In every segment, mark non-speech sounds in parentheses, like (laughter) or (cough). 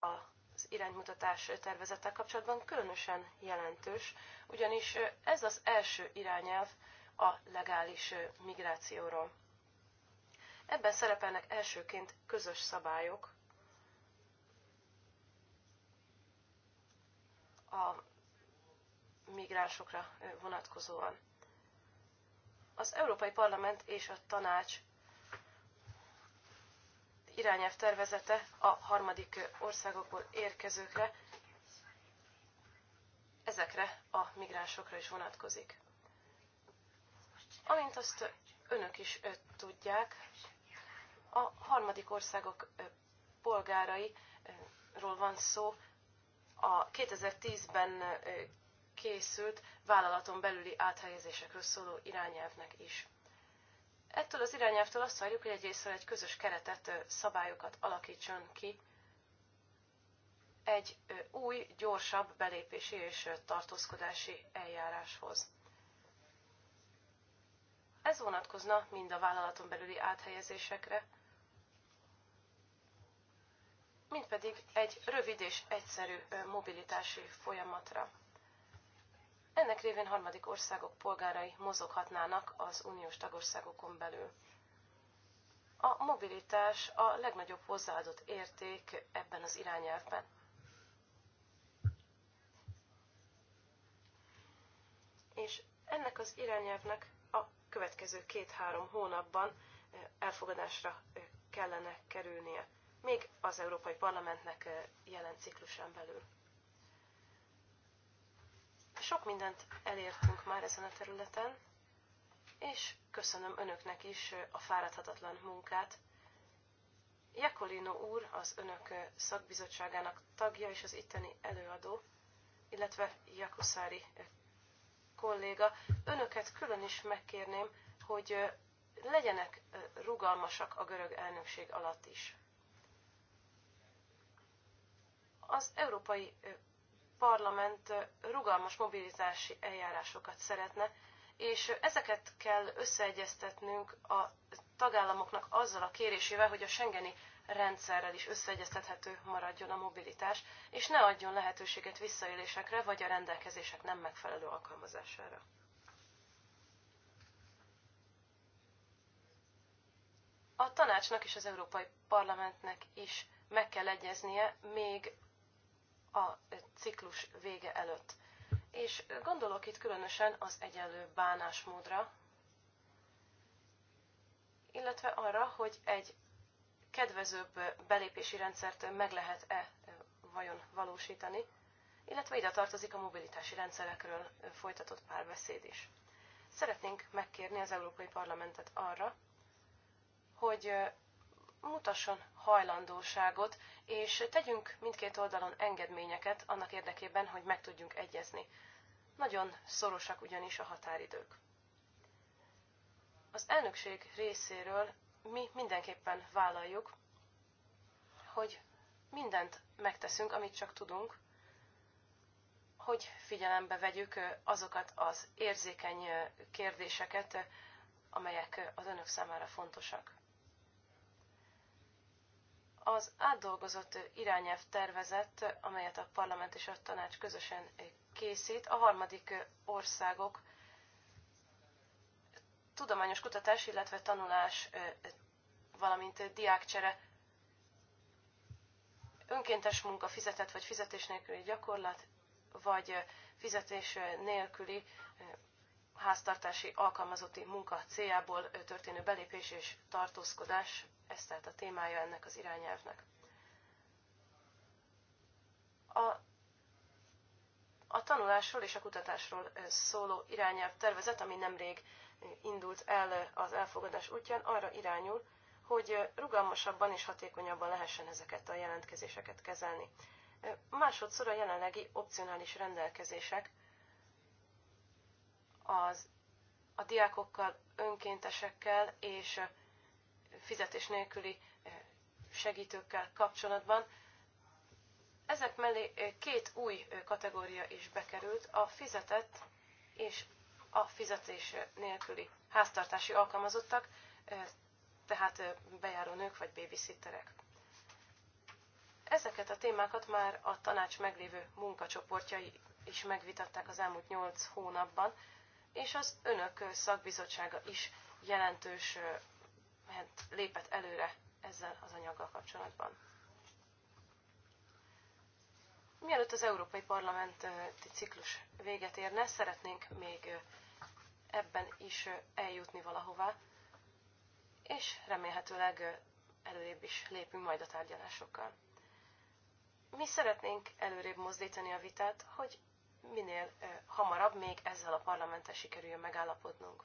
az iránymutatás tervezettel kapcsolatban különösen jelentős, ugyanis ez az első irányelv a legális migrációról. Ebben szerepelnek elsőként közös szabályok a migránsokra vonatkozóan. Az Európai Parlament és a Tanács irányelv tervezete a harmadik országokból érkezőkre, ezekre a migránsokra is vonatkozik. Amint azt önök is tudják, a harmadik országok polgárairól van szó a 2010-ben készült vállalaton belüli áthelyezésekről szóló irányelvnek is. Ettől az irányelvtől azt várjuk, hogy egyrésztről egy közös keretet, szabályokat alakítson ki egy új, gyorsabb belépési és tartózkodási eljáráshoz. Ez vonatkozna mind a vállalaton belüli áthelyezésekre, mint pedig egy rövid és egyszerű mobilitási folyamatra. Ennek révén harmadik országok polgárai mozoghatnának az uniós tagországokon belül. A mobilitás a legnagyobb hozzáadott érték ebben az irányelvben. És ennek az irányelvnek a következő két-három hónapban eh, elfogadásra eh, kellene kerülnie, még az Európai Parlamentnek eh, jelen ciklusán belül. Sok mindent elértünk már ezen a területen, és köszönöm önöknek is a fáradhatatlan munkát. Jakolino úr, az önök szakbizottságának tagja és az itteni előadó, illetve Jakuszári kolléga, önöket külön is megkérném, hogy legyenek rugalmasak a görög elnökség alatt is. Az Európai parlament rugalmas mobilizási eljárásokat szeretne, és ezeket kell összeegyeztetnünk a tagállamoknak azzal a kérésével, hogy a Schengeni rendszerrel is összeegyeztethető maradjon a mobilitás, és ne adjon lehetőséget visszaélésekre vagy a rendelkezések nem megfelelő alkalmazására. A tanácsnak és az Európai Parlamentnek is meg kell egyeznie még a ciklus vége előtt. És gondolok itt különösen az egyenlő bánásmódra, illetve arra, hogy egy kedvezőbb belépési rendszert meg lehet-e vajon valósítani, illetve ide tartozik a mobilitási rendszerekről folytatott párbeszéd is. Szeretnénk megkérni az Európai Parlamentet arra, hogy mutasson hajlandóságot, és tegyünk mindkét oldalon engedményeket annak érdekében, hogy meg tudjunk egyezni. Nagyon szorosak ugyanis a határidők. Az elnökség részéről mi mindenképpen vállaljuk, hogy mindent megteszünk, amit csak tudunk, hogy figyelembe vegyük azokat az érzékeny kérdéseket, amelyek az önök számára fontosak. Az átdolgozott irányelv tervezet, amelyet a parlament és a tanács közösen készít, a harmadik országok tudományos kutatás, illetve tanulás, valamint diákcsere, önkéntes munka, fizetett vagy fizetés nélküli gyakorlat, vagy fizetés nélküli háztartási alkalmazotti munka céljából történő belépés és tartózkodás ez tehát a témája ennek az irányelvnek. A, a tanulásról és a kutatásról szóló irányelv tervezet, ami nemrég indult el az elfogadás útján, arra irányul, hogy rugalmasabban és hatékonyabban lehessen ezeket a jelentkezéseket kezelni. Másodszor a jelenlegi opcionális rendelkezések az, a diákokkal, önkéntesekkel és fizetés nélküli eh, segítőkkel kapcsolatban. Ezek mellé eh, két új eh, kategória is bekerült, a fizetett és a fizetés nélküli háztartási alkalmazottak, tehát bejáró nők vagy babysitterek. Ezeket a témákat már a tanács meglévő munkacsoportjai is megvitatták az elmúlt nyolc hónapban, és az önök szakbizottsága is jelentős léphet, lépett előre ezzel az anyaggal kapcsolatban. Mielőtt az Európai Parlamenti ciklus véget érne, szeretnénk még ebben is eljutni valahová, és remélhetőleg előrébb is lépünk majd a tárgyalásokkal. Mi szeretnénk előrébb mozdítani a vitát, hogy minél hamarabb még ezzel a parlamenttel sikerüljön megállapodnunk.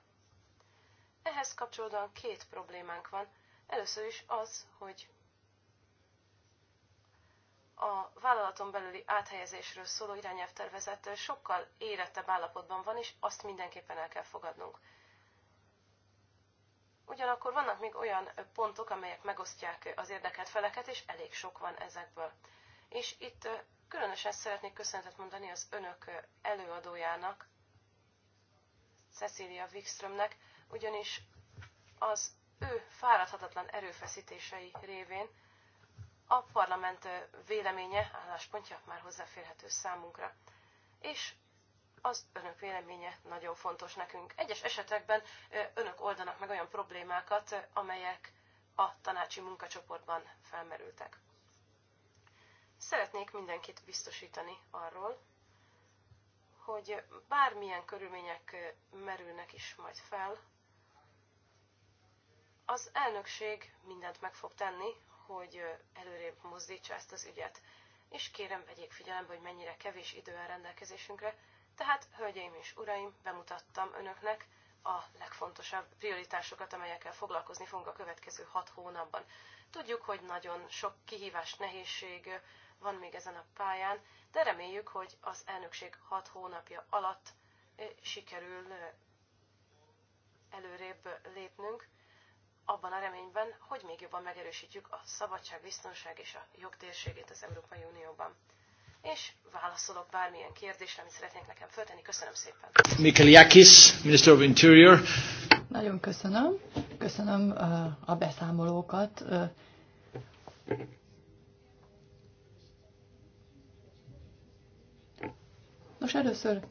Ehhez kapcsolódóan két problémánk van. Először is az, hogy a vállalaton belüli áthelyezésről szóló irányelvtervezet sokkal érettebb állapotban van, és azt mindenképpen el kell fogadnunk. Ugyanakkor vannak még olyan pontok, amelyek megosztják az érdekelt feleket, és elég sok van ezekből. És itt különösen szeretnék köszönetet mondani az önök előadójának, Cecilia Wikströmnek, ugyanis az ő fáradhatatlan erőfeszítései révén a parlament véleménye, álláspontja már hozzáférhető számunkra. És az önök véleménye nagyon fontos nekünk. Egyes esetekben önök oldanak meg olyan problémákat, amelyek a tanácsi munkacsoportban felmerültek. Szeretnék mindenkit biztosítani arról, hogy bármilyen körülmények merülnek is majd fel, az elnökség mindent meg fog tenni, hogy előrébb mozdítsa ezt az ügyet. És kérem, vegyék figyelembe, hogy mennyire kevés idő áll rendelkezésünkre, tehát, hölgyeim és uraim, bemutattam önöknek a legfontosabb prioritásokat, amelyekkel foglalkozni fogunk a következő hat hónapban. Tudjuk, hogy nagyon sok kihívás, nehézség van még ezen a pályán, de reméljük, hogy az elnökség hat hónapja alatt sikerül előrébb lépnünk, abban a reményben, hogy még jobban megerősítjük a szabadság, biztonság és a jogtérségét az Európai Unióban. És válaszolok bármilyen kérdésre, amit szeretnék nekem föltenni. Köszönöm szépen. Mikkel Jakis, Minister of Interior. Nagyon köszönöm. Köszönöm uh, a beszámolókat. Uh, Nos, először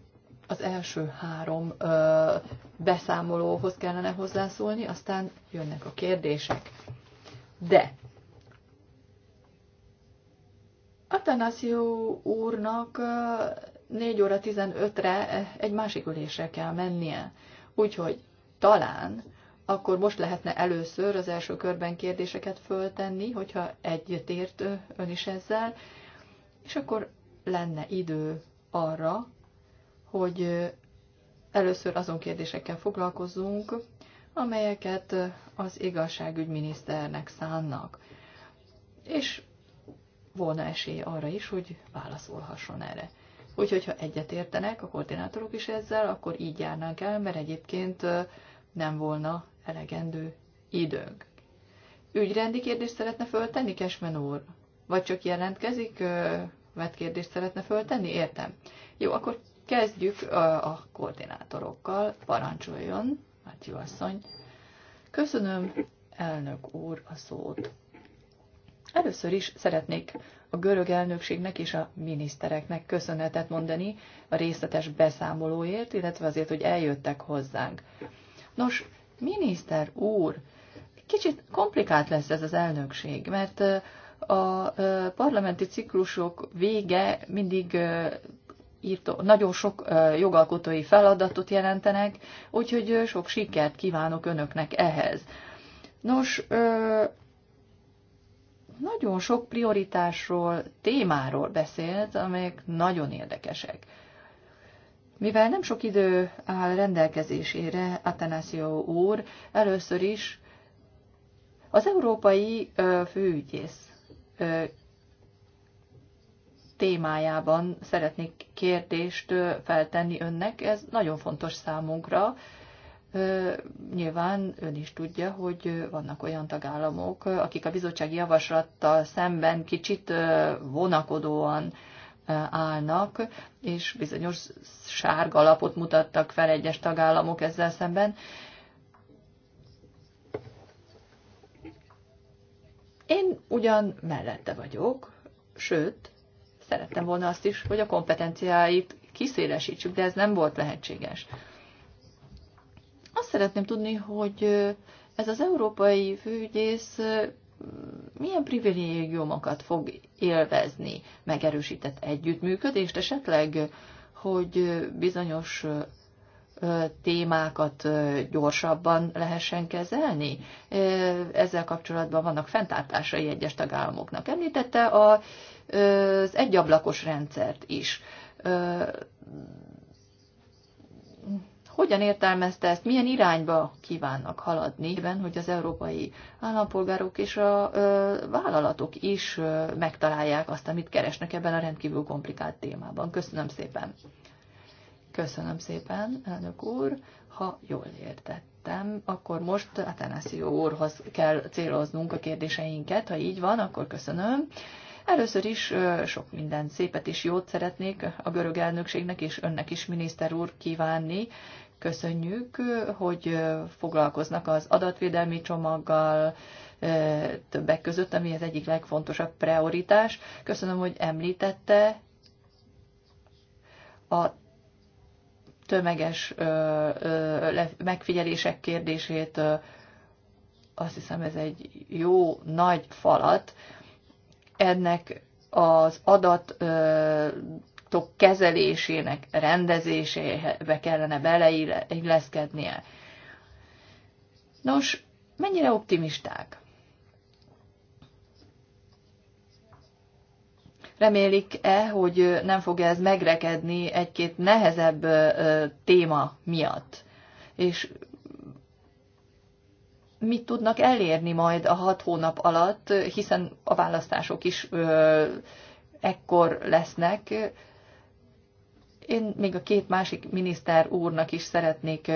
az első három ö, beszámolóhoz kellene hozzászólni, aztán jönnek a kérdések. De Atanasio úrnak ö, 4 óra 15-re egy másik ülésre kell mennie. Úgyhogy talán akkor most lehetne először az első körben kérdéseket föltenni, hogyha egyetért ön is ezzel, és akkor lenne idő arra, hogy először azon kérdésekkel foglalkozzunk, amelyeket az igazságügyminiszternek szánnak. És volna esély arra is, hogy válaszolhasson erre. Úgyhogy, ha egyetértenek a koordinátorok is ezzel, akkor így járnánk el, mert egyébként nem volna elegendő időnk. Ügyrendi kérdést szeretne föltenni, Kesmen úr? Vagy csak jelentkezik, vett kérdést szeretne föltenni? Értem. Jó, akkor Kezdjük a koordinátorokkal. Parancsoljon, Mátyó asszony. Köszönöm, elnök úr, a szót. Először is szeretnék a görög elnökségnek és a minisztereknek köszönetet mondani a részletes beszámolóért, illetve azért, hogy eljöttek hozzánk. Nos, miniszter úr, kicsit komplikált lesz ez az elnökség, mert a parlamenti ciklusok vége mindig írtó, nagyon sok jogalkotói feladatot jelentenek, úgyhogy sok sikert kívánok önöknek ehhez. Nos, nagyon sok prioritásról, témáról beszélt, amelyek nagyon érdekesek. Mivel nem sok idő áll rendelkezésére, Atanasio úr először is az európai főügyész témájában szeretnék kérdést feltenni önnek. Ez nagyon fontos számunkra. Nyilván ön is tudja, hogy vannak olyan tagállamok, akik a bizottsági javaslattal szemben kicsit vonakodóan állnak, és bizonyos sárga lapot mutattak fel egyes tagállamok ezzel szemben. Én ugyan mellette vagyok, sőt, szerettem volna azt is, hogy a kompetenciáit kiszélesítsük, de ez nem volt lehetséges. Azt szeretném tudni, hogy ez az európai főügyész milyen privilégiumokat fog élvezni, megerősített együttműködést esetleg, hogy bizonyos témákat gyorsabban lehessen kezelni? Ezzel kapcsolatban vannak fenntartásai egyes tagállamoknak. Említette az egyablakos rendszert is. Hogyan értelmezte ezt? Milyen irányba kívánnak haladni, hogy az európai állampolgárok és a vállalatok is megtalálják azt, amit keresnek ebben a rendkívül komplikált témában? Köszönöm szépen! Köszönöm szépen, elnök úr. Ha jól értettem, akkor most Atanasio úrhoz kell céloznunk a kérdéseinket. Ha így van, akkor köszönöm. Először is sok minden szépet és jót szeretnék a görög elnökségnek és önnek is, miniszter úr, kívánni. Köszönjük, hogy foglalkoznak az adatvédelmi csomaggal, többek között, ami az egyik legfontosabb prioritás. Köszönöm, hogy említette a tömeges megfigyelések kérdését, azt hiszem ez egy jó nagy falat. Ennek az adatok kezelésének rendezésébe kellene beleilleszkednie. Nos, mennyire optimisták? Remélik-e, hogy nem fog ez megrekedni egy-két nehezebb téma miatt? És mit tudnak elérni majd a hat hónap alatt, hiszen a választások is ekkor lesznek. Én még a két másik miniszter úrnak is szeretnék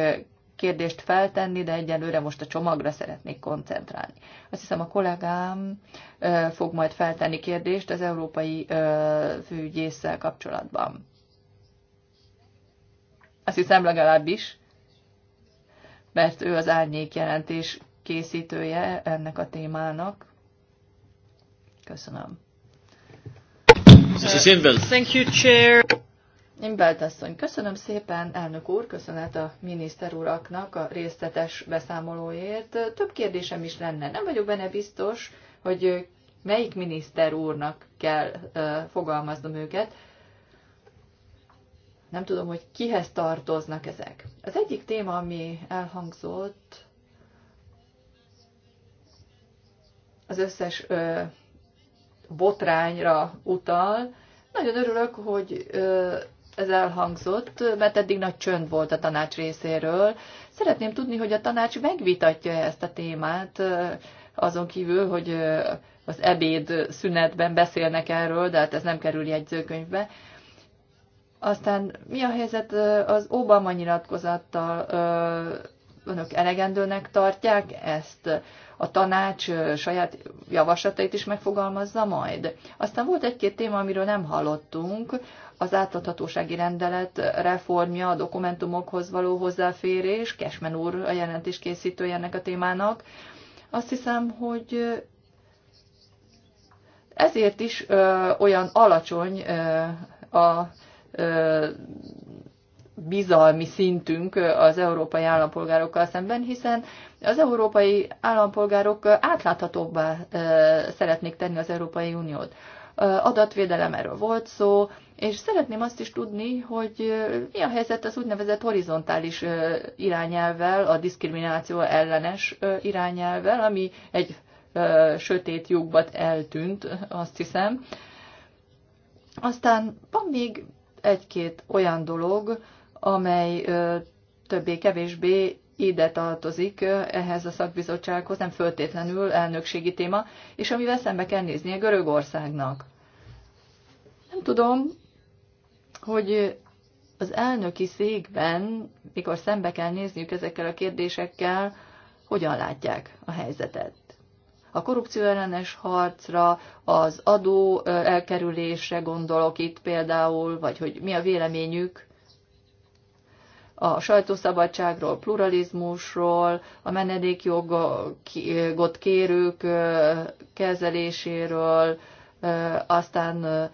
kérdést feltenni, de egyelőre most a csomagra szeretnék koncentrálni. Azt hiszem a kollégám fog majd feltenni kérdést az európai főügyészsel kapcsolatban. Azt hiszem legalábbis, mert ő az árnyék jelentés készítője ennek a témának. Köszönöm. Thank you, Chair. Imbelt asszony, köszönöm szépen, elnök úr, köszönet a miniszter uraknak a részletes beszámolóért. Több kérdésem is lenne. Nem vagyok benne biztos, hogy melyik miniszter úrnak kell fogalmaznom őket. Nem tudom, hogy kihez tartoznak ezek. Az egyik téma, ami elhangzott, az összes botrányra utal. Nagyon örülök, hogy ez elhangzott, mert eddig nagy csönd volt a tanács részéről. Szeretném tudni, hogy a tanács megvitatja ezt a témát, eh, azon kívül, hogy eh, az ebéd szünetben beszélnek erről, de hát ez nem kerül jegyzőkönyvbe. Aztán mi a helyzet eh, az Obama nyilatkozattal? Önök elegendőnek tartják ezt? A tanács saját javaslatait is megfogalmazza majd? Aztán volt egy-két téma, amiről nem hallottunk az átadhatósági rendelet reformja, a dokumentumokhoz való hozzáférés, Kesmen úr a jelentés készítője ennek a témának. Azt hiszem, hogy ezért is ö, olyan alacsony ö, a ö, bizalmi szintünk az európai állampolgárokkal szemben, hiszen az európai állampolgárok átláthatóbbá szeretnék tenni az Európai Uniót adatvédelem, erről volt szó, és szeretném azt is tudni, hogy mi a helyzet az úgynevezett horizontális irányelvel, a diszkrimináció ellenes irányelvel, ami egy sötét lyukban eltűnt, azt hiszem. Aztán van még egy-két olyan dolog, amely többé-kevésbé ide tartozik ehhez a szakbizottsághoz, nem föltétlenül elnökségi téma, és amivel szembe kell néznie Görögországnak. Nem tudom, hogy az elnöki székben, mikor szembe kell nézniük ezekkel a kérdésekkel, hogyan látják a helyzetet. A korrupció ellenes harcra, az adó elkerülésre gondolok itt például, vagy hogy mi a véleményük a sajtószabadságról, pluralizmusról, a menedékjogot kérők kezeléséről, aztán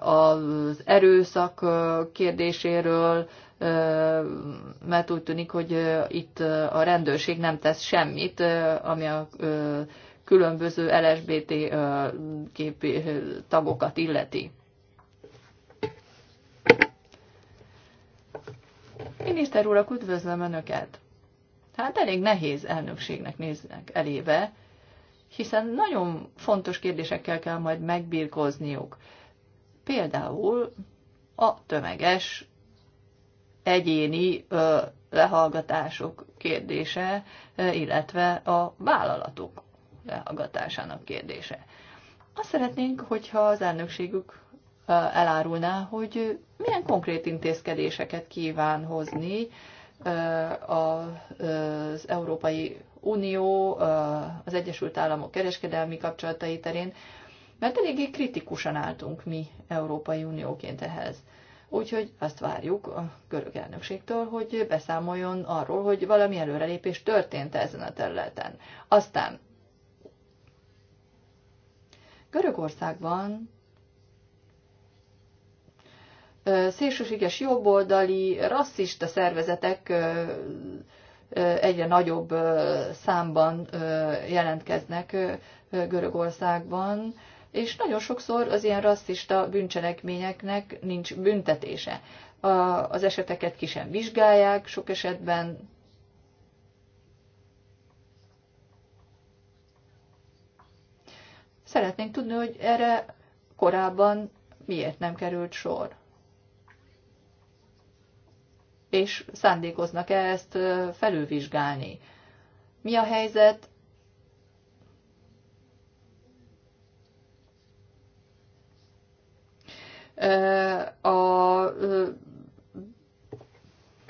az erőszak kérdéséről, mert úgy tűnik, hogy itt a rendőrség nem tesz semmit, ami a különböző LSBT kép tagokat illeti. Miniszter urak, üdvözlöm Önöket! Hát elég nehéz elnökségnek néznek elébe, hiszen nagyon fontos kérdésekkel kell majd megbírkozniuk. Például a tömeges egyéni ö, lehallgatások kérdése, illetve a vállalatok lehallgatásának kérdése. Azt szeretnénk, hogyha az elnökségük elárulná, hogy milyen konkrét intézkedéseket kíván hozni az Európai Unió, az Egyesült Államok kereskedelmi kapcsolatai terén, mert eléggé kritikusan álltunk mi Európai Unióként ehhez. Úgyhogy azt várjuk a görög elnökségtől, hogy beszámoljon arról, hogy valami előrelépés történt ezen a területen. Aztán Görögországban szélsőséges jobboldali, rasszista szervezetek egyre nagyobb számban jelentkeznek Görögországban, és nagyon sokszor az ilyen rasszista bűncselekményeknek nincs büntetése. Az eseteket ki sem vizsgálják, sok esetben Szeretnénk tudni, hogy erre korábban miért nem került sor és szándékoznak-e ezt felülvizsgálni. Mi a helyzet a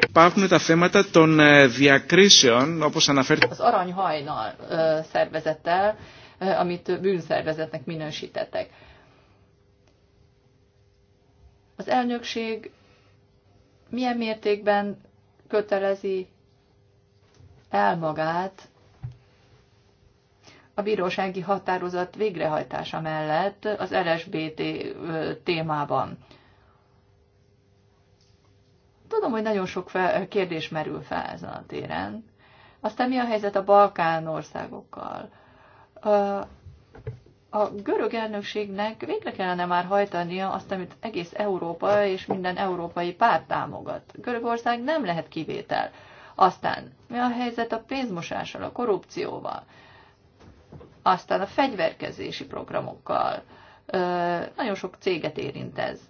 Υπάρχουν τα θέματα των διακρίσεων, όπως αναφέρθηκε. Az aranyhajnal szervezettel, amit bűnszervezetnek minősítettek. Az elnökség milyen mértékben kötelezi el magát a bírósági határozat végrehajtása mellett az LSBT témában. Tudom, hogy nagyon sok fel, kérdés merül fel ezen a téren. Aztán mi a helyzet a Balkán országokkal? a görög elnökségnek végre kellene már hajtania azt, amit egész Európa és minden európai párt támogat. Görögország nem lehet kivétel. Aztán mi a helyzet a pénzmosással, a korrupcióval, aztán a fegyverkezési programokkal. Ö, nagyon sok céget érint ez,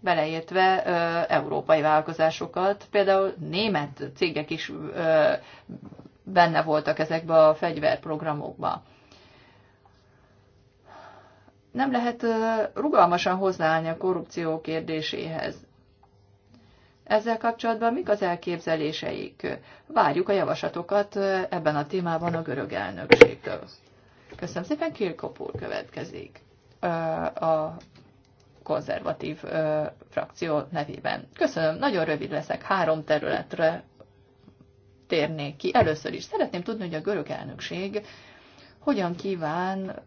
beleértve ö, európai vállalkozásokat, például német cégek is ö, benne voltak ezekbe a fegyverprogramokba nem lehet rugalmasan hozzáállni a korrupció kérdéséhez. Ezzel kapcsolatban mik az elképzeléseik? Várjuk a javaslatokat ebben a témában a görög elnökségtől. Köszönöm szépen, Kirkopul következik a konzervatív frakció nevében. Köszönöm, nagyon rövid leszek, három területre térnék ki. Először is szeretném tudni, hogy a görög elnökség hogyan kíván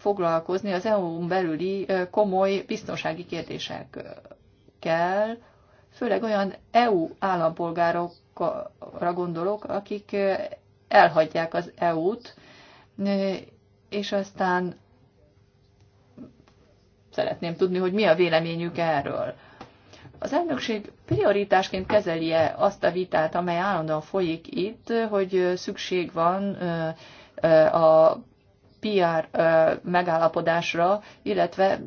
foglalkozni az EU-n belüli komoly biztonsági kérdésekkel, főleg olyan EU állampolgárokra gondolok, akik elhagyják az EU-t, és aztán szeretném tudni, hogy mi a véleményük erről. Az elnökség prioritásként kezelje azt a vitát, amely állandóan folyik itt, hogy szükség van a PR megállapodásra, illetve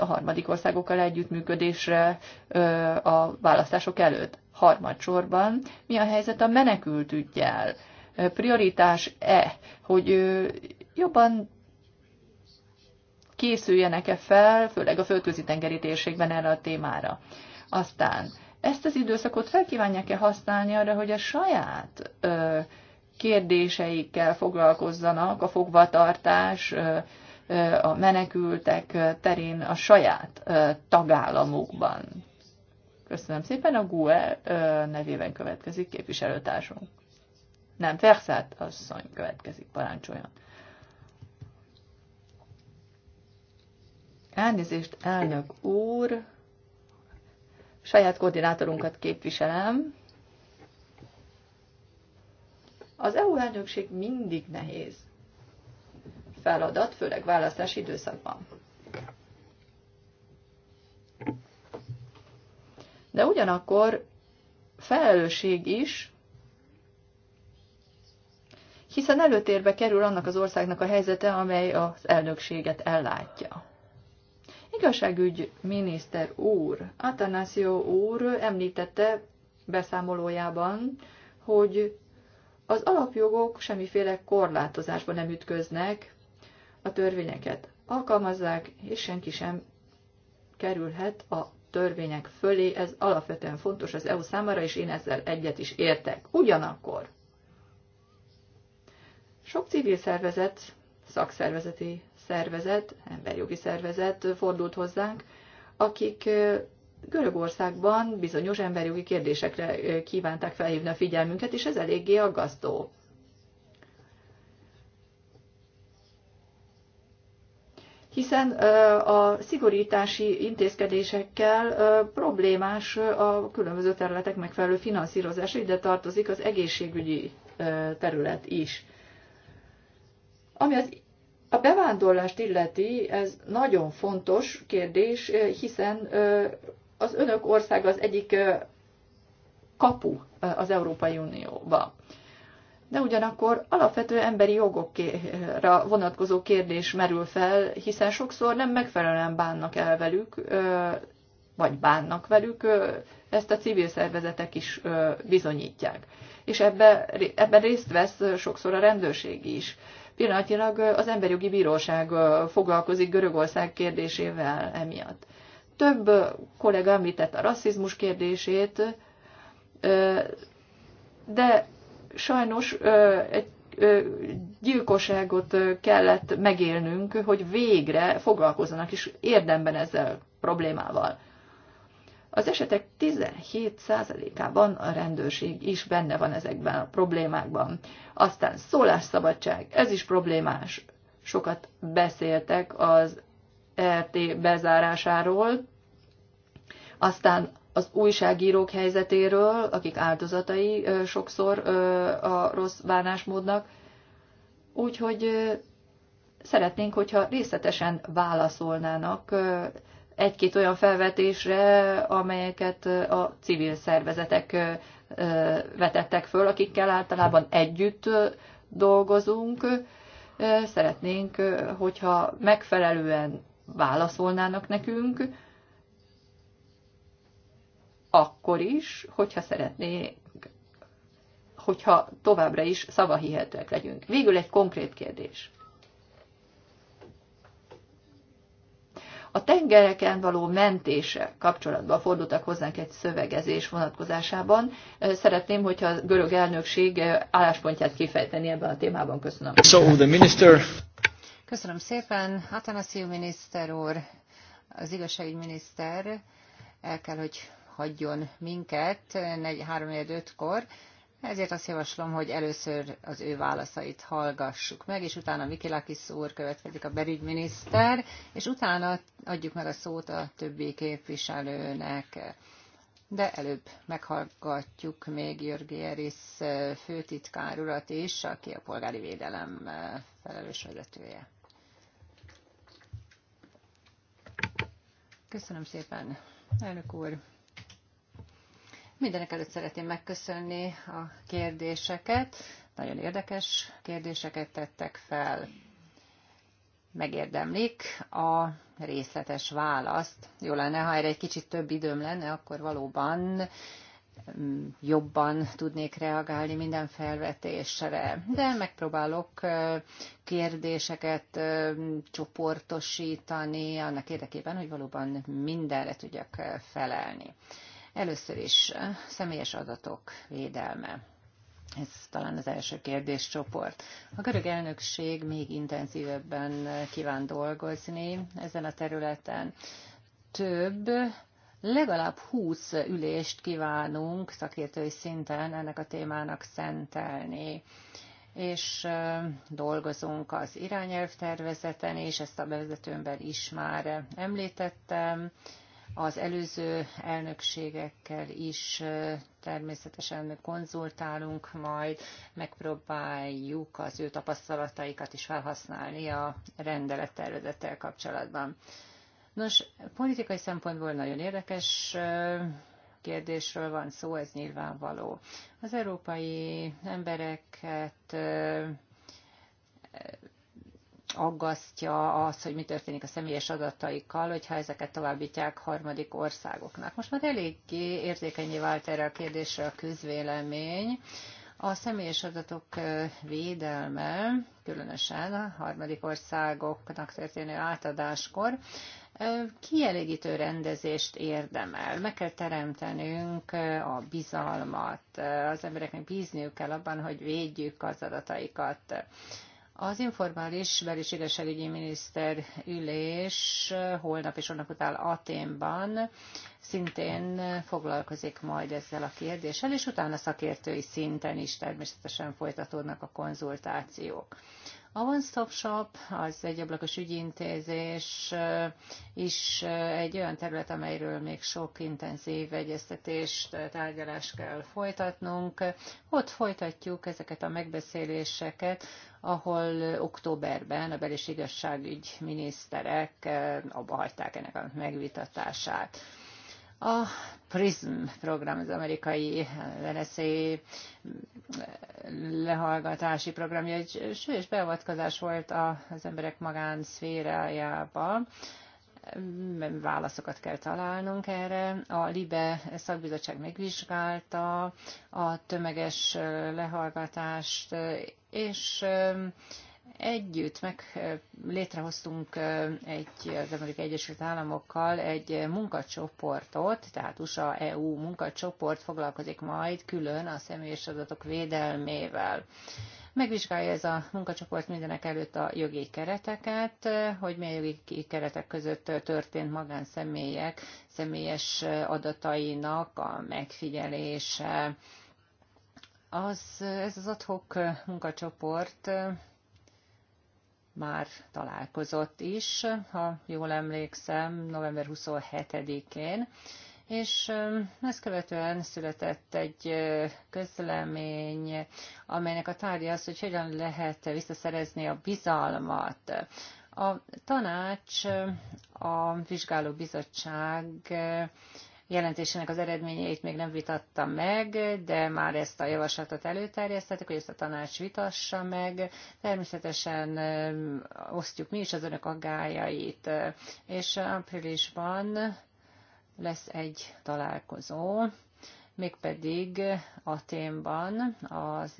a harmadik országokkal együttműködésre a választások előtt. Harmadsorban mi a helyzet a menekült ügyjel? Prioritás-e, hogy jobban készüljenek-e fel, főleg a földközi tengeri térségben erre a témára. Aztán ezt az időszakot felkívánják-e használni arra, hogy a saját ö, kérdéseikkel foglalkozzanak a fogvatartás, a menekültek terén a saját tagállamukban. Köszönöm szépen, a GUE nevében következik képviselőtársunk. Nem, Ferszát asszony következik, parancsoljon. Elnézést, elnök úr, saját koordinátorunkat képviselem, az EU elnökség mindig nehéz feladat, főleg választási időszakban. De ugyanakkor felelősség is, hiszen előtérbe kerül annak az országnak a helyzete, amely az elnökséget ellátja. Igazságügy miniszter úr, Atanasio úr említette beszámolójában, hogy az alapjogok semmiféle korlátozásba nem ütköznek, a törvényeket alkalmazzák, és senki sem kerülhet a törvények fölé. Ez alapvetően fontos az EU számára, és én ezzel egyet is értek. Ugyanakkor sok civil szervezet, szakszervezeti szervezet, emberjogi szervezet fordult hozzánk, akik Görögországban bizonyos emberjogi kérdésekre kívánták felhívni a figyelmünket, és ez eléggé aggasztó. hiszen a szigorítási intézkedésekkel problémás a különböző területek megfelelő finanszírozása, ide tartozik az egészségügyi terület is. Ami az, a bevándorlást illeti, ez nagyon fontos kérdés, hiszen az önök ország az egyik kapu az Európai Unióba. De ugyanakkor alapvető emberi jogokra vonatkozó kérdés merül fel, hiszen sokszor nem megfelelően bánnak el velük, vagy bánnak velük, ezt a civil szervezetek is bizonyítják. És ebben, ebben részt vesz sokszor a rendőrség is. Pillanatilag az Emberjogi Bíróság foglalkozik Görögország kérdésével emiatt. Több kollega említett a rasszizmus kérdését, de sajnos egy gyilkosságot kellett megélnünk, hogy végre foglalkozzanak is érdemben ezzel problémával. Az esetek 17%-ában a rendőrség is benne van ezekben a problémákban. Aztán szólásszabadság, ez is problémás. Sokat beszéltek az RT e bezárásáról, aztán az újságírók helyzetéről, akik áldozatai sokszor a rossz bánásmódnak. Úgyhogy szeretnénk, hogyha részletesen válaszolnának egy-két olyan felvetésre, amelyeket a civil szervezetek vetettek föl, akikkel általában együtt dolgozunk. Szeretnénk, hogyha megfelelően válaszolnának nekünk, akkor is, hogyha szeretnék, hogyha továbbra is szavahihetőek legyünk. Végül egy konkrét kérdés. A tengereken való mentése kapcsolatban fordultak hozzánk egy szövegezés vonatkozásában. Szeretném, hogyha a görög elnökség álláspontját kifejteni ebben a témában. Köszönöm. So the minister... Köszönöm szépen, Atanasiu miniszter úr, az miniszter el kell, hogy hagyjon minket 3-5-kor, ezért azt javaslom, hogy először az ő válaszait hallgassuk meg, és utána Mikilakis úr következik a berügyminiszter, és utána adjuk meg a szót a többi képviselőnek. De előbb meghallgatjuk még Jörgéris főtitkár urat is, aki a polgári védelem felelős vezetője. Köszönöm szépen, elnök úr. Mindenek előtt szeretném megköszönni a kérdéseket. Nagyon érdekes kérdéseket tettek fel. Megérdemlik a részletes választ. Jó lenne, ha erre egy kicsit több időm lenne, akkor valóban jobban tudnék reagálni minden felvetésre, de megpróbálok kérdéseket csoportosítani annak érdekében, hogy valóban mindenre tudjak felelni. Először is személyes adatok védelme. Ez talán az első kérdéscsoport. A görög elnökség még intenzívebben kíván dolgozni ezen a területen. Több legalább 20 ülést kívánunk szakértői szinten ennek a témának szentelni és dolgozunk az irányelvtervezeten, és ezt a bevezetőmben is már említettem. Az előző elnökségekkel is természetesen konzultálunk majd, megpróbáljuk az ő tapasztalataikat is felhasználni a rendelettervezettel kapcsolatban. Nos, politikai szempontból nagyon érdekes kérdésről van szó, ez nyilvánvaló. Az európai embereket aggasztja az, hogy mi történik a személyes adataikkal, hogyha ezeket továbbítják harmadik országoknak. Most már eléggé érzékenyé vált erre a kérdésre a közvélemény. A személyes adatok védelme, különösen a harmadik országoknak történő átadáskor, kielégítő rendezést érdemel. Meg kell teremtenünk a bizalmat, az embereknek bízniuk kell abban, hogy védjük az adataikat. Az informális bel- miniszter ülés holnap és annak után Aténban szintén foglalkozik majd ezzel a kérdéssel, és utána szakértői szinten is természetesen folytatódnak a konzultációk. A One Stop Shop, az egyablakos ügyintézés is egy olyan terület, amelyről még sok intenzív egyeztetést, tárgyalást kell folytatnunk. Ott folytatjuk ezeket a megbeszéléseket, ahol októberben a belis igazságügy miniszterek abba hagyták ennek a megvitatását. A PRISM program, az amerikai eh, NSA eh, lehallgatási programja egy súlyos beavatkozás volt az emberek magánszférájába. Válaszokat kell találnunk erre. A LIBE szakbizottság megvizsgálta a tömeges eh, lehallgatást, és együtt meg létrehoztunk egy, az Amerikai Egyesült Államokkal egy munkacsoportot, tehát USA-EU munkacsoport foglalkozik majd külön a személyes adatok védelmével. Megvizsgálja ez a munkacsoport mindenek előtt a jogi kereteket, hogy milyen jogi keretek között történt magánszemélyek személyes adatainak a megfigyelése. Az, ez az adhok munkacsoport már találkozott is, ha jól emlékszem, november 27-én, és um, ezt követően született egy közlemény, amelynek a tárgya az, hogy hogyan lehet visszaszerezni a bizalmat. A tanács, a vizsgáló bizottság jelentésének az eredményeit még nem vitatta meg, de már ezt a javaslatot előterjesztettük, hogy ezt a tanács vitassa meg. Természetesen osztjuk mi is az önök aggájait, és áprilisban lesz egy találkozó, mégpedig a témban az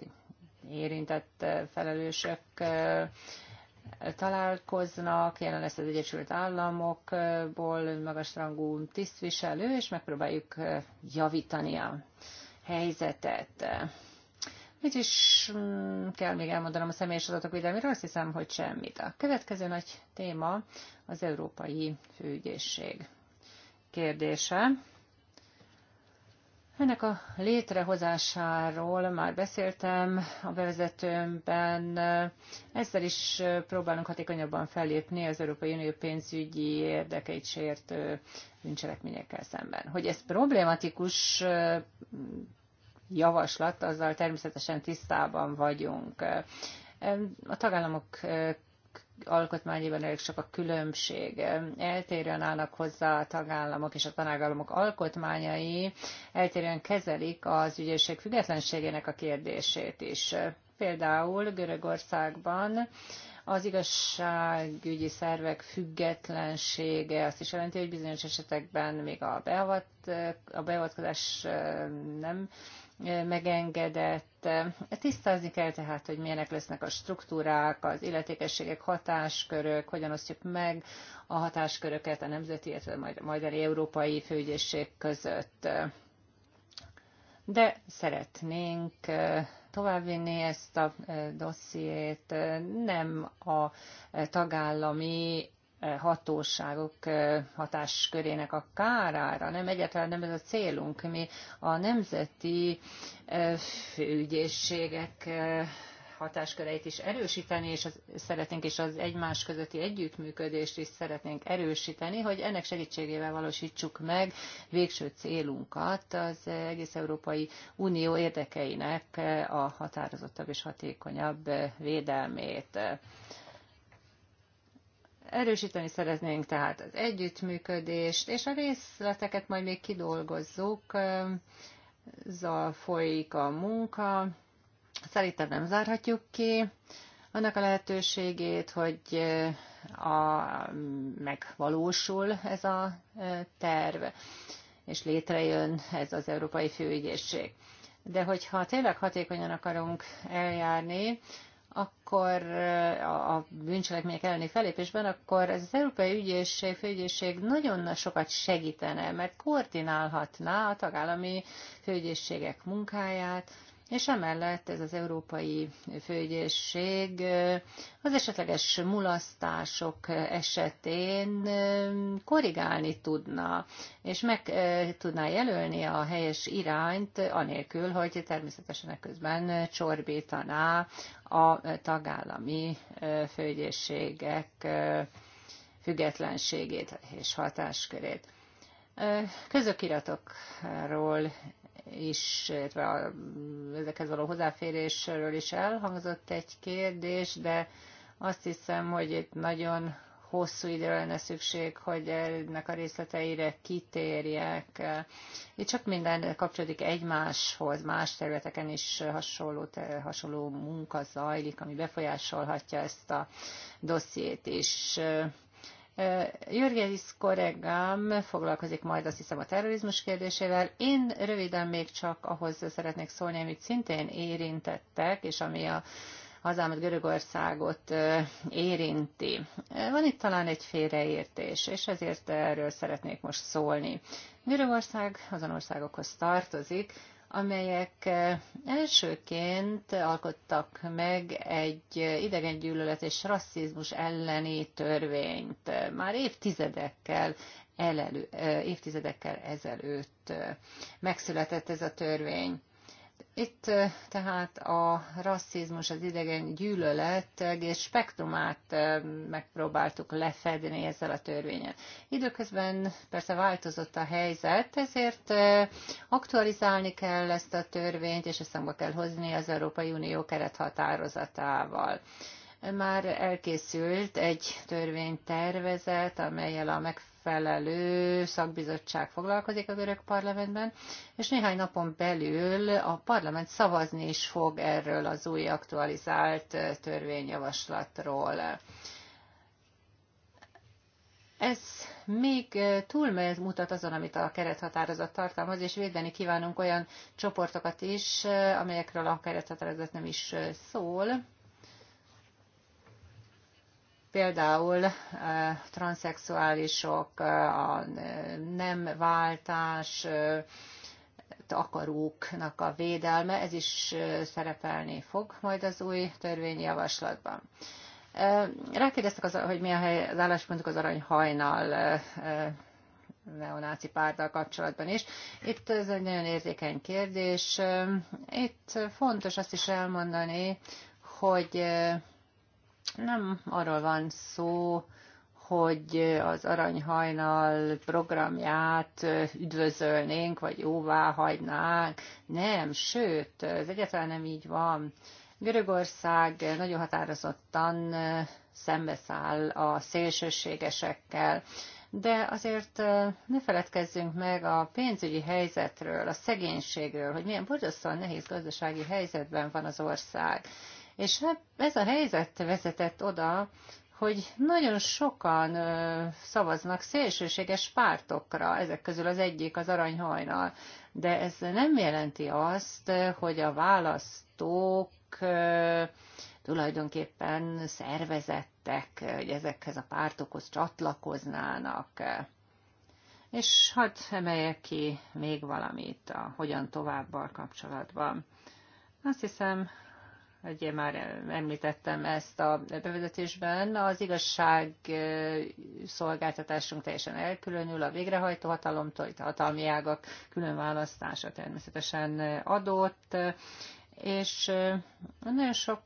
érintett felelősök találkoznak, jelen lesz az Egyesült Államokból magasrangú tisztviselő, és megpróbáljuk javítani a helyzetet. Mit is mm, kell még elmondanom a személyes adatok védelméről? Azt hiszem, hogy semmit. A következő nagy téma az Európai Főügyészség kérdése. Ennek a létrehozásáról már beszéltem a bevezetőmben. Ezzel is próbálunk hatékonyabban fellépni az Európai Unió pénzügyi érdekeit sértő bűncselekményekkel szemben. Hogy ez problématikus javaslat, azzal természetesen tisztában vagyunk. A tagállamok alkotmányében elég sok a különbség. Eltérően állnak hozzá a tagállamok és a tanállamok alkotmányai, eltérően kezelik az ügyészség függetlenségének a kérdését is. Például Görögországban az igazságügyi szervek függetlensége azt is jelenti, hogy bizonyos esetekben még a, beavat, a beavatkozás nem megengedett. Tisztázni kell tehát, hogy milyenek lesznek a struktúrák, az illetékességek, hatáskörök, hogyan osztjuk meg a hatásköröket a nemzeti, illetve majd, majd a európai főügyészség között. De szeretnénk eh, továbbvinni ezt a eh, dossziét, nem a eh, tagállami hatóságok hatáskörének a kárára. Nem egyáltalán nem ez a célunk. Mi a nemzeti ügyészségek hatásköreit is erősíteni, és az, szeretnénk is az egymás közötti együttműködést is szeretnénk erősíteni, hogy ennek segítségével valósítsuk meg végső célunkat az egész Európai Unió érdekeinek a határozottabb és hatékonyabb védelmét. Erősíteni szeretnénk tehát az együttműködést, és a részleteket majd még kidolgozzuk. Zal folyik a munka. Szerintem nem zárhatjuk ki annak a lehetőségét, hogy a, megvalósul ez a terv, és létrejön ez az Európai Főügyészség. De hogyha tényleg hatékonyan akarunk eljárni, akkor a bűncselekmények elleni felépésben, akkor ez az Európai Ügyészség, Főügyészség nagyon sokat segítene, mert koordinálhatná a tagállami főügyészségek munkáját, és emellett ez az Európai Főügyészség az esetleges mulasztások esetén korrigálni tudna, és meg tudná jelölni a helyes irányt, anélkül, hogy természetesen közben csorbítaná a tagállami főügyészségek függetlenségét és hatáskörét. Közökiratokról is, illetve a, ezekhez való hozzáférésről is elhangzott egy kérdés, de azt hiszem, hogy itt nagyon hosszú időre lenne szükség, hogy ennek a részleteire kitérjek. Itt csak minden kapcsolódik egymáshoz, más területeken is hasonló, hasonló munka zajlik, ami befolyásolhatja ezt a dossziét is. Jörgész kollégám foglalkozik majd azt hiszem a terrorizmus kérdésével. Én röviden még csak ahhoz szeretnék szólni, amit szintén érintettek, és ami a hazámat, Görögországot érinti. Van itt talán egy félreértés, és ezért erről szeretnék most szólni. Görögország azon országokhoz tartozik, amelyek eh, elsőként alkottak meg egy idegengyűlölet és rasszizmus elleni törvényt eh, már évtizedekkel elelő, eh, évtizedekkel ezelőtt megszületett ez a törvény. Itt tehát a rasszizmus, az idegen gyűlölet egész spektrumát megpróbáltuk lefedni ezzel a törvényen. Időközben persze változott a helyzet, ezért aktualizálni kell ezt a törvényt, és összhangba kell hozni az Európai Unió kerethatározatával már elkészült egy törvénytervezet, amelyel a megfelelő megfelelő szakbizottság foglalkozik a görög parlamentben, és néhány napon belül a parlament szavazni is fog erről az új aktualizált törvényjavaslatról. Ez még mutat azon, amit a kerethatározat tartalmaz, és védeni kívánunk olyan csoportokat is, amelyekről a kerethatározat nem is szól. Például eh, transzexuálisok, eh, a eh, nem váltás, akaróknak a védelme, ez is szerepelni fog majd az új törvényjavaslatban. Rákérdeztek, az, hogy mi a hely, az álláspontok az hajnal neonáci pártal kapcsolatban is. Itt ez egy nagyon érzékeny kérdés. Itt fontos azt is elmondani, hogy nem arról van szó, hogy az aranyhajnal programját üdvözölnénk, vagy jóvá hagynánk. Nem, sőt, ez egyáltalán nem így van. Görögország nagyon határozottan szembeszáll a szélsőségesekkel, de azért ne feledkezzünk meg a pénzügyi helyzetről, a szegénységről, hogy milyen borzasztóan nehéz gazdasági helyzetben van az ország és hát ez a helyzet vezetett oda, hogy nagyon sokan szavaznak szélsőséges pártokra, ezek közül az egyik az aranyhajnal. De ez nem jelenti azt, hogy a választók tulajdonképpen szervezettek, hogy ezekhez a pártokhoz csatlakoznának. És hadd emeljek ki még valamit a hogyan továbbal kapcsolatban. Azt hiszem, ugye már említettem ezt a bevezetésben, az igazság szolgáltatásunk teljesen elkülönül a végrehajtó hatalomtól, itt a hatalmi ágak választása természetesen adott, és nagyon sok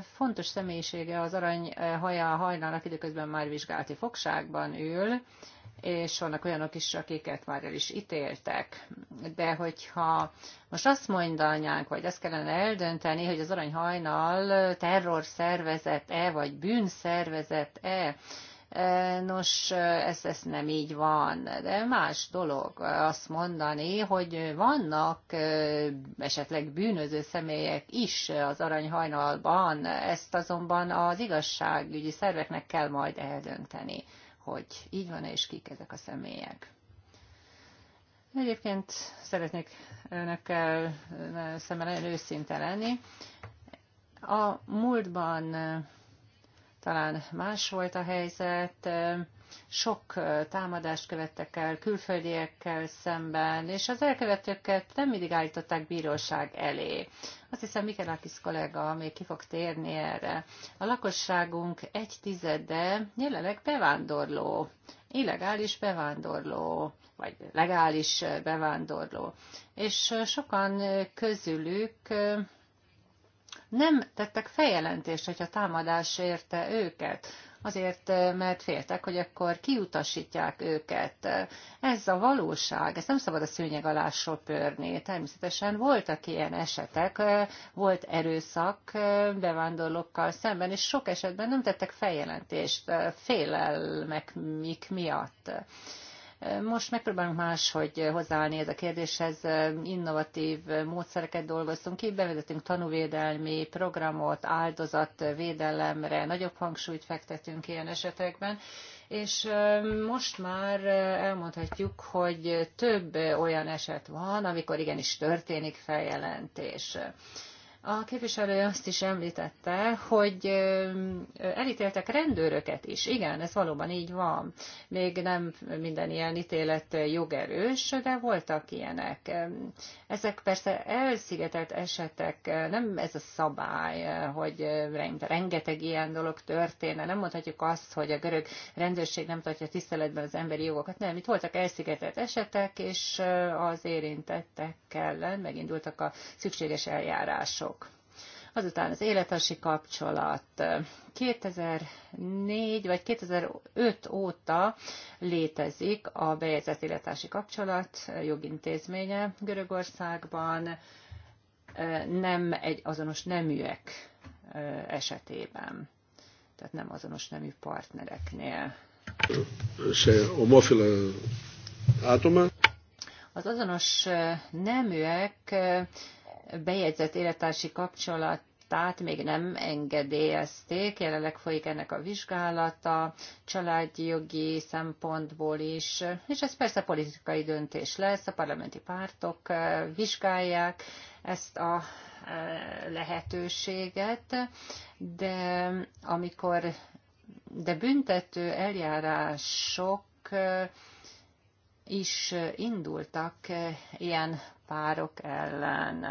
fontos személyisége az arany hajá hajnalnak időközben már vizsgálati fogságban ül, és vannak olyanok is, akiket már el is ítéltek. De hogyha most azt mondanánk, vagy azt kellene eldönteni, hogy az aranyhajnal terrorszervezet-e, vagy bűnszervezet-e, e, Nos, ez, ez nem így van, de más dolog azt mondani, hogy vannak e, esetleg bűnöző személyek is az aranyhajnalban, ezt azonban az igazságügyi szerveknek kell majd eldönteni hogy így van-e, és kik ezek a személyek. Egyébként szeretnék önökkel szemmel nagyon őszinte lenni. A múltban talán más volt a helyzet, sok támadást követtek el külföldiekkel szemben, és az elkövetőket nem mindig állították bíróság elé. Azt hiszem, Mikelakis kollega még ki fog térni erre. A lakosságunk egy tizede jelenleg bevándorló, illegális bevándorló, vagy legális bevándorló. És sokan közülük nem tettek feljelentést, hogyha támadás érte őket azért, mert féltek, hogy akkor kiutasítják őket. Ez a valóság, ezt nem szabad a szőnyeg alá söpörni. Természetesen voltak ilyen esetek, volt erőszak bevándorlókkal szemben, és sok esetben nem tettek feljelentést félelmek miatt. Most megpróbálunk hogy hozzáállni ez a kérdéshez, innovatív módszereket dolgoztunk ki, bevezetünk tanúvédelmi programot, áldozatvédelemre, nagyobb hangsúlyt fektetünk ilyen esetekben, és most már elmondhatjuk, hogy több olyan eset van, amikor igenis történik feljelentés. A képviselő azt is említette, hogy elítéltek rendőröket is. Igen, ez valóban így van. Még nem minden ilyen ítélet jogerős, de voltak ilyenek. Ezek persze elszigetelt esetek, nem ez a szabály, hogy rengeteg ilyen dolog történne. Nem mondhatjuk azt, hogy a görög rendőrség nem tartja tiszteletben az emberi jogokat. Nem, itt voltak elszigetelt esetek, és az érintettekkel ellen megindultak a szükséges eljárások célok. Azután az életesi kapcsolat. 2004 vagy 2005 óta létezik a bejegyzett életesi kapcsolat jogintézménye Görögországban, nem egy azonos neműek esetében, tehát nem azonos nemű partnereknél. Se homofila átoma? Az azonos neműek bejegyzett élettársi kapcsolat tehát még nem engedélyezték, jelenleg folyik ennek a vizsgálata, családjogi szempontból is, és ez persze politikai döntés lesz, a parlamenti pártok eh, vizsgálják ezt a eh, lehetőséget, de amikor de büntető eljárások eh, is indultak ilyen párok ellen.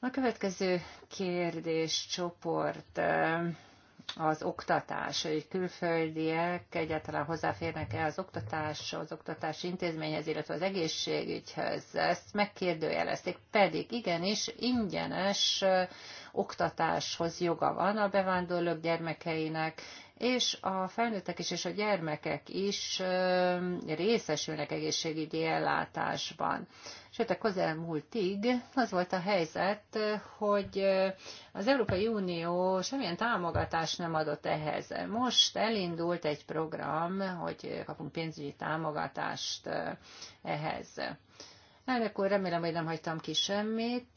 A következő kérdés csoport az oktatás, hogy külföldiek egyáltalán hozzáférnek-e az oktatáshoz, az oktatási intézményhez, illetve az egészségügyhöz. Ezt megkérdőjelezték, pedig igenis ingyenes oktatáshoz joga van a bevándorlók gyermekeinek, és a felnőttek is és a gyermekek is részesülnek egészségügyi ellátásban. Sőt, a közelmúltig az volt a helyzet, hogy az Európai Unió semmilyen támogatást nem adott ehhez. Most elindult egy program, hogy kapunk pénzügyi támogatást ehhez. Elnök úr, remélem, hogy nem hagytam ki semmit,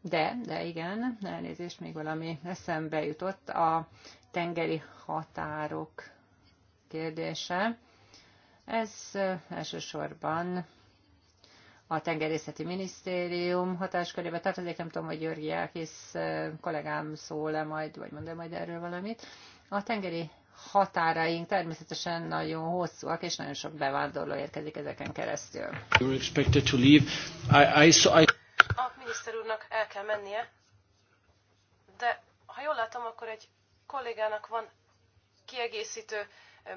de, de igen, elnézést, még valami eszembe jutott a tengeri határok kérdése. Ez elsősorban a tengerészeti minisztérium hatáskörébe tartozik, nem tudom, hogy Györgyi Elkész kollégám szól-e majd, vagy mond -e majd erről valamit. A tengeri határaink természetesen nagyon hosszúak, és nagyon sok bevándorló érkezik ezeken keresztül. expected to leave. I, I, I... A miniszter úrnak el kell mennie, de ha jól látom, akkor egy kollégának van kiegészítő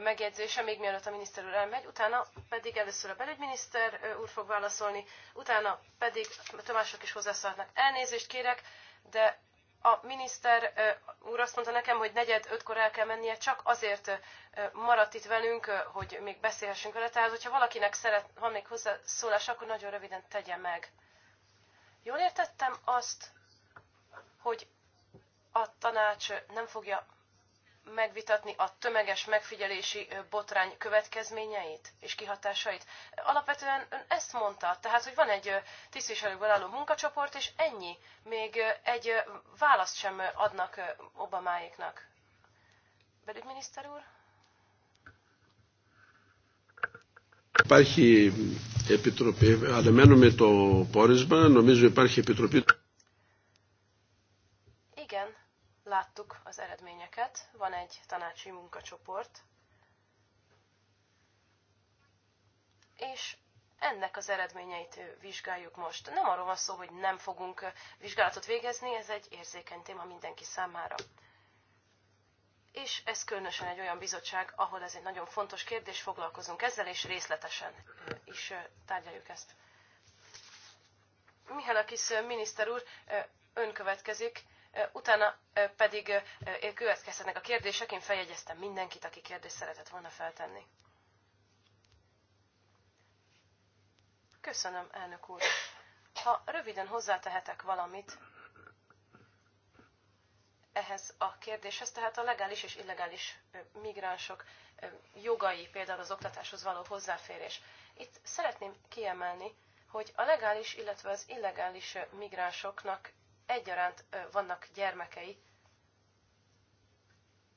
megjegyzése, még mielőtt a miniszter úr elmegy, utána pedig először a belügyminiszter úr fog válaszolni, utána pedig mások is hozzászólhatnak. Elnézést kérek, de a miniszter úr azt mondta nekem, hogy negyed ötkor el kell mennie, csak azért maradt itt velünk, hogy még beszélhessünk vele. Tehát, hogyha valakinek szeret, van még hozzászólás, akkor nagyon röviden tegye meg. Jól értettem azt, hogy a tanács nem fogja megvitatni a tömeges megfigyelési botrány következményeit és kihatásait? Alapvetően ön ezt mondta, tehát, hogy van egy tisztviselőkből álló munkacsoport, és ennyi. Még egy választ sem adnak Obamáéknak. Belügyminiszter úr? Υπάρχει επιτροπή, με το πόρισμα, νομίζω υπάρχει επιτροπή láttuk az eredményeket, van egy tanácsi munkacsoport, és ennek az eredményeit vizsgáljuk most. Nem arról van szó, hogy nem fogunk vizsgálatot végezni, ez egy érzékeny téma mindenki számára. És ez különösen egy olyan bizottság, ahol ez egy nagyon fontos kérdés, foglalkozunk ezzel, és részletesen is tárgyaljuk ezt. Mihalakis miniszter úr, ön következik utána pedig következhetnek a kérdések, én feljegyeztem mindenkit, aki kérdést szeretett volna feltenni. Köszönöm, elnök úr. Ha röviden hozzátehetek valamit ehhez a kérdéshez, tehát a legális és illegális migránsok jogai, például az oktatáshoz való hozzáférés. Itt szeretném kiemelni, hogy a legális, illetve az illegális migránsoknak egyaránt vannak gyermekei,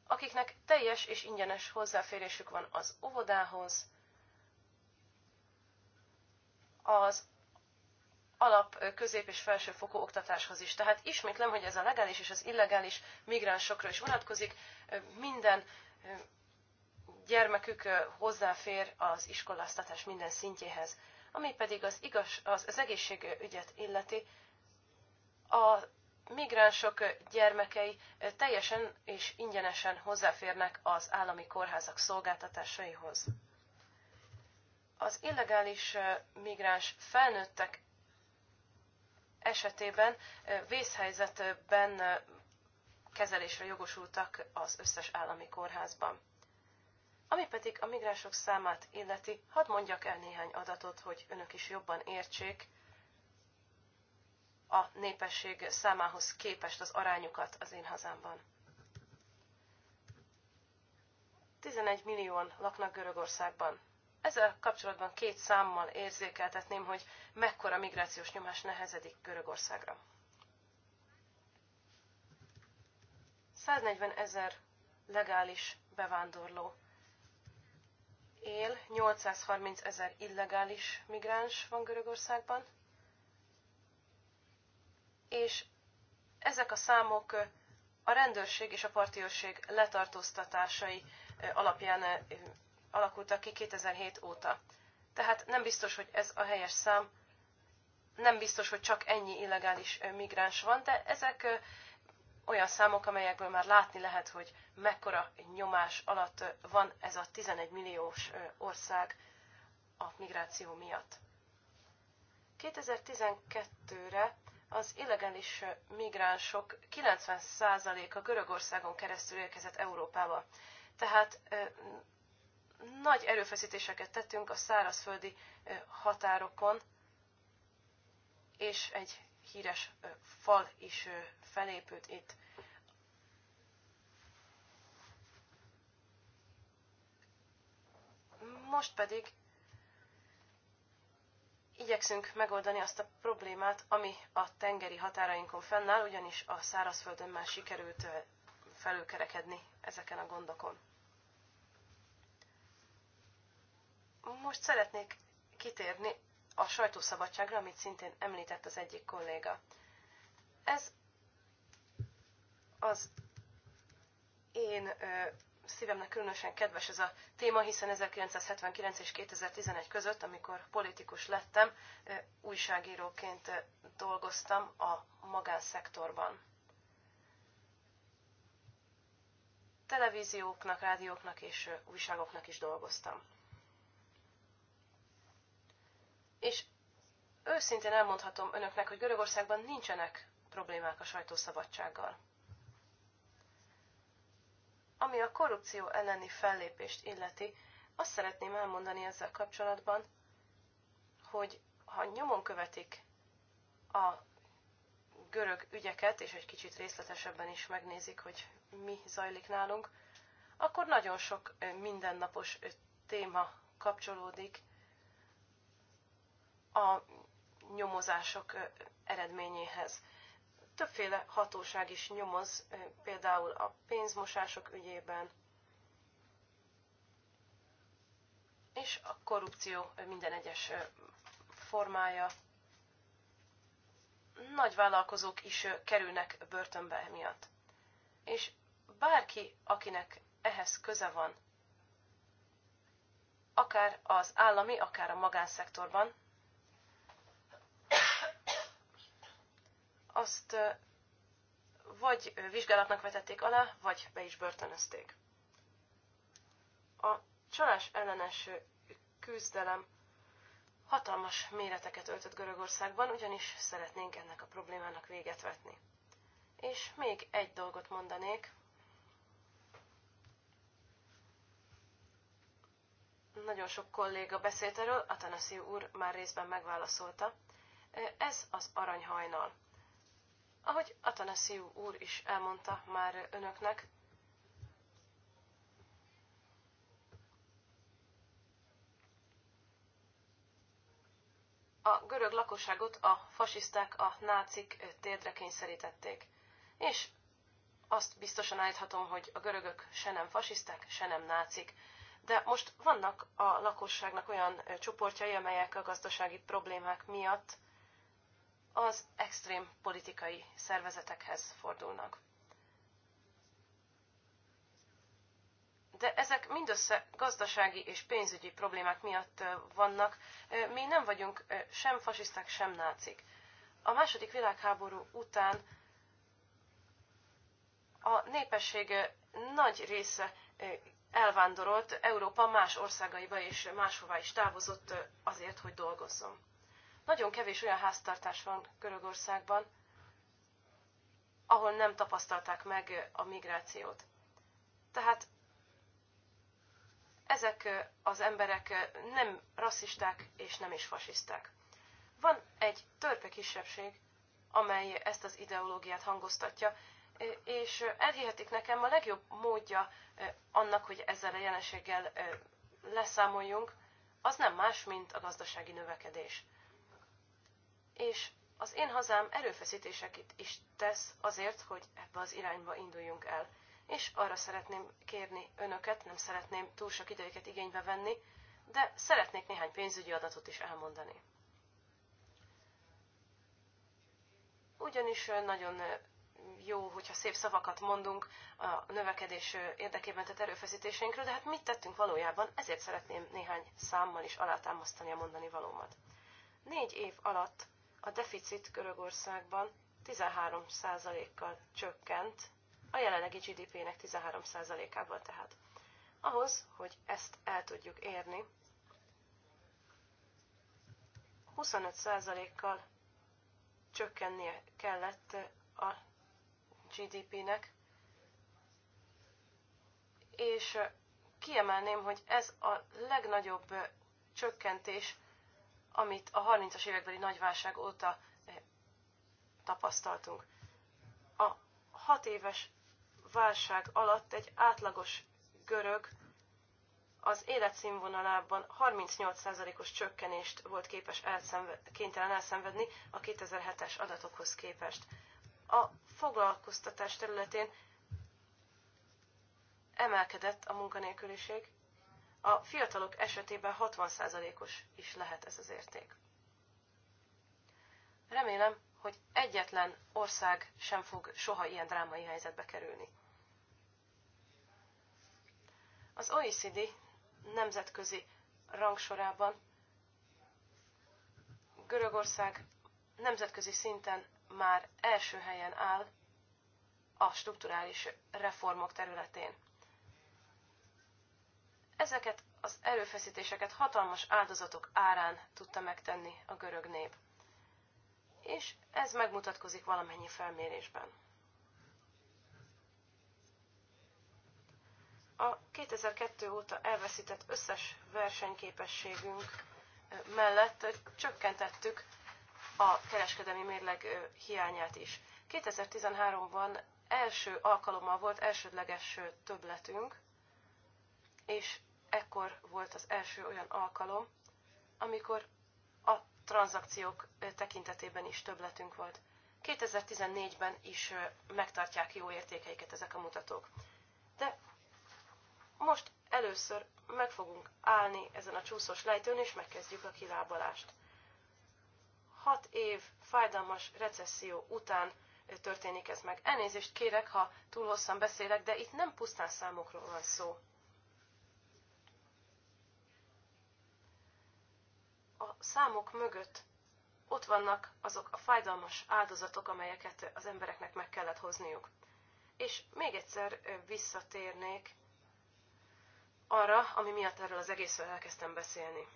akiknek teljes és ingyenes hozzáférésük van az óvodához, az alap, közép és felsőfokú oktatáshoz is. Tehát ismétlem, hogy ez a legális és az illegális migránsokra is vonatkozik. Minden gyermekük hozzáfér az iskoláztatás minden szintjéhez. Ami pedig az, igaz, az, az egészségügyet illeti, a migránsok gyermekei teljesen és ingyenesen hozzáférnek az állami kórházak szolgáltatásaihoz. Az illegális migráns felnőttek esetében vészhelyzetben kezelésre jogosultak az összes állami kórházban. Ami pedig a migránsok számát illeti, hadd mondjak el néhány adatot, hogy önök is jobban értsék, a népesség számához képest az arányukat az én hazámban. 11 millióan laknak Görögországban. Ezzel kapcsolatban két számmal érzékeltetném, hogy mekkora migrációs nyomás nehezedik Görögországra. 140 ezer legális bevándorló él, 830 ezer illegális migráns van Görögországban, és ezek a számok a rendőrség és a partiőrség letartóztatásai alapján alakultak ki 2007 óta. Tehát nem biztos, hogy ez a helyes szám, nem biztos, hogy csak ennyi illegális migráns van, de ezek olyan számok, amelyekből már látni lehet, hogy mekkora nyomás alatt van ez a 11 milliós ország a migráció miatt. 2012-re az illegális migránsok 90%-a Görögországon keresztül érkezett Európába. Tehát nagy erőfeszítéseket tettünk a szárazföldi határokon, és egy híres fal is felépült itt. Most pedig igyekszünk megoldani azt a problémát, ami a tengeri határainkon fennáll, ugyanis a szárazföldön már sikerült felülkerekedni ezeken a gondokon. Most szeretnék kitérni a sajtószabadságra, amit szintén említett az egyik kolléga. Ez az én szívemnek különösen kedves ez a téma, hiszen 1979 és 2011 között, amikor politikus lettem, újságíróként dolgoztam a magánszektorban. Televízióknak, rádióknak és újságoknak is dolgoztam. És őszintén elmondhatom önöknek, hogy Görögországban nincsenek problémák a sajtószabadsággal. Ami a korrupció elleni fellépést illeti, azt szeretném elmondani ezzel kapcsolatban, hogy ha nyomon követik a görög ügyeket, és egy kicsit részletesebben is megnézik, hogy mi zajlik nálunk, akkor nagyon sok mindennapos téma kapcsolódik a nyomozások eredményéhez többféle hatóság is nyomoz, például a pénzmosások ügyében, és a korrupció minden egyes formája. Nagy vállalkozók is kerülnek börtönbe emiatt. És bárki, akinek ehhez köze van, akár az állami, akár a magánszektorban, azt vagy vizsgálatnak vetették alá, vagy be is börtönözték. A csalás ellenes küzdelem hatalmas méreteket öltött Görögországban, ugyanis szeretnénk ennek a problémának véget vetni. És még egy dolgot mondanék. Nagyon sok kolléga beszélt erről, Atanasi úr már részben megválaszolta. Ez az aranyhajnal. Ahogy Atanasiu úr is elmondta már önöknek, a görög lakosságot a fasiszták, a nácik térdre kényszerítették. És azt biztosan állíthatom, hogy a görögök se nem fasiszták, se nem nácik. De most vannak a lakosságnak olyan csoportjai, amelyek a gazdasági problémák miatt az extrém politikai szervezetekhez fordulnak. De ezek mindössze gazdasági és pénzügyi problémák miatt vannak. Mi nem vagyunk sem fasiszták, sem nácik. A második világháború után a népesség nagy része elvándorolt Európa más országaiba és máshová is távozott azért, hogy dolgozzon. Nagyon kevés olyan háztartás van Görögországban, ahol nem tapasztalták meg a migrációt. Tehát ezek az emberek nem rasszisták és nem is fasiszták. Van egy törpe kisebbség, amely ezt az ideológiát hangoztatja, és elhihetik nekem a legjobb módja eh, annak, hogy ezzel a jelenséggel eh, leszámoljunk, az nem más, mint a gazdasági növekedés és az én hazám erőfeszítéseket is tesz azért, hogy ebbe az irányba induljunk el. És arra szeretném kérni önöket, nem szeretném túl sok idejüket igénybe venni, de szeretnék néhány pénzügyi adatot is elmondani. Ugyanis nagyon jó, hogyha szép szavakat mondunk a növekedés érdekében tett erőfeszítéseinkről, de hát mit tettünk valójában, ezért szeretném néhány számmal is alátámasztani a mondani valómat. Négy év alatt a deficit Görögországban 13%-kal csökkent, a jelenlegi GDP-nek 13%-ával tehát. Ahhoz, hogy ezt el tudjuk érni, 25%-kal csökkennie kellett a GDP-nek, és kiemelném, hogy ez a legnagyobb csökkentés amit a 30-as évekbeli nagyválság óta eh, tapasztaltunk. A hat éves válság alatt egy átlagos görög az életszínvonalában 38%-os csökkenést volt képes elszenved, kénytelen elszenvedni a 2007-es adatokhoz képest. A foglalkoztatás területén emelkedett a munkanélküliség, a fiatalok esetében 60%-os is lehet ez az érték. Remélem, hogy egyetlen ország sem fog soha ilyen drámai helyzetbe kerülni. Az OECD nemzetközi rangsorában Görögország nemzetközi szinten már első helyen áll a strukturális reformok területén. Ezeket az erőfeszítéseket hatalmas áldozatok árán tudta megtenni a görög nép. És ez megmutatkozik valamennyi felmérésben. A 2002 óta elveszített összes versenyképességünk mellett csökkentettük a kereskedelmi mérleg hiányát is. 2013-ban első alkalommal volt elsődleges többletünk, és ekkor volt az első olyan alkalom, amikor a tranzakciók tekintetében is többletünk volt. 2014-ben is megtartják jó értékeiket ezek a mutatók. De most először meg fogunk állni ezen a csúszós lejtőn, és megkezdjük a kilábalást. Hat év fájdalmas recesszió után történik ez meg. Elnézést kérek, ha túl hosszan beszélek, de itt nem pusztán számokról van szó. számok mögött ott vannak azok a fájdalmas áldozatok, amelyeket az embereknek meg kellett hozniuk. És még egyszer visszatérnék arra, ami miatt erről az egészről elkezdtem beszélni.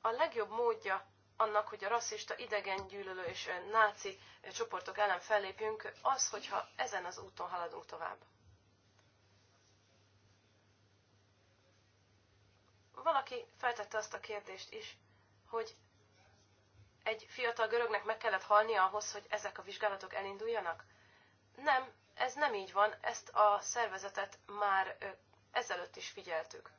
A legjobb módja annak, hogy a rasszista, gyűlölő és náci csoportok ellen fellépjünk, az, hogyha ezen az úton haladunk tovább. valaki feltette azt a kérdést is, hogy egy fiatal görögnek meg kellett halnia ahhoz, hogy ezek a vizsgálatok elinduljanak? Nem, ez nem így van, ezt a szervezetet már ezelőtt is figyeltük.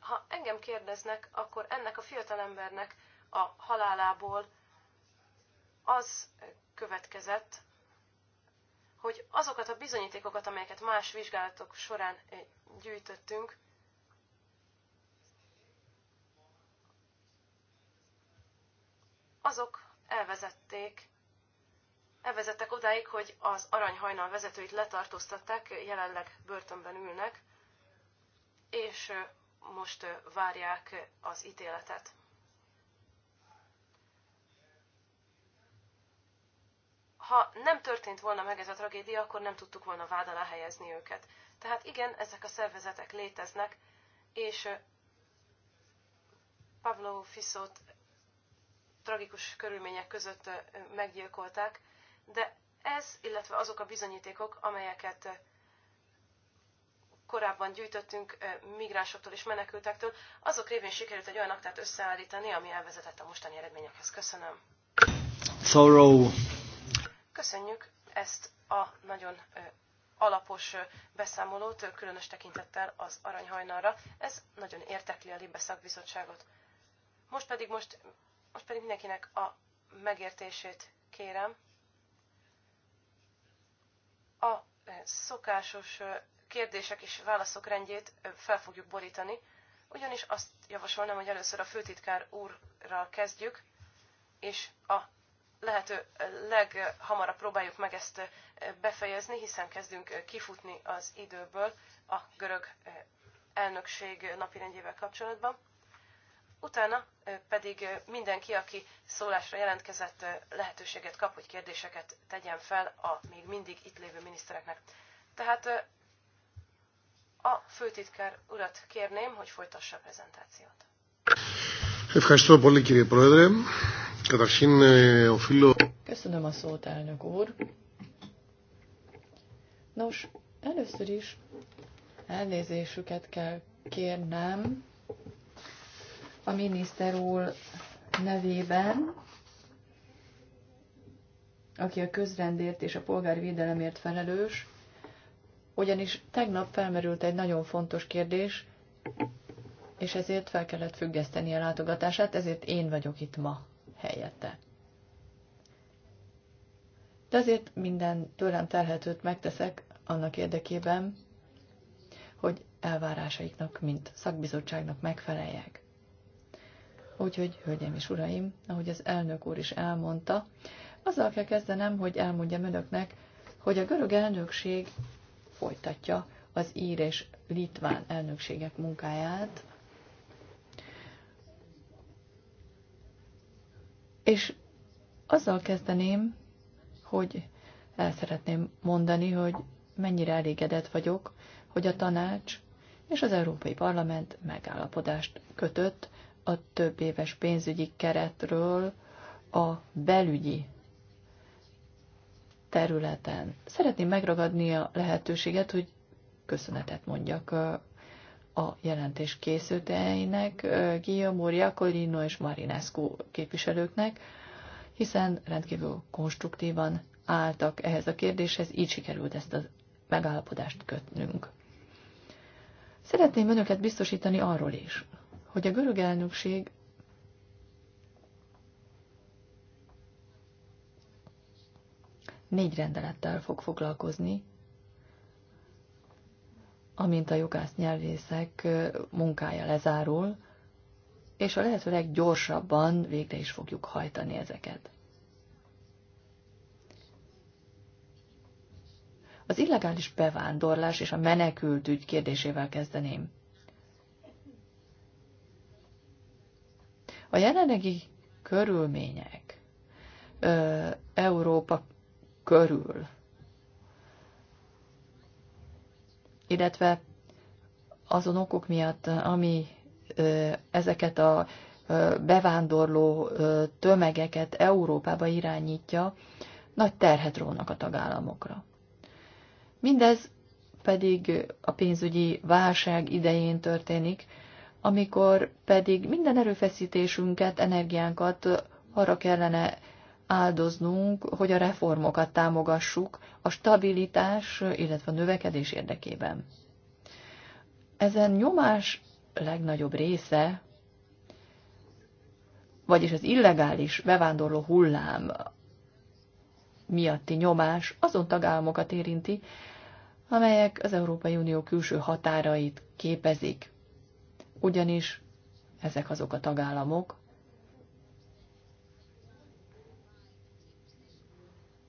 Ha engem kérdeznek, akkor ennek a fiatalembernek a halálából az következett, hogy azokat a bizonyítékokat, amelyeket más vizsgálatok során eh, gyűjtöttünk, azok elvezették, elvezettek odáig, hogy az aranyhajnal vezetőit letartóztatták, jelenleg börtönben ülnek, és eh, most eh, várják az ítéletet. Ha nem történt volna meg ez a tragédia, akkor nem tudtuk volna vád alá helyezni őket. Tehát igen, ezek a szervezetek léteznek, és Pavlo Fiszót tragikus körülmények között meggyilkolták, de ez, illetve azok a bizonyítékok, amelyeket korábban gyűjtöttünk migránsoktól és menekültektől, azok révén sikerült egy olyan aktát összeállítani, ami elvezetett a mostani eredményekhez. Köszönöm. Thorough Köszönjük ezt a nagyon alapos beszámolót, különös tekintettel az aranyhajnalra. Ez nagyon értekli a Libe szakbizottságot. Most pedig, most, most pedig mindenkinek a megértését kérem. A szokásos kérdések és válaszok rendjét fel fogjuk borítani, ugyanis azt javasolnám, hogy először a főtitkár úrral kezdjük, és a lehető leghamarabb próbáljuk meg ezt befejezni, hiszen kezdünk kifutni az időből a görög elnökség napirendjével kapcsolatban. Utána pedig mindenki, aki szólásra jelentkezett, lehetőséget kap, hogy kérdéseket tegyen fel a még mindig itt lévő minisztereknek. Tehát a főtitkár urat kérném, hogy folytassa a prezentációt. Köszönöm, Köszönöm a szót, elnök úr. Nos, először is elnézésüket kell kérnem a miniszter úr nevében, aki a közrendért és a polgárvédelemért felelős, ugyanis tegnap felmerült egy nagyon fontos kérdés, és ezért fel kellett függeszteni a látogatását, ezért én vagyok itt ma helyette. De azért minden tőlem telhetőt megteszek annak érdekében, hogy elvárásaiknak, mint szakbizottságnak megfeleljek. Úgyhogy, hölgyeim és uraim, ahogy az elnök úr is elmondta, azzal kell kezdenem, hogy elmondjam önöknek, hogy a görög elnökség folytatja az ír és litván elnökségek munkáját, És azzal kezdeném, hogy el szeretném mondani, hogy mennyire elégedett vagyok, hogy a tanács és az Európai Parlament megállapodást kötött a több éves pénzügyi keretről a belügyi területen. Szeretném megragadni a lehetőséget, hogy köszönetet mondjak a jelentés készítőinek, Guillaume Moriacolino Jacolino és Marinescu képviselőknek, hiszen rendkívül konstruktívan álltak ehhez a kérdéshez, így sikerült ezt a megállapodást kötnünk. Szeretném önöket biztosítani arról is, hogy a görög elnökség négy rendelettel fog foglalkozni, amint a jogász nyelvészek munkája lezárul, és a lehető leggyorsabban végre is fogjuk hajtani ezeket. Az illegális bevándorlás és a menekült ügy kérdésével kezdeném. A jelenlegi körülmények Európa körül illetve azon okok miatt, ami ezeket a bevándorló tömegeket Európába irányítja, nagy terhet rónak a tagállamokra. Mindez pedig a pénzügyi válság idején történik, amikor pedig minden erőfeszítésünket, energiánkat arra kellene áldoznunk, hogy a reformokat támogassuk a stabilitás, illetve a növekedés érdekében. Ezen nyomás legnagyobb része, vagyis az illegális bevándorló hullám miatti nyomás azon tagállamokat érinti, amelyek az Európai Unió külső határait képezik. Ugyanis ezek azok a tagállamok,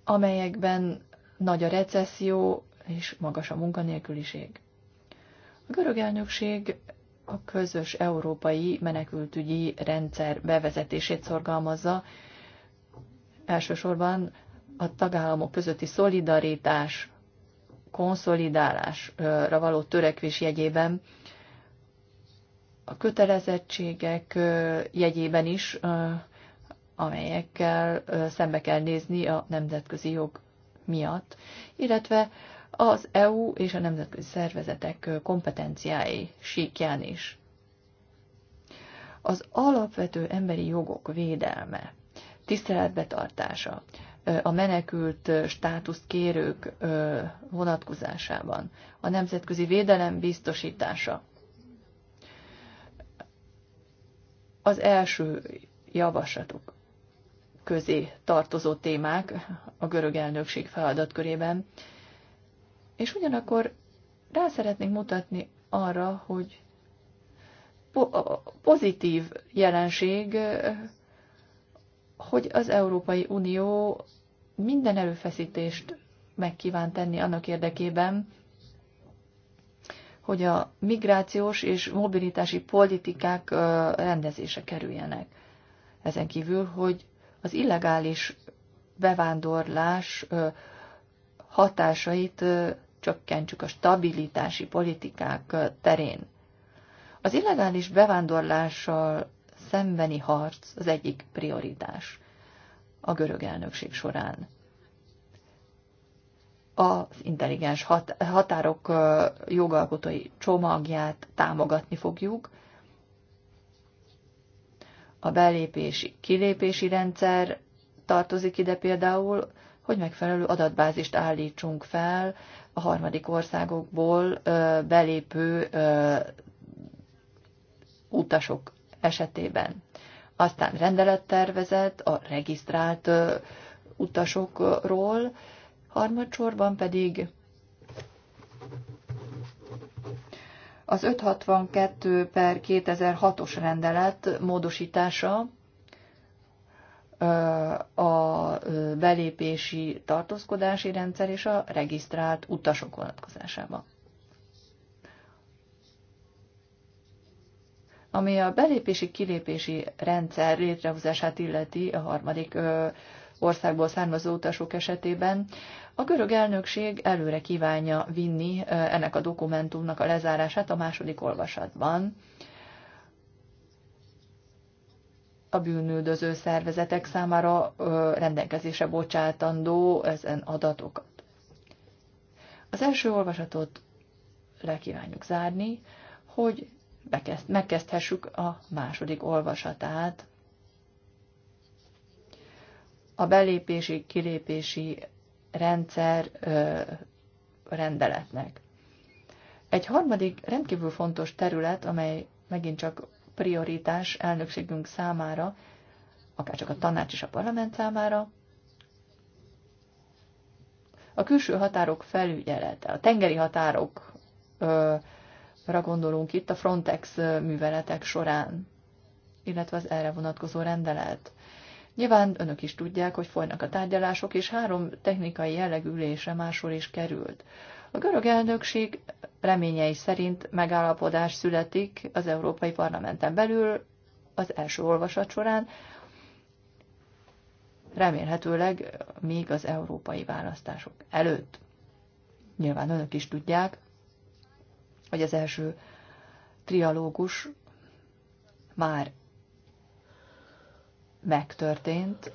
amelyekben nagy a recesszió és magas a munkanélküliség. A görög elnökség a közös európai menekültügyi rendszer bevezetését szorgalmazza, elsősorban a tagállamok közötti szolidaritás, konszolidálásra való törekvés jegyében, a kötelezettségek jegyében is, amelyekkel szembe kell nézni a nemzetközi jog miatt, illetve az EU és a nemzetközi szervezetek kompetenciái síkján is. Az alapvető emberi jogok védelme, tiszteletbetartása, a menekült státuszt kérők vonatkozásában, a nemzetközi védelem biztosítása. Az első javaslatok közé tartozó témák a görög elnökség feladatkörében. És ugyanakkor rá szeretnék mutatni arra, hogy pozitív jelenség, hogy az Európai Unió minden erőfeszítést meg kíván tenni annak érdekében, hogy a migrációs és mobilitási politikák rendezése kerüljenek. Ezen kívül, hogy az illegális bevándorlás hatásait csökkentsük a stabilitási politikák terén. Az illegális bevándorlással szembeni harc az egyik prioritás a görög elnökség során. Az intelligens hat- határok jogalkotói csomagját támogatni fogjuk, a belépési-kilépési rendszer tartozik ide például, hogy megfelelő adatbázist állítsunk fel a harmadik országokból belépő utasok esetében. Aztán rendelettervezet a regisztrált utasokról, harmadsorban pedig az 562 per 2006-os rendelet módosítása a belépési tartózkodási rendszer és a regisztrált utasok vonatkozásában. Ami a belépési-kilépési rendszer létrehozását illeti a harmadik országból származó utasok esetében, a görög elnökség előre kívánja vinni ennek a dokumentumnak a lezárását a második olvasatban. A bűnüldöző szervezetek számára rendelkezésre bocsátandó ezen adatokat. Az első olvasatot le kívánjuk zárni, hogy bekezd, megkezdhessük a második olvasatát a belépési, kilépési rendszer rendeletnek. Egy harmadik rendkívül fontos terület, amely megint csak prioritás elnökségünk számára, csak a tanács és a parlament számára, a külső határok felügyelete, a tengeri határokra gondolunk itt a Frontex műveletek során, illetve az erre vonatkozó rendelet. Nyilván önök is tudják, hogy folynak a tárgyalások, és három technikai jellegű ülésre máshol is került. A görög elnökség reményei szerint megállapodás születik az Európai Parlamenten belül az első olvasat során, remélhetőleg még az európai választások előtt. Nyilván önök is tudják, hogy az első trialógus már megtörtént.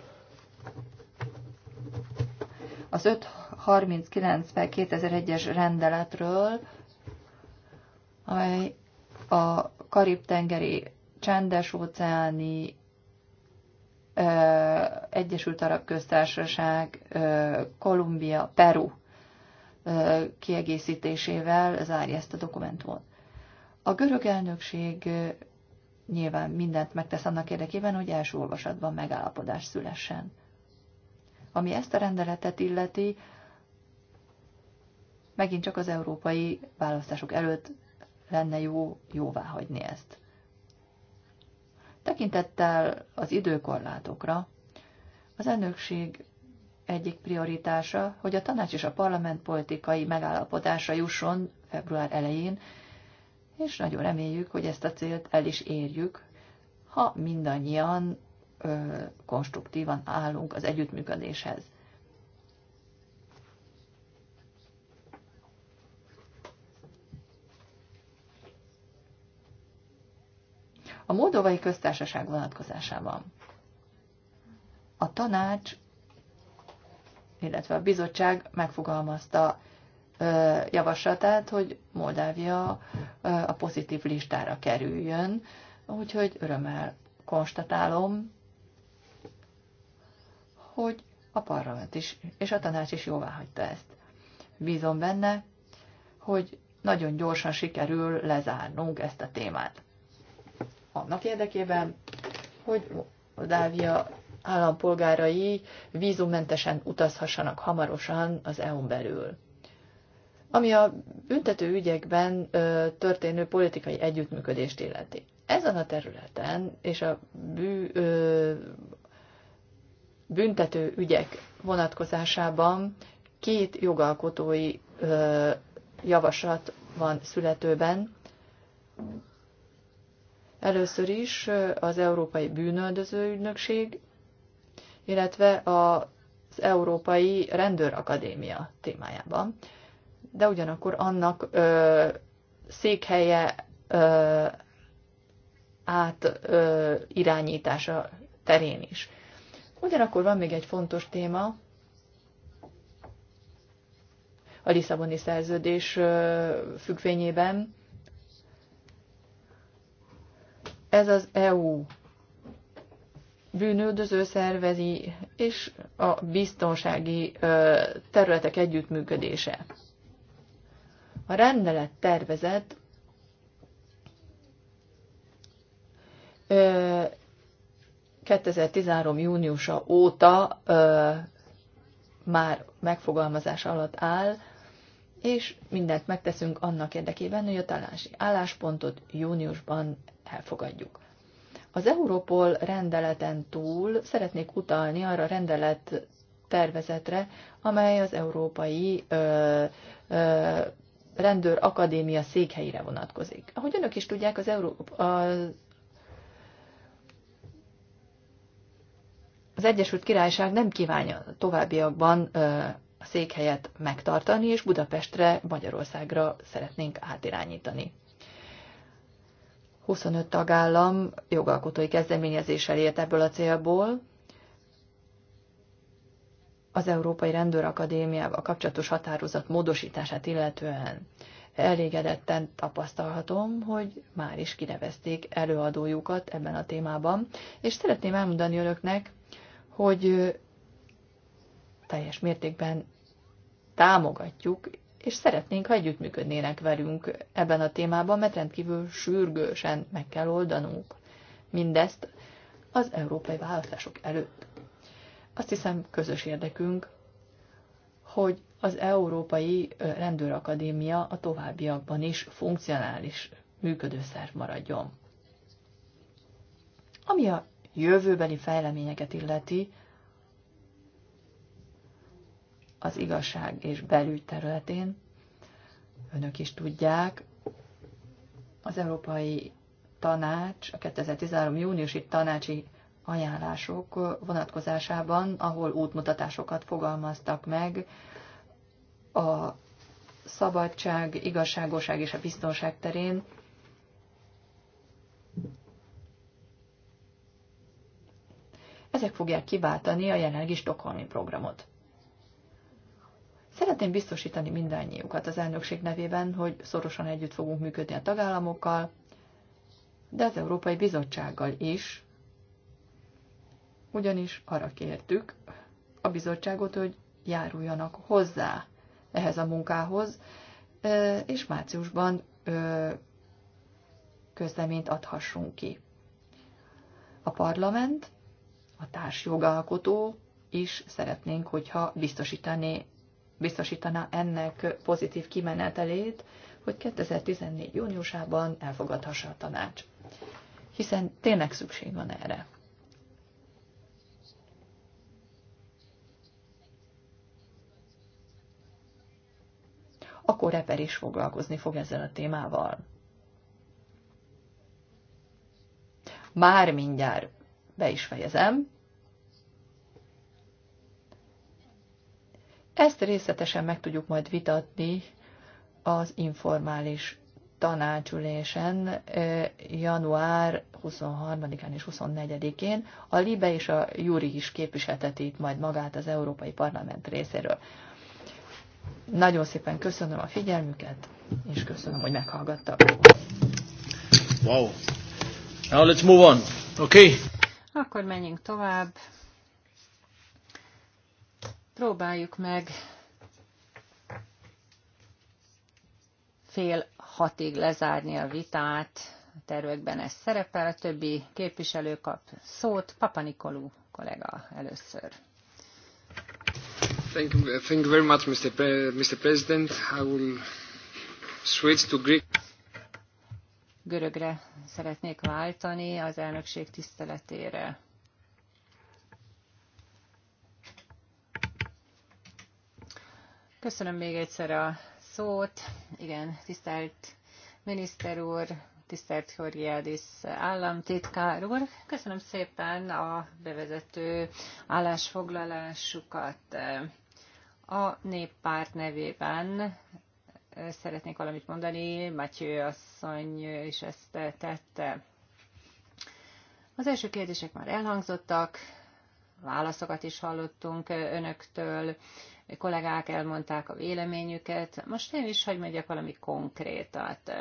Az 539 per 2001-es rendeletről, amely a Karib-tengeri csendes-óceáni Egyesült Arab Köztársaság, Kolumbia, Peru kiegészítésével zárja ezt a dokumentumot. A görög elnökség nyilván mindent megtesz annak érdekében, hogy első olvasatban megállapodás szülessen. Ami ezt a rendeletet illeti, megint csak az európai választások előtt lenne jó jóvá hagyni ezt. Tekintettel az időkorlátokra, az elnökség egyik prioritása, hogy a tanács és a parlament politikai megállapodásra jusson február elején és nagyon reméljük, hogy ezt a célt el is érjük, ha mindannyian ö, konstruktívan állunk az együttműködéshez. A Moldovai Köztársaság vonatkozásában a tanács, illetve a bizottság megfogalmazta javaslatát, hogy Moldávia a pozitív listára kerüljön, úgyhogy örömmel konstatálom, hogy a parlament is, és a tanács is jóvá hagyta ezt. Bízom benne, hogy nagyon gyorsan sikerül lezárnunk ezt a témát. Annak érdekében, hogy Moldávia állampolgárai vízummentesen utazhassanak hamarosan az EU-n belül ami a büntető ügyekben történő politikai együttműködést illeti. Ezen a területen és a bű, ö, büntető ügyek vonatkozásában két jogalkotói ö, javaslat van születőben. Először is az Európai Bűnöldöző Ügynökség, illetve az Európai Rendőrakadémia témájában de ugyanakkor annak ö, székhelye ö, át ö, irányítása terén is. Ugyanakkor van még egy fontos téma, a Lisszaboni szerződés függvényében. Ez az EU bűnöldöző szervezi és a biztonsági területek együttműködése. A rendelet tervezett ö, 2013. júniusa óta ö, már megfogalmazás alatt áll, és mindent megteszünk annak érdekében, hogy a találási álláspontot júniusban elfogadjuk. Az Europol rendeleten túl szeretnék utalni arra rendelet tervezetre, amely az európai ö, ö, rendőr akadémia székhelyére vonatkozik. Ahogy önök is tudják, az, Európa, az, Egyesült Királyság nem kívánja továbbiakban a székhelyet megtartani, és Budapestre, Magyarországra szeretnénk átirányítani. 25 tagállam jogalkotói kezdeményezéssel ért ebből a célból, az Európai Rendőrakadémiával kapcsolatos határozat módosítását illetően elégedetten tapasztalhatom, hogy már is kinevezték előadójukat ebben a témában, és szeretném elmondani önöknek, hogy teljes mértékben támogatjuk, és szeretnénk, ha együttműködnének velünk ebben a témában, mert rendkívül sürgősen meg kell oldanunk mindezt az európai választások előtt. Azt hiszem közös érdekünk, hogy az Európai Rendőrakadémia a továbbiakban is funkcionális működőszerv maradjon. Ami a jövőbeli fejleményeket illeti, az igazság és belügy területén, önök is tudják, az Európai Tanács, a 2013. júniusi tanácsi ajánlások vonatkozásában, ahol útmutatásokat fogalmaztak meg a szabadság, igazságoság és a biztonság terén. Ezek fogják kiváltani a jelenlegi Stockholmi programot. Szeretném biztosítani mindannyiukat az elnökség nevében, hogy szorosan együtt fogunk működni a tagállamokkal, de az Európai Bizottsággal is, ugyanis arra kértük a bizottságot, hogy járuljanak hozzá ehhez a munkához, és márciusban közleményt adhassunk ki. A parlament, a társjogalkotó is szeretnénk, hogyha biztosítani, biztosítana ennek pozitív kimenetelét, hogy 2014. júniusában elfogadhassa a tanács. Hiszen tényleg szükség van erre. Akkor Reper is foglalkozni fog ezzel a témával. Már mindjárt be is fejezem. Ezt részletesen meg tudjuk majd vitatni az informális tanácsülésen január 23-án és 24-én. A Libe és a Júri is képviselteti itt majd magát az Európai Parlament részéről. Nagyon szépen köszönöm a figyelmüket, és köszönöm, hogy meghallgattak. Wow. Now let's move on. Okay. Akkor menjünk tovább. Próbáljuk meg fél hatig lezárni a vitát. A tervekben ez szerepel, a többi képviselő kap szót. Nikolú kollega először. Thank you, thank you very much, Mr. Pre Mr. President. I will switch to Greek. Görögre szeretnék váltani az elnökség tiszteletére. Köszönöm még egyszer a szót. Igen, tisztelt miniszter úr, tisztelt Georgiadis államtitkár úr. Köszönöm szépen a bevezető állásfoglalásukat. A néppárt nevében eh, szeretnék valamit mondani, Matyő asszony is ezt eh, tette. Az első kérdések már elhangzottak, válaszokat is hallottunk eh, önöktől, kollégák elmondták a véleményüket. Most én is, hogy megyek valami konkrétat.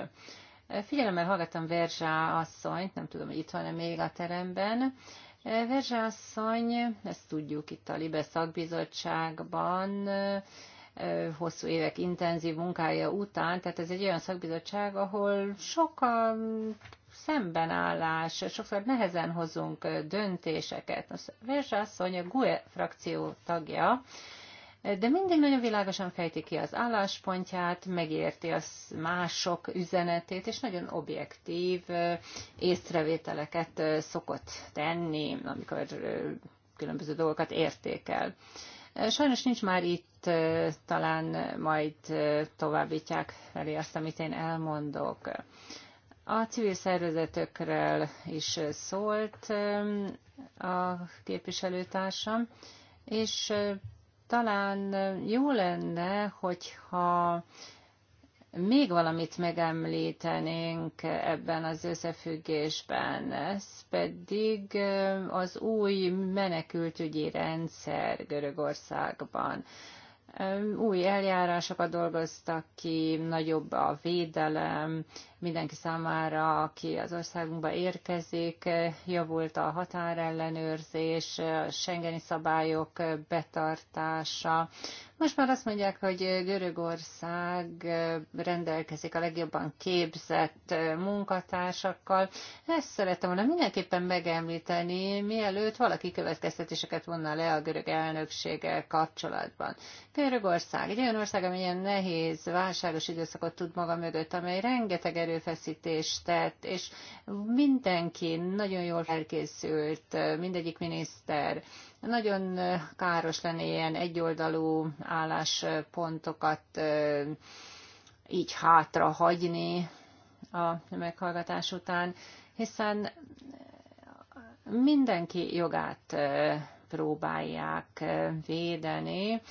Figyelemmel hallgattam Verzsá asszonyt, nem tudom, hogy itt van-e még a teremben, Verzse asszony, ezt tudjuk itt a Libe szakbizottságban, hosszú évek intenzív munkája után, tehát ez egy olyan szakbizottság, ahol sok a szembenállás, sokszor nehezen hozunk döntéseket. Verzse asszony a GUE frakció tagja, de mindig nagyon világosan fejti ki az álláspontját, megérti a mások üzenetét, és nagyon objektív észrevételeket szokott tenni, amikor különböző dolgokat értékel. Sajnos nincs már itt, talán majd továbbítják felé azt, amit én elmondok. A civil szervezetekről is szólt a képviselőtársam, és talán eh, jó lenne, hogyha még valamit megemlítenénk ebben az összefüggésben, ez pedig eh, az új menekültügyi rendszer Görögországban. Eh, új eljárásokat dolgoztak ki, nagyobb a védelem, mindenki számára, aki az országunkba érkezik, javult a határellenőrzés, a Schengeni szabályok betartása. Most már azt mondják, hogy Görögország rendelkezik a legjobban képzett munkatársakkal. Ezt szerettem volna mindenképpen megemlíteni, mielőtt valaki következtetéseket vonna le a görög elnökséggel kapcsolatban. Görögország egy olyan ország, amilyen nehéz, válságos időszakot tud maga mögött, amely rengeteg erő erőfeszítést tett, és mindenki nagyon jól felkészült, mindegyik miniszter. Nagyon káros lenne ilyen egyoldalú álláspontokat így hátra hagyni a meghallgatás után, hiszen mindenki jogát próbálják védeni,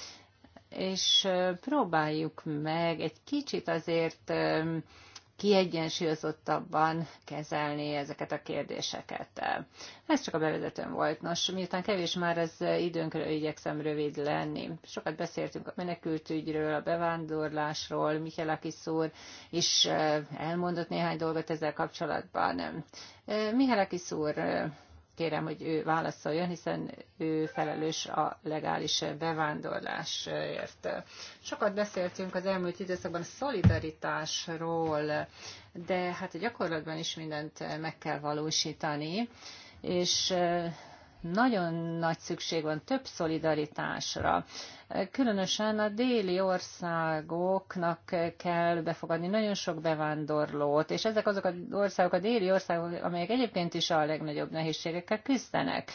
és próbáljuk meg egy kicsit azért kiegyensúlyozottabban kezelni ezeket a kérdéseket. Ez csak a bevezetőm volt. Nos, miután kevés már az időnkre igyekszem rövid lenni. Sokat beszéltünk a menekültügyről, a bevándorlásról, Michelakis úr is eh, elmondott néhány dolgot ezzel kapcsolatban. Eh, Michelakis úr, eh, kérem, hogy ő válaszoljon, hiszen ő felelős a legális bevándorlásért. Sokat beszéltünk az elmúlt időszakban a szolidaritásról, de hát a gyakorlatban is mindent meg kell valósítani, és nagyon nagy szükség van több szolidaritásra. Különösen a déli országoknak kell befogadni nagyon sok bevándorlót, és ezek azok az országok, a déli országok, amelyek egyébként is a legnagyobb nehézségekkel küzdenek.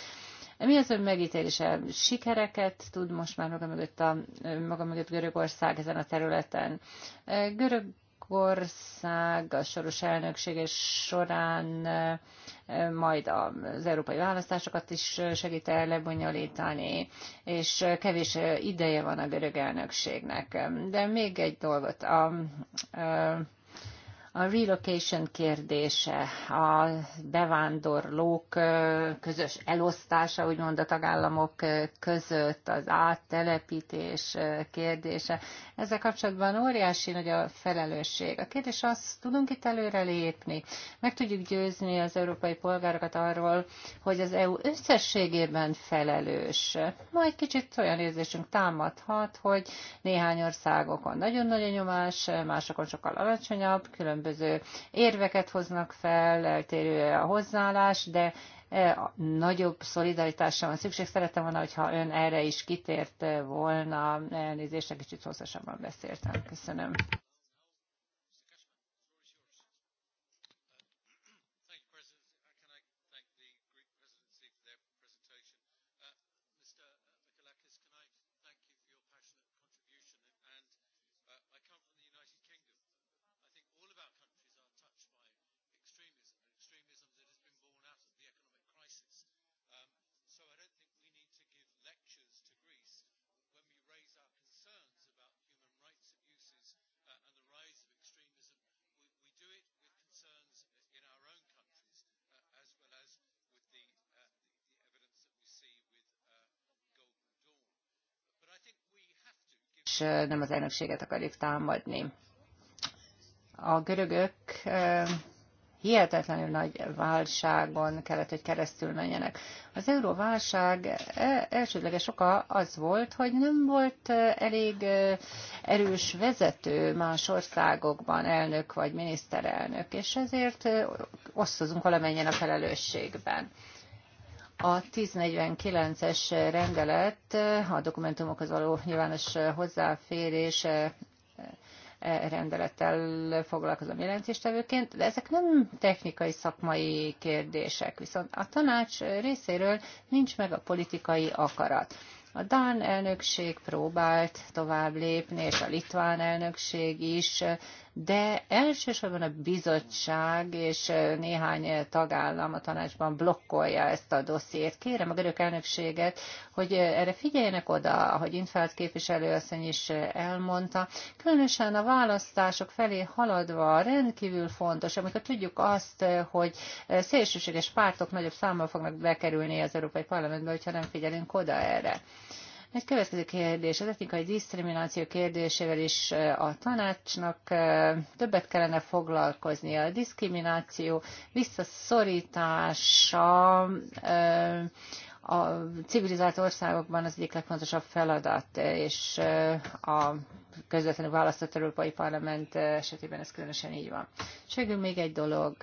Mi az ön megítélése? Sikereket tud most már maga mögött, a, maga mögött Görögország ezen a területen? Görög Törökország a soros elnöksége során eh, majd az európai választásokat is eh, segít el lebonyolítani, és eh, kevés ideje van a görög elnökségnek. De még egy dolgot. A, a relocation kérdése, a bevándorlók közös elosztása, úgymond a tagállamok között, az áttelepítés kérdése. Ezzel kapcsolatban óriási nagy a felelősség. A kérdés az, tudunk itt előre lépni? Meg tudjuk győzni az európai polgárokat arról, hogy az EU összességében felelős. Ma egy kicsit olyan érzésünk támadhat, hogy néhány országokon nagyon nagy a nyomás, másokon sokkal alacsonyabb, különböző érveket hoznak fel, eltérő a hozzáállás, de E, nagyobb szolidaritásra van szükség. Szerettem volna, hogyha ön erre is kitért volna. Elnézést, egy kicsit hosszasabban beszéltem. Köszönöm. nem az elnökséget akarjuk támadni. A görögök hihetetlenül nagy válságon kellett, hogy keresztül menjenek. Az euróválság e, elsődleges oka az volt, hogy nem volt elég erős vezető más országokban, elnök vagy miniszterelnök, és ezért osztozunk valamennyien a felelősségben. A 1049-es rendelet a dokumentumokhoz való nyilvános hozzáférés e rendelettel foglalkozom jelentéstevőként, de ezek nem technikai, szakmai kérdések, viszont a tanács részéről nincs meg a politikai akarat. A Dán elnökség próbált tovább lépni, és a Litván elnökség is de elsősorban a bizottság és néhány tagállam a tanácsban blokkolja ezt a dossziét. Kérem a görög elnökséget, hogy erre figyeljenek oda, ahogy Infeld képviselőasszony is elmondta. Különösen a választások felé haladva rendkívül fontos, amikor tudjuk azt, hogy szélsőséges pártok nagyobb számmal fognak bekerülni az Európai Parlamentbe, hogyha nem figyelünk oda erre. Egy következő kérdés, az etnikai diszkrimináció kérdésével is a tanácsnak többet kellene foglalkozni. A diszkrimináció visszaszorítása a civilizált országokban az egyik legfontosabb feladat, és a közvetlenül választott Európai Parlament esetében ez különösen így van. És még egy dolog,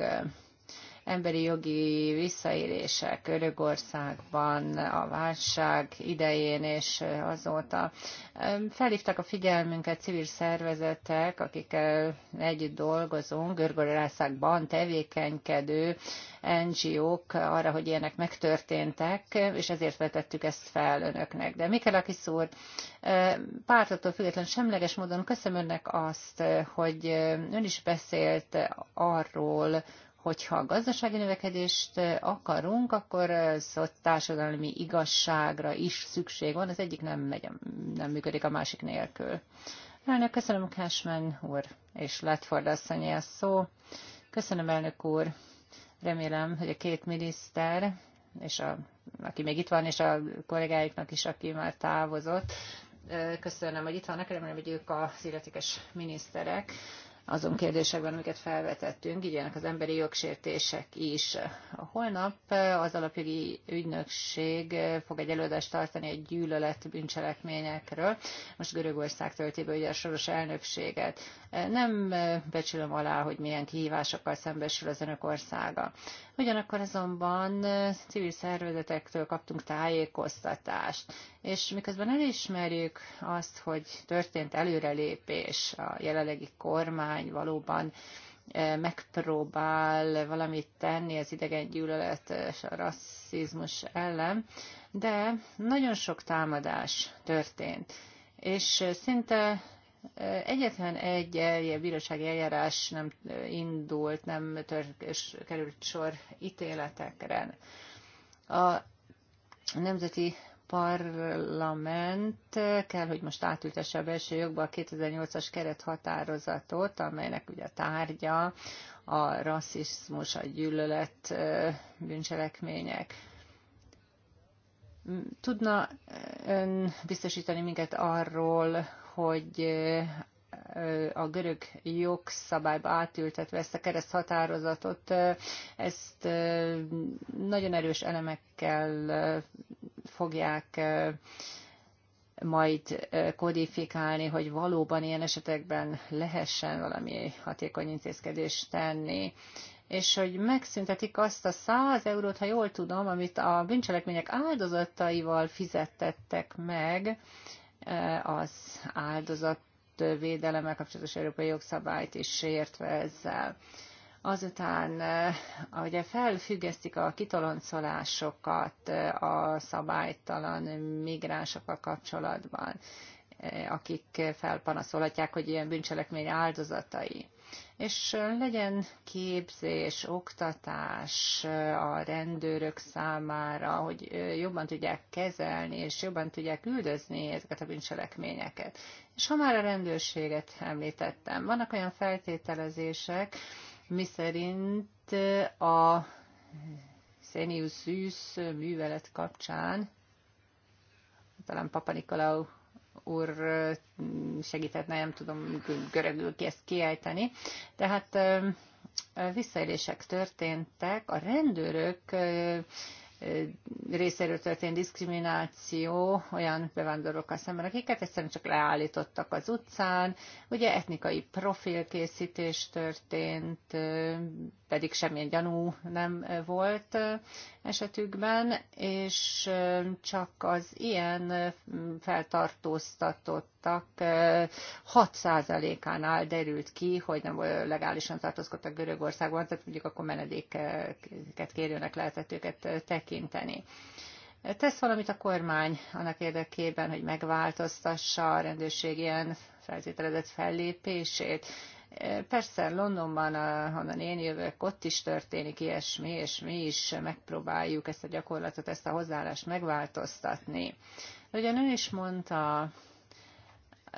emberi jogi visszaélések Örögországban a válság idején és azóta. Felhívtak a figyelmünket civil szervezetek, akikkel együtt dolgozunk, Görgorországban tevékenykedő NGO-k arra, hogy ilyenek megtörténtek, és ezért vetettük ezt fel önöknek. De Mikelakis úr, pártoktól független semleges módon köszönöm önnek azt, hogy ön is beszélt arról, hogyha gazdasági növekedést akarunk, akkor társadalmi igazságra is szükség van, az egyik nem, megy, nem működik a másik nélkül. Elnök, köszönöm Cashman úr és Ledford asszonyi a szó. Köszönöm, elnök úr. Remélem, hogy a két miniszter, és a, aki még itt van, és a kollégáiknak is, aki már távozott, köszönöm, hogy itt vannak, remélem, hogy ők a illetékes miniszterek azon kérdésekben, amiket felvetettünk, így az emberi jogsértések is. Holnap az alapjogi ügynökség fog egy előadást tartani egy gyűlölet bűncselekményekről. Most Görögország tölti be ugye a soros elnökséget. Nem becsülöm alá, hogy milyen kihívásokkal szembesül az önök országa. Ugyanakkor azonban civil szervezetektől kaptunk tájékoztatást, és miközben elismerjük azt, hogy történt előrelépés, a jelenlegi kormány valóban eh, megpróbál valamit tenni az idegen gyűlölet és a rasszizmus ellen, de nagyon sok támadás történt, és eh, szinte eh, egyetlen egy bírósági eljárás nem indult, nem tör, és került sor ítéletekre. A Nemzeti parlament kell, hogy most átültesse a belső jogba a 2008-as kerethatározatot, amelynek ugye a tárgya a rasszizmus, a gyűlölet bűncselekmények. Tudna ön biztosítani minket arról, hogy a görög jogszabályba átültetve ezt a kereszt határozatot, ezt nagyon erős elemekkel fogják majd kodifikálni, hogy valóban ilyen esetekben lehessen valami hatékony intézkedést tenni és hogy megszüntetik azt a 100 eurót, ha jól tudom, amit a bűncselekmények áldozataival fizettettek meg az áldozat védelemmel kapcsolatos európai jogszabályt is sértve ezzel azután ugye eh, felfüggesztik a kitoloncolásokat eh, a szabálytalan migránsokkal kapcsolatban, eh, akik felpanaszolhatják, hogy ilyen bűncselekmény áldozatai. És legyen képzés, oktatás a rendőrök számára, hogy jobban tudják kezelni, és jobban tudják üldözni ezeket a bűncselekményeket. És ha már a rendőrséget említettem, vannak olyan feltételezések, szerint a Szenius Szűz művelet kapcsán talán Papa Nikolau úr mm, segített, nem tudom görögül ki ezt kiejteni. Tehát visszaélések történtek, a rendőrök részéről történt diszkrimináció olyan bevándorlókkal szemben, akiket egyszerűen csak leállítottak az utcán. Ugye etnikai profilkészítés történt, pedig semmilyen gyanú nem volt esetükben, és csak az ilyen feltartóztatottak 6%-ánál derült ki, hogy nem legálisan tartózkodtak Görögországban, tehát mondjuk akkor menedéket kérőnek lehetett őket tekinteni tesz valamit a kormány annak érdekében, hogy megváltoztassa a rendőrség ilyen feltételezett fellépését. Persze Londonban, eh, ahonnan én jövök, ott is történik ilyesmi, és mi is megpróbáljuk ezt a gyakorlatot, ezt a hozzáállást megváltoztatni. Ugyan ő is mondta,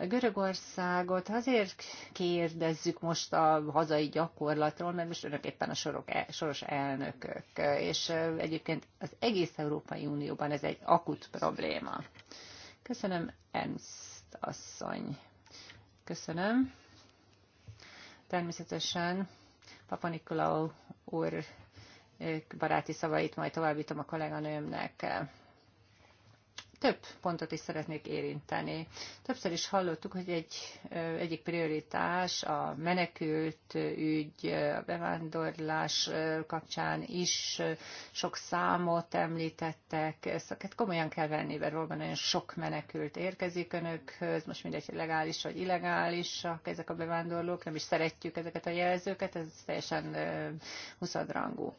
Görögországot azért kérdezzük most a hazai gyakorlatról, mert most önök éppen a sorok, soros elnökök, és eh, egyébként az egész Európai Unióban ez egy akut probléma. Köszönöm, Ernst asszony. Köszönöm. Természetesen Papa Nikolau úr eh, baráti szavait majd továbbítom a kolléganőmnek több pontot is szeretnék érinteni. Többször is hallottuk, hogy egy, egyik prioritás a menekült ügy, a bevándorlás kapcsán is sok számot említettek. Ezeket hát komolyan kell venni, mert valóban nagyon sok menekült érkezik önökhöz, most mindegy, legális vagy illegálisak ezek a bevándorlók, nem is szeretjük ezeket a jelzőket, ez teljesen huszadrangú. Uh,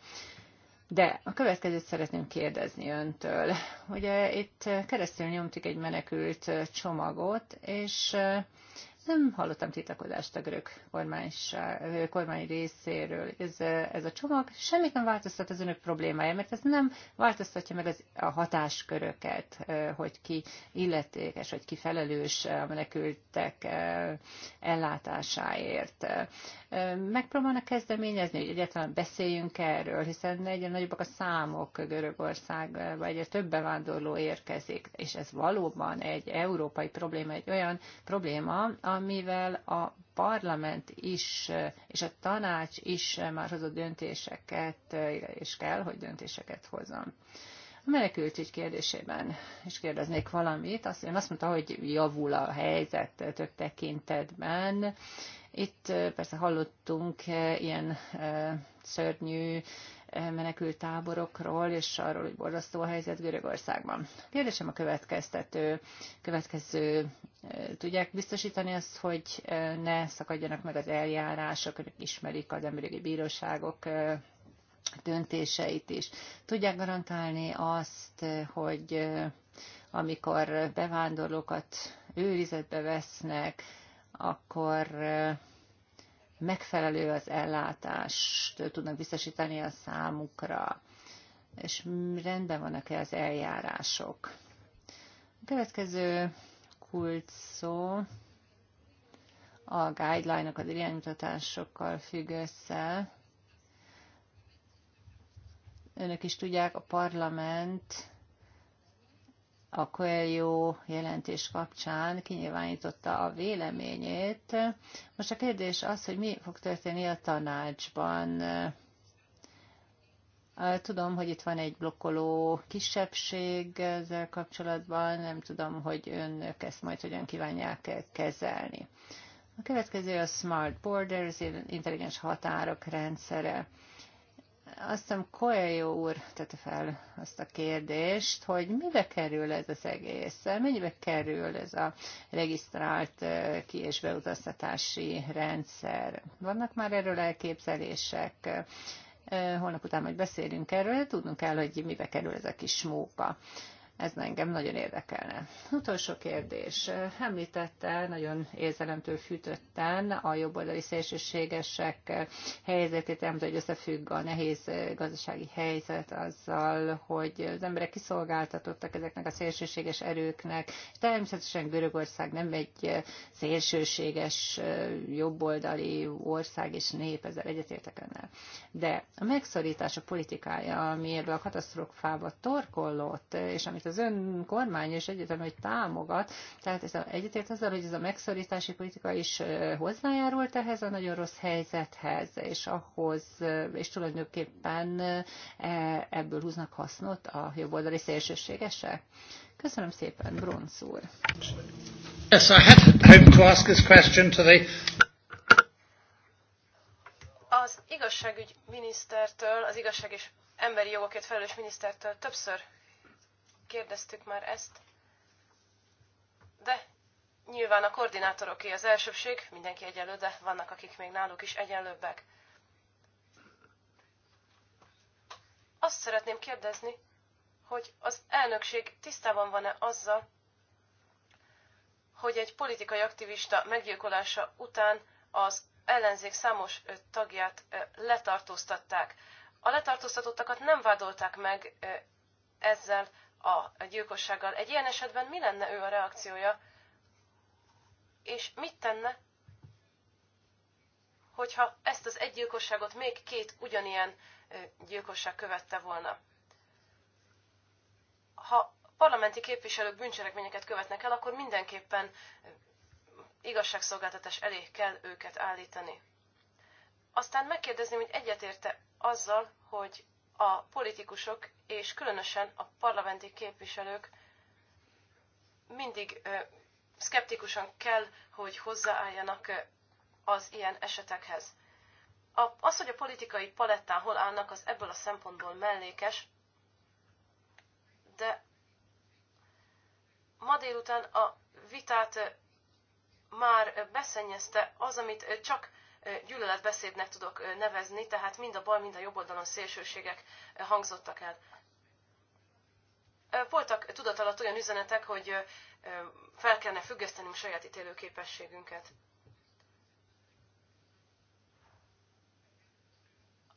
de a következőt szeretném kérdezni öntől. Ugye itt keresztül nyomtuk egy menekült csomagot, és nem hallottam tiltakozást a görög kormány, kormány részéről. Ez, ez a csomag semmit nem változtat az önök problémája, mert ez nem változtatja meg az, a hatásköröket, hogy ki illetékes, hogy ki felelős a menekültek ellátásáért. Megpróbálnak kezdeményezni, hogy egyáltalán beszéljünk erről, hiszen egyre nagyobbak a számok vagy egyre több bevándorló érkezik, és ez valóban egy európai probléma, egy olyan probléma, amivel a parlament is, és a tanács is már hozott döntéseket, és kell, hogy döntéseket hozzon. A menekültügy kérdésében is kérdeznék valamit. Azt, én azt mondta, hogy javul a helyzet több tekintetben. Itt eh, persze hallottunk eh, ilyen eh, szörnyű menekült táborokról, és arról, hogy borzasztó a helyzet Görögországban. Kérdésem a következtető, következő, tudják biztosítani azt, hogy ne szakadjanak meg az eljárások, önök ismerik az emberi bíróságok döntéseit is. Tudják garantálni azt, hogy amikor bevándorlókat őrizetbe vesznek, akkor megfelelő az ellátást tudnak biztosítani a számukra, és rendben vannak-e az eljárások. A következő kult szó a guideline-ok, az irányutatásokkal függ össze. Önök is tudják, a parlament a Coelho jelentés kapcsán kinyilvánította a véleményét. Most a kérdés az, hogy mi fog történni a tanácsban. Tudom, hogy itt van egy blokkoló kisebbség ezzel kapcsolatban, nem tudom, hogy önök ezt majd hogyan kívánják kezelni. A következő a Smart Borders, intelligens határok rendszere. Koya jó úr tette fel azt a kérdést, hogy mibe kerül ez az egész, mennyibe kerül ez a regisztrált ki- és beutaztatási rendszer. Vannak már erről elképzelések, holnap után majd beszélünk erről, tudnunk kell, hogy mibe kerül ez a kis móka. Ez engem nagyon érdekelne. Utolsó kérdés. Említette nagyon érzelemtől fűtötten a jobboldali szélsőségesek helyzetét, említett, hogy összefügg a nehéz gazdasági helyzet azzal, hogy az emberek kiszolgáltatottak ezeknek a szélsőséges erőknek. Természetesen Görögország nem egy szélsőséges jobboldali ország és nép, ezzel egyetértek önnel. De a megszorítás a politikája, ami ebbe a katasztrófába torkollott, és amit amit az ön kormány és egyetem, hogy támogat. Tehát ez a, egyetért azzal, hogy ez a megszorítási politika is hozzájárult ehhez a nagyon rossz helyzethez, és ahhoz, és tulajdonképpen e, ebből húznak hasznot a jobboldali szélsőségesek. Köszönöm szépen, Bronz úr. Yes, I had hoped to ask this question to the az igazságügy minisztertől, az igazság és emberi jogokért felelős minisztertől többször kérdeztük már ezt, de nyilván a koordinátoroké az elsőbség, mindenki egyenlő, de vannak, akik még náluk is egyenlőbbek. Azt szeretném kérdezni, hogy az elnökség tisztában van-e azzal, hogy egy politikai aktivista meggyilkolása után az ellenzék számos tagját letartóztatták. A letartóztatottakat nem vádolták meg ezzel a gyilkossággal. Egy ilyen esetben mi lenne ő a reakciója? És mit tenne, hogyha ezt az egy gyilkosságot még két ugyanilyen gyilkosság követte volna? Ha parlamenti képviselők bűncselekményeket követnek el, akkor mindenképpen igazságszolgáltatás elé kell őket állítani. Aztán megkérdezném, hogy egyetérte azzal, hogy a politikusok, és különösen a parlamenti képviselők mindig szkeptikusan kell, hogy hozzáálljanak az ilyen esetekhez. A, Az, hogy a politikai palettán hol állnak, az ebből a szempontból mellékes, de ma délután a vitát már beszenyezte az, amit csak gyűlöletbeszédnek tudok nevezni, tehát mind a bal, mind a jobb oldalon szélsőségek hangzottak el. Voltak tudat alatt olyan üzenetek, hogy fel kellene függesztenünk saját ítélőképességünket.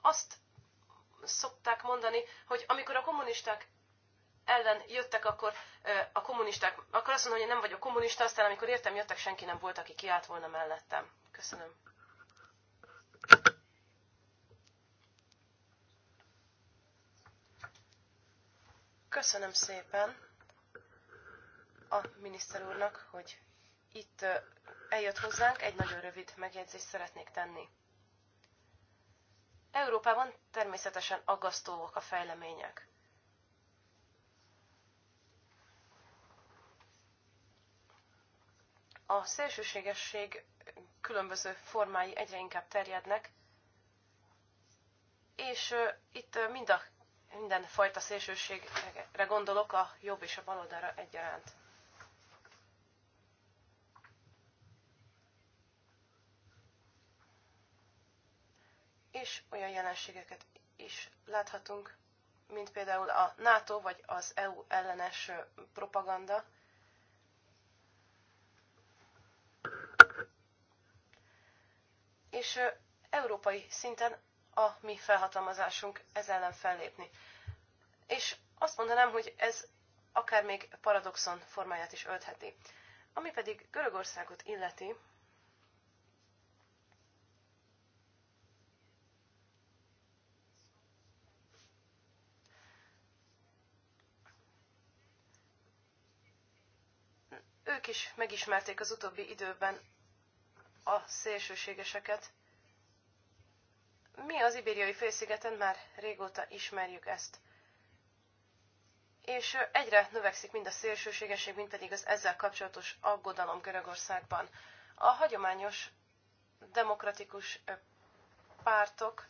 Azt szokták mondani, hogy amikor a kommunisták ellen jöttek, akkor a kommunisták, akkor azt mondom, hogy nem vagyok kommunista, aztán amikor értem jöttek, senki nem volt, aki kiállt volna mellettem. Köszönöm. Köszönöm szépen a miniszter úrnak, hogy itt eljött hozzánk, egy nagyon rövid megjegyzést szeretnék tenni. Európában természetesen aggasztóak a fejlemények. A szélsőségesség különböző formái egyre inkább terjednek, és itt mind a minden fajta szélsőségre gondolok, a jobb és a bal oldalra egyaránt. És olyan jelenségeket is láthatunk, mint például a NATO vagy az EU ellenes propaganda. És európai szinten a mi felhatalmazásunk ez ellen fellépni. És azt mondanám, hogy ez akár még paradoxon formáját is öltheti. Ami pedig Görögországot illeti, ők is megismerték az utóbbi időben a szélsőségeseket, mi az ibériai félszigeten már régóta ismerjük ezt. És egyre növekszik mind a szélsőségesség, mind pedig az ezzel kapcsolatos aggodalom Görögországban. A hagyományos demokratikus pártok,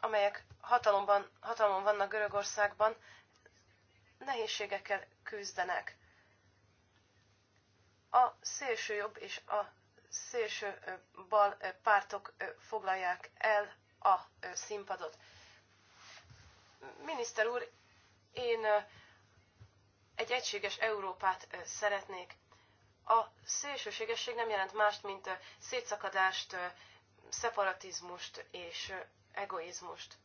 amelyek hatalomban, hatalomban vannak Görögországban, nehézségekkel küzdenek. A szélső jobb és a szélső bal pártok foglalják el a színpadot. Miniszter úr, én egy egységes Európát szeretnék. A szélsőségesség nem jelent mást, mint szétszakadást, szeparatizmust és egoizmust.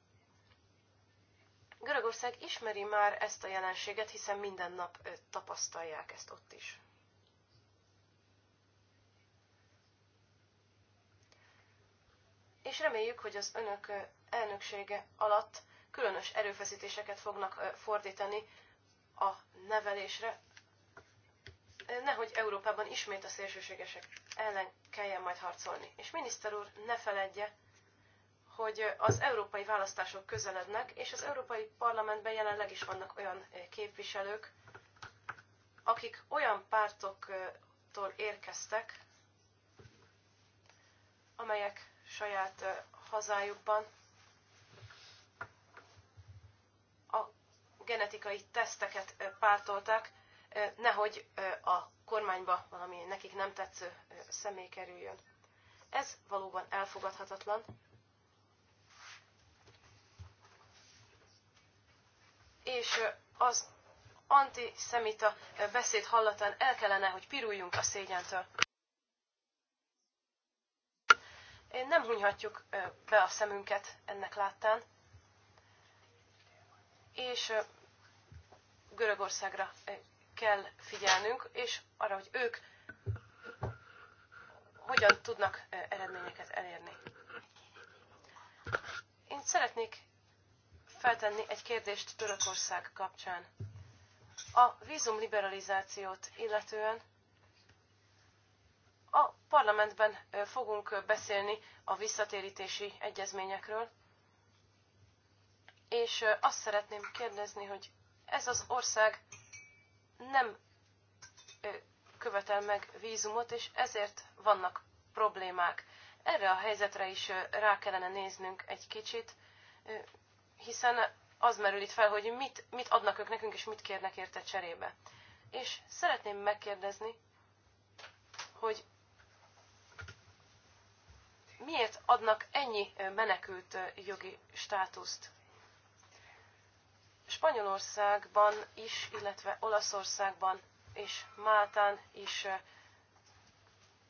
Görögország ismeri már ezt a jelenséget, hiszen minden nap tapasztalják ezt ott is. és reméljük, hogy az önök elnöksége alatt különös erőfeszítéseket fognak fordítani a nevelésre, nehogy Európában ismét a szélsőségesek ellen kelljen majd harcolni. És miniszter úr, ne feledje, hogy az európai választások közelednek, és az Európai Parlamentben jelenleg is vannak olyan képviselők, akik olyan pártoktól érkeztek, amelyek saját hazájukban a genetikai teszteket pártolták, nehogy a kormányba valami nekik nem tetsző személy kerüljön. Ez valóban elfogadhatatlan. És az antiszemita beszéd hallatán el kellene, hogy piruljunk a szégyentől. nem hunyhatjuk be a szemünket ennek láttán, és Görögországra kell figyelnünk, és arra, hogy ők hogyan tudnak eredményeket elérni. Én szeretnék feltenni egy kérdést Törökország kapcsán. A vízumliberalizációt illetően a parlamentben fogunk beszélni a visszatérítési egyezményekről, és azt szeretném kérdezni, hogy ez az ország nem követel meg vízumot, és ezért vannak problémák. Erre a helyzetre is rá kellene néznünk egy kicsit, hiszen az merül itt fel, hogy mit, mit adnak ők nekünk, és mit kérnek érte cserébe. És szeretném megkérdezni, hogy miért adnak ennyi menekült jogi státuszt? Spanyolországban is, illetve Olaszországban és Máltán is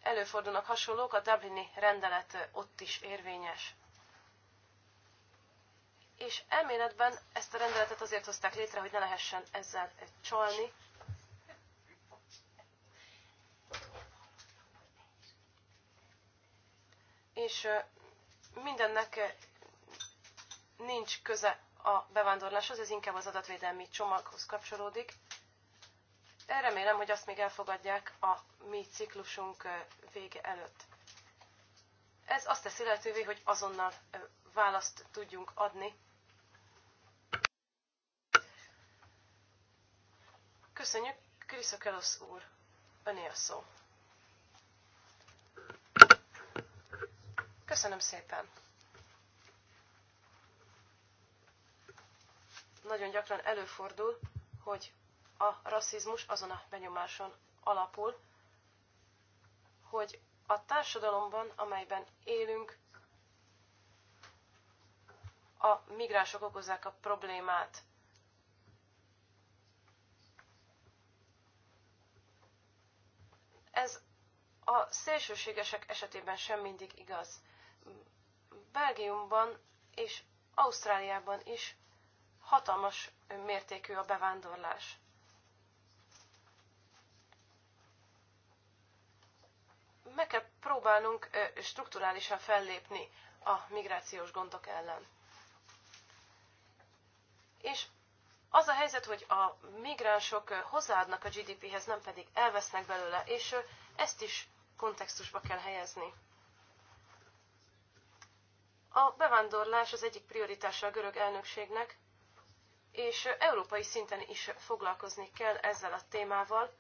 előfordulnak hasonlók, a Dublini rendelet ott is érvényes. És elméletben ezt a rendeletet azért hozták létre, hogy ne lehessen ezzel csalni, és mindennek nincs köze a bevándorláshoz, ez inkább az adatvédelmi csomaghoz kapcsolódik. Remélem, hogy azt még elfogadják a mi ciklusunk vége előtt. Ez azt teszi lehetővé, hogy azonnal választ tudjunk adni. Köszönjük, Kriszokelosz úr, öné a szó. Köszönöm szépen. Nagyon gyakran előfordul, hogy a rasszizmus azon a benyomáson alapul, hogy a társadalomban, amelyben élünk, a migránsok okozzák a problémát. Ez a szélsőségesek esetében sem mindig igaz. Belgiumban és Ausztráliában is hatalmas mértékű a bevándorlás. Meg kell próbálnunk strukturálisan fellépni a migrációs gondok ellen. És az a helyzet, hogy a migránsok hozzáadnak a GDP-hez, nem pedig elvesznek belőle, és ezt is kontextusba kell helyezni. A bevándorlás az egyik prioritása a görög elnökségnek, és európai szinten is foglalkozni kell ezzel a témával,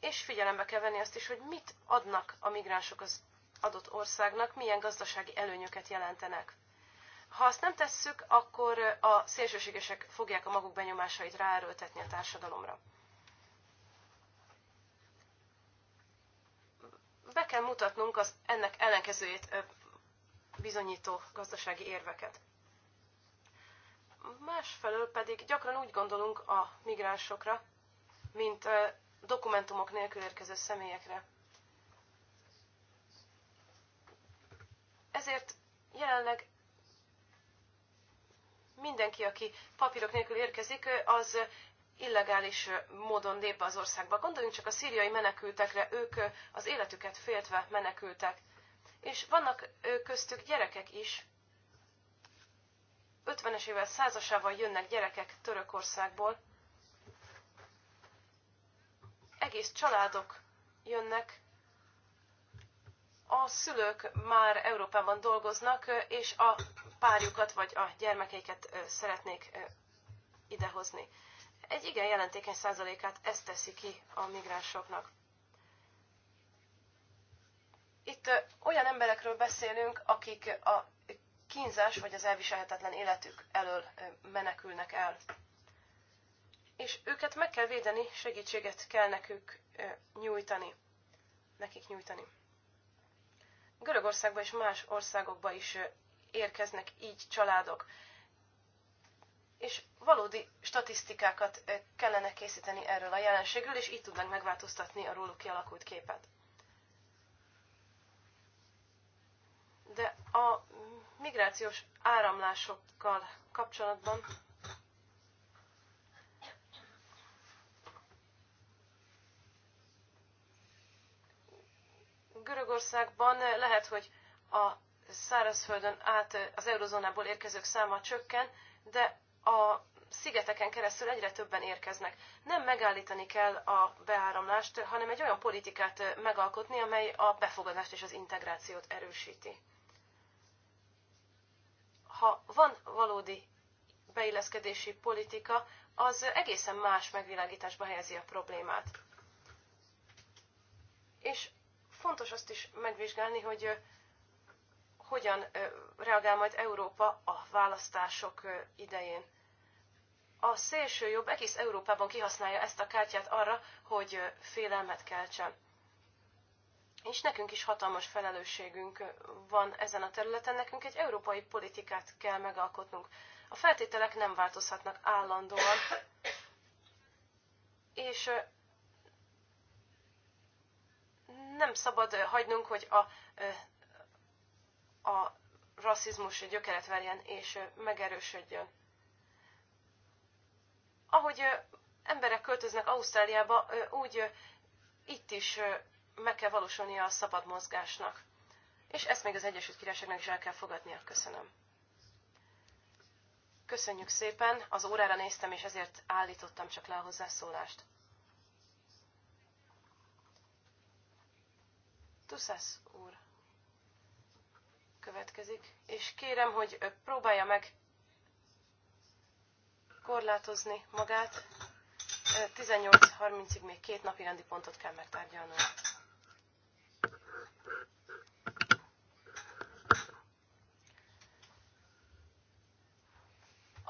és figyelembe kell venni azt is, hogy mit adnak a migránsok az adott országnak, milyen gazdasági előnyöket jelentenek. Ha azt nem tesszük, akkor a szélsőségesek fogják a maguk benyomásait ráerőltetni a társadalomra. Be kell mutatnunk az ennek ellenkezőjét bizonyító gazdasági érveket. Másfelől pedig gyakran úgy gondolunk a migránsokra, mint dokumentumok nélkül érkező személyekre. Ezért jelenleg mindenki, aki papírok nélkül érkezik, az illegális módon lép be az országba. Gondoljunk csak a szíriai menekültekre, ők az életüket féltve menekültek és vannak köztük gyerekek is. 50-es évvel, százasával jönnek gyerekek Törökországból. Egész családok jönnek. A szülők már Európában dolgoznak, és a párjukat vagy a gyermekeiket szeretnék idehozni. Egy igen jelentékeny százalékát ezt teszi ki a migránsoknak. Itt olyan emberekről beszélünk, akik a kínzás vagy az elviselhetetlen életük elől menekülnek el. És őket meg kell védeni, segítséget kell nekük nyújtani. Nekik nyújtani. Görögországba és más országokba is érkeznek így családok. És valódi statisztikákat kellene készíteni erről a jelenségről, és így tudnánk megváltoztatni a róluk kialakult képet. De a migrációs áramlásokkal kapcsolatban Görögországban lehet, hogy a szárazföldön át az eurozónából érkezők száma csökken, de a szigeteken keresztül egyre többen érkeznek. Nem megállítani kell a beáramlást, hanem egy olyan politikát megalkotni, amely a befogadást és az integrációt erősíti ha van valódi beilleszkedési politika, az egészen más megvilágításba helyezi a problémát. És fontos azt is megvizsgálni, hogy hogyan reagál majd Európa a választások idején. A szélső jobb egész Európában kihasználja ezt a kártyát arra, hogy félelmet keltsen és nekünk is hatalmas felelősségünk van ezen a területen, nekünk egy európai politikát kell megalkotnunk. A feltételek nem változhatnak állandóan, és nem szabad hagynunk, hogy a, a rasszizmus gyökeret verjen és megerősödjön. Ahogy emberek költöznek Ausztráliába, úgy itt is meg kell valósulnia a szabad mozgásnak. És ezt még az Egyesült Királyságnak is el kell fogadnia. Köszönöm. Köszönjük szépen, az órára néztem, és ezért állítottam csak le a hozzászólást. Tuszász úr következik, és kérem, hogy próbálja meg korlátozni magát. 18.30-ig még két napi rendi pontot kell megtárgyalnunk.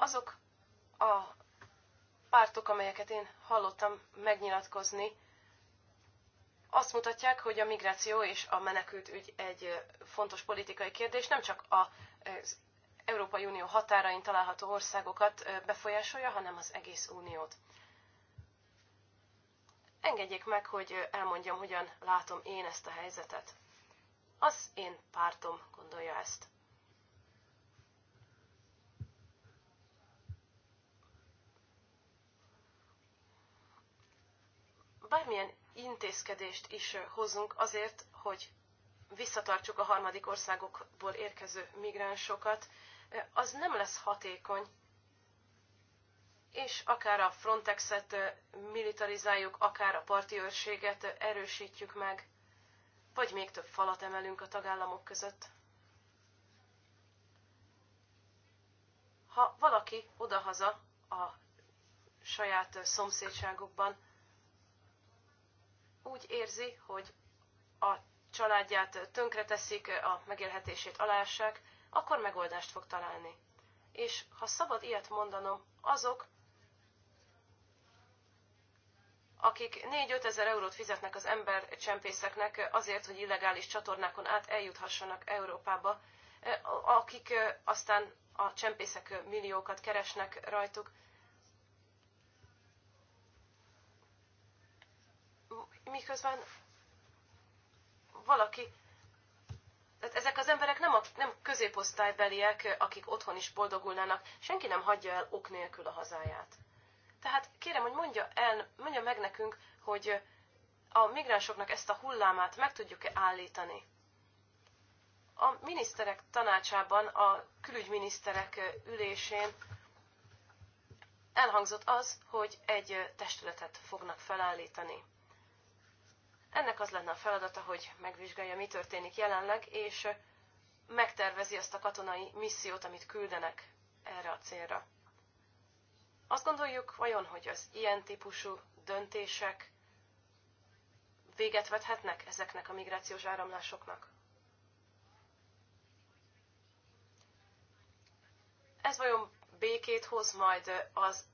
Azok a pártok, amelyeket én hallottam megnyilatkozni, azt mutatják, hogy a migráció és a menekült ügy egy fontos politikai kérdés, nem csak az Európai Unió határain található országokat befolyásolja, hanem az egész uniót. Engedjék meg, hogy elmondjam, hogyan látom én ezt a helyzetet. Az én pártom gondolja ezt. bármilyen intézkedést is hozunk azért, hogy visszatartsuk a harmadik országokból érkező migránsokat, az nem lesz hatékony. És akár a Frontexet militarizáljuk, akár a parti őrséget erősítjük meg, vagy még több falat emelünk a tagállamok között. Ha valaki odahaza a saját szomszédságokban úgy érzi, hogy a családját tönkreteszik, a megélhetését alássák, akkor megoldást fog találni. És ha szabad ilyet mondanom, azok, akik 4-5 ezer eurót fizetnek az ember csempészeknek azért, hogy illegális csatornákon át eljuthassanak Európába, akik aztán a csempészek milliókat keresnek rajtuk, miközben valaki tehát ezek az emberek nem, a, nem középosztálybeliek, akik otthon is boldogulnának, senki nem hagyja el ok nélkül a hazáját. Tehát kérem, hogy mondja, el, mondja meg nekünk, hogy a migránsoknak ezt a hullámát meg tudjuk-e állítani. A miniszterek tanácsában, a külügyminiszterek ülésén elhangzott az, hogy egy testületet fognak felállítani. Ennek az lenne a feladata, hogy megvizsgálja, mi történik jelenleg, és megtervezi azt a katonai missziót, amit küldenek erre a célra. Azt gondoljuk vajon, hogy az ilyen típusú döntések véget vethetnek ezeknek a migrációs áramlásoknak? Ez vajon békét hoz majd az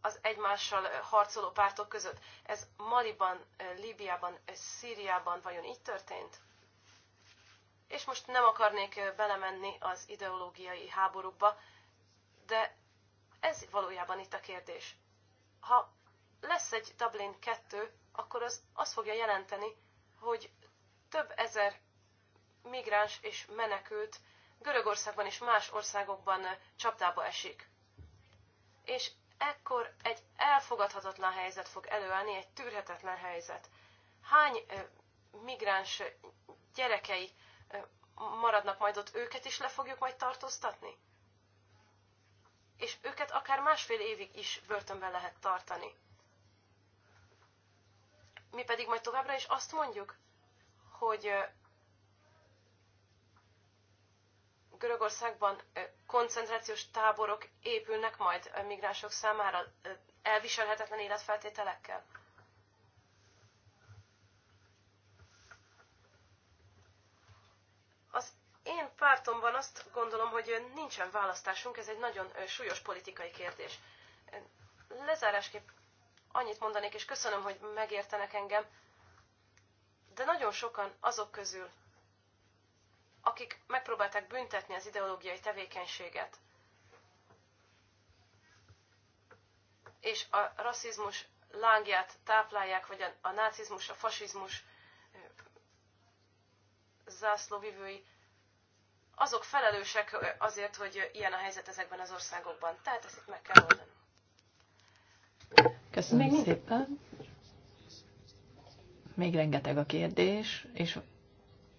az egymással harcoló pártok között. Ez Maliban, Líbiában, Szíriában vajon így történt? És most nem akarnék belemenni az ideológiai háborúkba, de ez valójában itt a kérdés. Ha lesz egy Dublin 2, akkor az azt fogja jelenteni, hogy több ezer migráns és menekült Görögországban és más országokban csapdába esik. És ekkor egy elfogadhatatlan helyzet fog előállni, egy tűrhetetlen helyzet. Hány migráns gyerekei maradnak majd ott, őket is le fogjuk majd tartóztatni? És őket akár másfél évig is börtönben lehet tartani. Mi pedig majd továbbra is azt mondjuk, hogy Görögországban koncentrációs táborok épülnek majd migránsok számára elviselhetetlen életfeltételekkel? Az én pártomban azt gondolom, hogy nincsen választásunk, ez egy nagyon súlyos politikai kérdés. Lezárásképp annyit mondanék, és köszönöm, hogy megértenek engem, de nagyon sokan azok közül, akik megpróbálták büntetni az ideológiai tevékenységet. És a rasszizmus lángját táplálják, vagy a, a nácizmus, a fasizmus zászlóvivői, azok felelősek azért, hogy ilyen a helyzet ezekben az országokban. Tehát ezt itt meg kell oldani. Köszönöm Még szépen. Még rengeteg a kérdés, és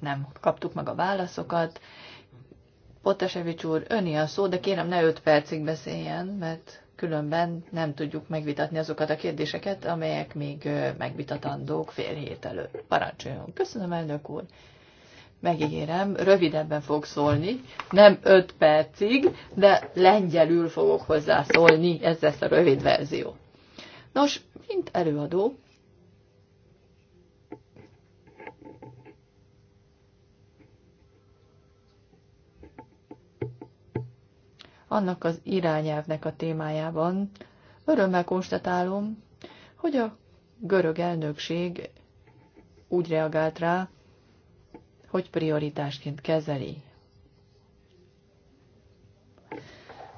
nem kaptuk meg a válaszokat. Potasevics úr, öni a szó, de kérem ne 5 percig beszéljen, mert különben nem tudjuk megvitatni azokat a kérdéseket, amelyek még megvitatandók fél hét előtt. Parancsoljon. Köszönöm, elnök úr. Megígérem, rövidebben fog szólni, nem 5 percig, de lengyelül fogok hozzászólni, ez lesz a rövid verzió. Nos, mint előadó, annak az irányelvnek a témájában, örömmel konstatálom, hogy a görög elnökség úgy reagált rá, hogy prioritásként kezeli.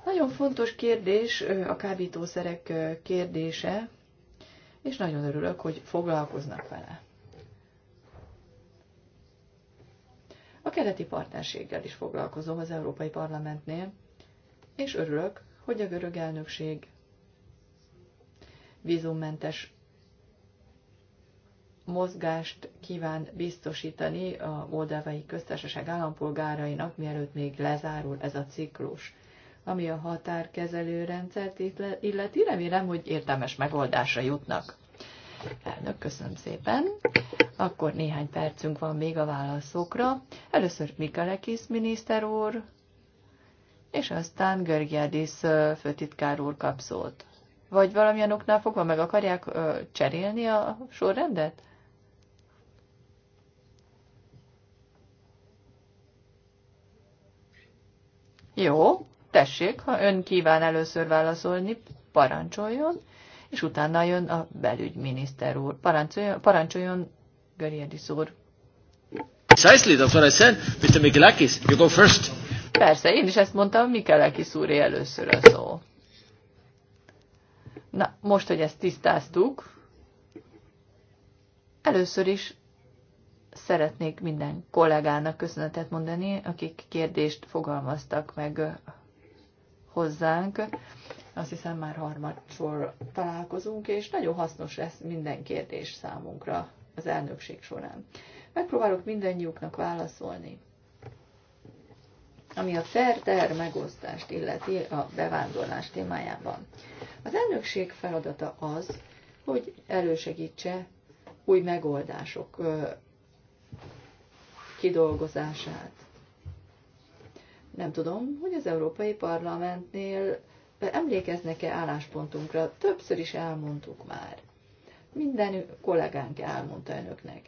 Nagyon fontos kérdés a kábítószerek kérdése, és nagyon örülök, hogy foglalkoznak vele. A keleti partnerséggel is foglalkozom az Európai Parlamentnél, és örülök, hogy a görög elnökség vízummentes mozgást kíván biztosítani a Moldávai Köztársaság állampolgárainak, mielőtt még lezárul ez a ciklus. Ami a határkezelő rendszert illeti, remélem, hogy értelmes megoldásra jutnak. Elnök, köszönöm szépen. Akkor néhány percünk van még a válaszokra. Először Mikalekis miniszter úr, és aztán Görgiadis főtitkár úr kap szót. Vagy valamilyen oknál fogva meg akarják ö, cserélni a sorrendet? Jó, tessék, ha ön kíván először válaszolni, parancsoljon, és utána jön a belügyminiszter úr. Parancsoljon, parancsoljon Görgiadis úr. Precisely, that's what I said, Mr. Mikulakis, you go first. Persze, én is ezt mondtam, kell szúré először a szó. Na, most, hogy ezt tisztáztuk, először is szeretnék minden kollégának köszönetet mondani, akik kérdést fogalmaztak meg hozzánk. Azt hiszem már harmadszor találkozunk, és nagyon hasznos lesz minden kérdés számunkra az elnökség során. Megpróbálok mindennyiuknak válaszolni ami a fair megosztást illeti a bevándorlás témájában. Az elnökség feladata az, hogy elősegítse új megoldások kidolgozását. Nem tudom, hogy az Európai Parlamentnél emlékeznek-e álláspontunkra, többször is elmondtuk már. Minden kollégánk elmondta önöknek.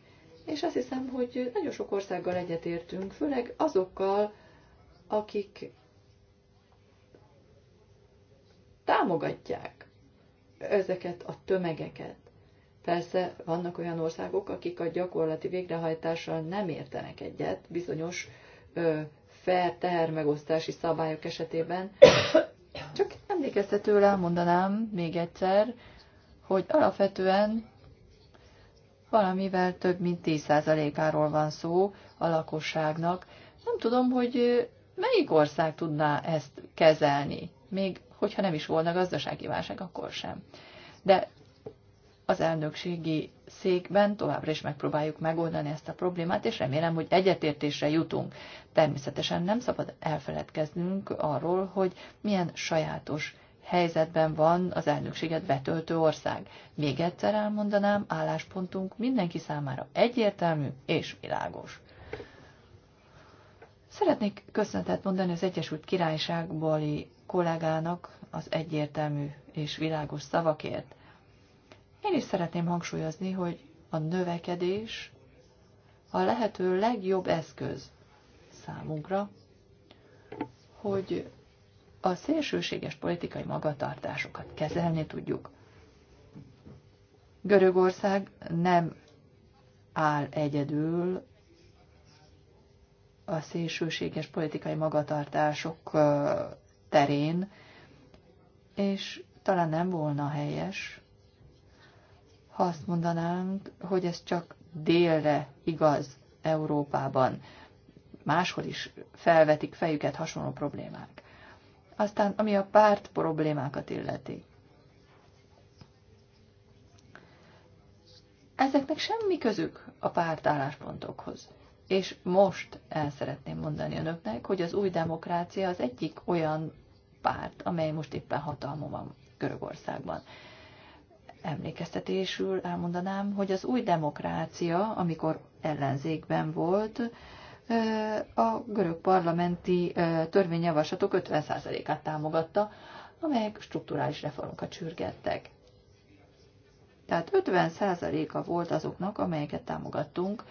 És azt hiszem, hogy nagyon sok országgal egyetértünk, főleg azokkal, akik támogatják ezeket a tömegeket. Persze vannak olyan országok, akik a gyakorlati végrehajtással nem értenek egyet bizonyos ö, teher tehermegosztási szabályok esetében. Csak emlékeztetőről elmondanám még egyszer, hogy alapvetően valamivel több mint 10%-áról van szó a lakosságnak. Nem tudom, hogy melyik ország tudná ezt kezelni? Még hogyha nem is volna gazdasági válság, akkor sem. De az elnökségi székben továbbra is megpróbáljuk megoldani ezt a problémát, és remélem, hogy egyetértésre jutunk. Természetesen nem szabad elfeledkeznünk arról, hogy milyen sajátos helyzetben van az elnökséget betöltő ország. Még egyszer elmondanám, álláspontunk mindenki számára egyértelmű és világos. Szeretnék köszönetet mondani az Egyesült Királyságbali kollégának az egyértelmű és világos szavakért. Én is szeretném hangsúlyozni, hogy a növekedés a lehető legjobb eszköz számunkra, hogy a szélsőséges politikai magatartásokat kezelni tudjuk. Görögország nem áll egyedül a szélsőséges politikai magatartások terén, és talán nem volna helyes, ha azt mondanánk, hogy ez csak délre igaz Európában. Máshol is felvetik fejüket hasonló problémák. Aztán, ami a párt problémákat illeti. Ezeknek semmi közük a párt álláspontokhoz és most el szeretném mondani önöknek, hogy az új demokrácia az egyik olyan párt, amely most éppen hatalma van Görögországban. Emlékeztetésül elmondanám, hogy az új demokrácia, amikor ellenzékben volt, a görög parlamenti törvényjavaslatok 50%-át támogatta, amelyek strukturális reformokat sürgettek. Tehát 50%-a volt azoknak, amelyeket támogattunk,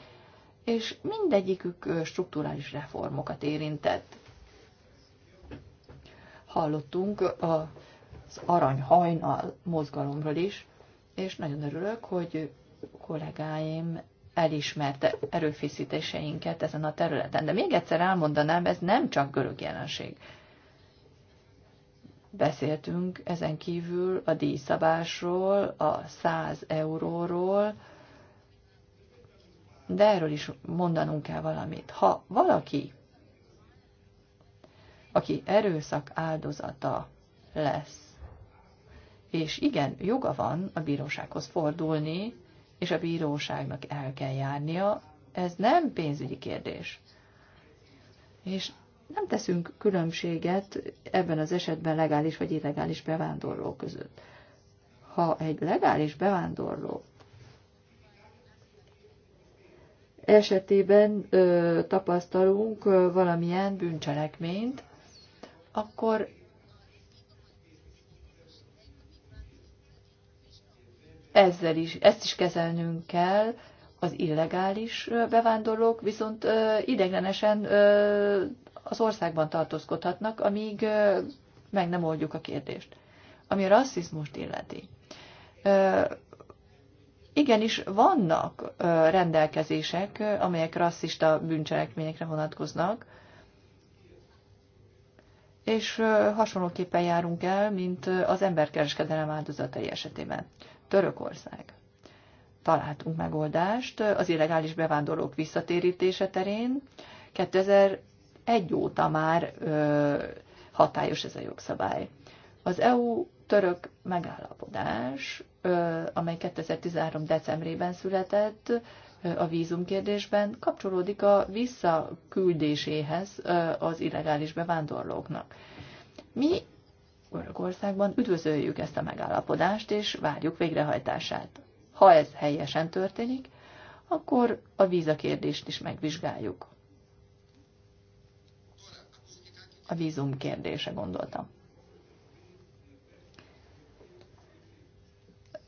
és mindegyikük strukturális reformokat érintett. Hallottunk az aranyhajnal mozgalomról is, és nagyon örülök, hogy kollégáim elismerte erőfeszítéseinket ezen a területen. De még egyszer elmondanám, ez nem csak görög jelenség. Beszéltünk ezen kívül a díjszabásról, a 100 euróról, de erről is mondanunk kell valamit. Ha valaki, aki erőszak áldozata lesz, és igen, joga van a bírósághoz fordulni, és a bíróságnak el kell járnia, ez nem pénzügyi kérdés. És nem teszünk különbséget ebben az esetben legális vagy illegális bevándorló között. Ha egy legális bevándorló esetében ö, tapasztalunk ö, valamilyen bűncselekményt, akkor ezzel is, ezt is kezelnünk kell, az illegális bevándorlók viszont ideglenesen az országban tartózkodhatnak, amíg meg nem oldjuk a kérdést. Ami a rasszizmust illeti igenis vannak rendelkezések, amelyek rasszista bűncselekményekre vonatkoznak, és hasonlóképpen járunk el, mint az emberkereskedelem áldozatai esetében. Törökország. Találtunk megoldást az illegális bevándorlók visszatérítése terén. 2001 óta már hatályos ez a jogszabály. Az EU-török megállapodás, amely 2013. decemberében született a vízumkérdésben, kapcsolódik a visszaküldéséhez az illegális bevándorlóknak. Mi Görögországban üdvözöljük ezt a megállapodást, és várjuk végrehajtását. Ha ez helyesen történik, akkor a vízakérdést is megvizsgáljuk. A vízum kérdése gondoltam.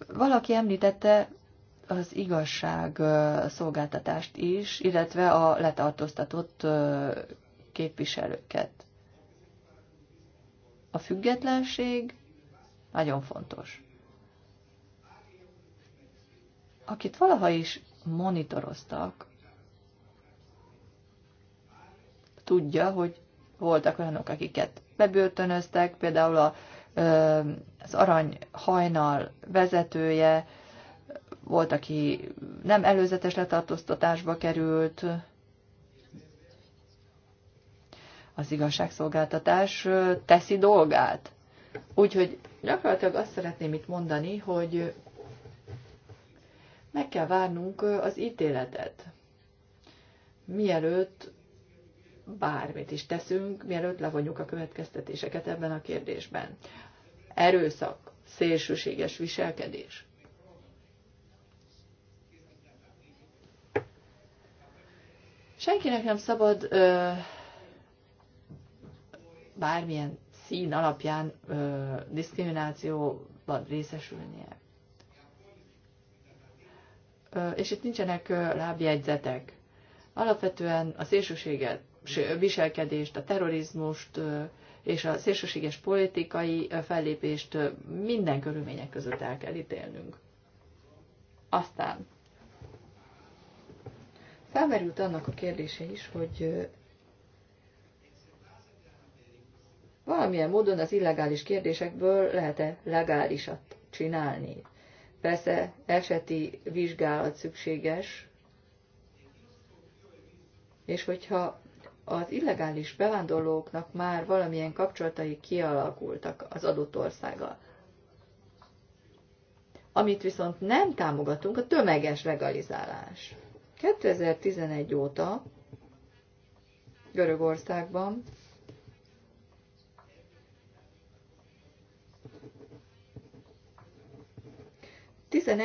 Valaki említette az igazság szolgáltatást is, illetve a letartóztatott képviselőket. A függetlenség nagyon fontos. Akit valaha is monitoroztak, tudja, hogy voltak olyanok, akiket bebörtönöztek, például a az Arany Hajnal vezetője, volt, aki nem előzetes letartóztatásba került, az igazságszolgáltatás teszi dolgát. Úgyhogy gyakorlatilag azt szeretném itt mondani, hogy meg kell várnunk az ítéletet. Mielőtt bármit is teszünk, mielőtt levonjuk a következtetéseket ebben a kérdésben erőszak, szélsőséges viselkedés. Senkinek nem szabad ö, bármilyen szín alapján ö, diszkriminációban részesülnie. Ö, és itt nincsenek ö, lábjegyzetek. Alapvetően a szélsőséget, viselkedést, a terrorizmust, ö, és a szélsőséges politikai fellépést minden körülmények között el kell ítélnünk. Aztán felmerült annak a kérdése is, hogy valamilyen módon az illegális kérdésekből lehet-e legálisat csinálni. Persze eseti vizsgálat szükséges, és hogyha az illegális bevándorlóknak már valamilyen kapcsolatai kialakultak az adott országgal. Amit viszont nem támogatunk, a tömeges legalizálás. 2011 óta Görögországban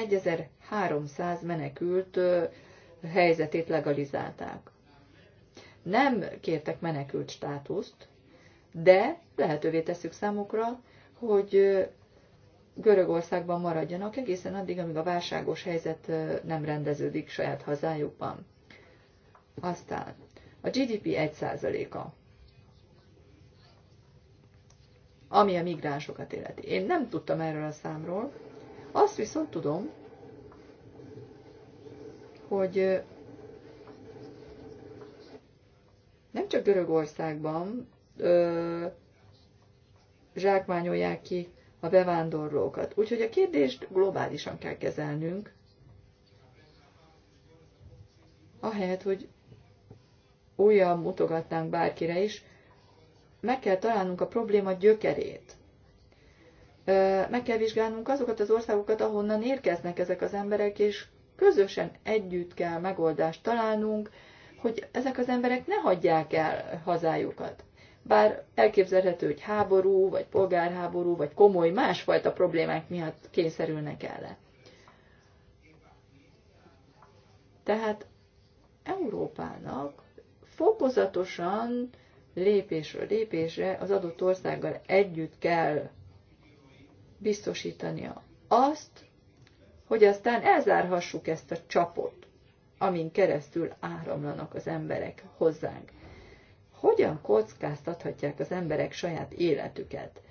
ezer menekült helyzetét legalizálták nem kértek menekült státuszt, de lehetővé tesszük számukra, hogy Görögországban maradjanak egészen addig, amíg a válságos helyzet nem rendeződik saját hazájukban. Aztán a GDP 1%-a, ami a migránsokat életi. Én nem tudtam erről a számról, azt viszont tudom, hogy nem csak Görögországban ö, zsákmányolják ki a bevándorlókat. Úgyhogy a kérdést globálisan kell kezelnünk, ahelyett, hogy újabb mutogatnánk bárkire is, meg kell találnunk a probléma gyökerét. Meg kell vizsgálnunk azokat az országokat, ahonnan érkeznek ezek az emberek, és közösen együtt kell megoldást találnunk, hogy ezek az emberek ne hagyják el hazájukat. Bár elképzelhető, hogy háború, vagy polgárháború, vagy komoly másfajta problémák miatt kényszerülnek erre. Tehát Európának fokozatosan lépésről lépésre az adott országgal együtt kell biztosítania azt, hogy aztán elzárhassuk ezt a csapot amin keresztül áramlanak az emberek hozzánk. Hogyan kockáztathatják az emberek saját életüket?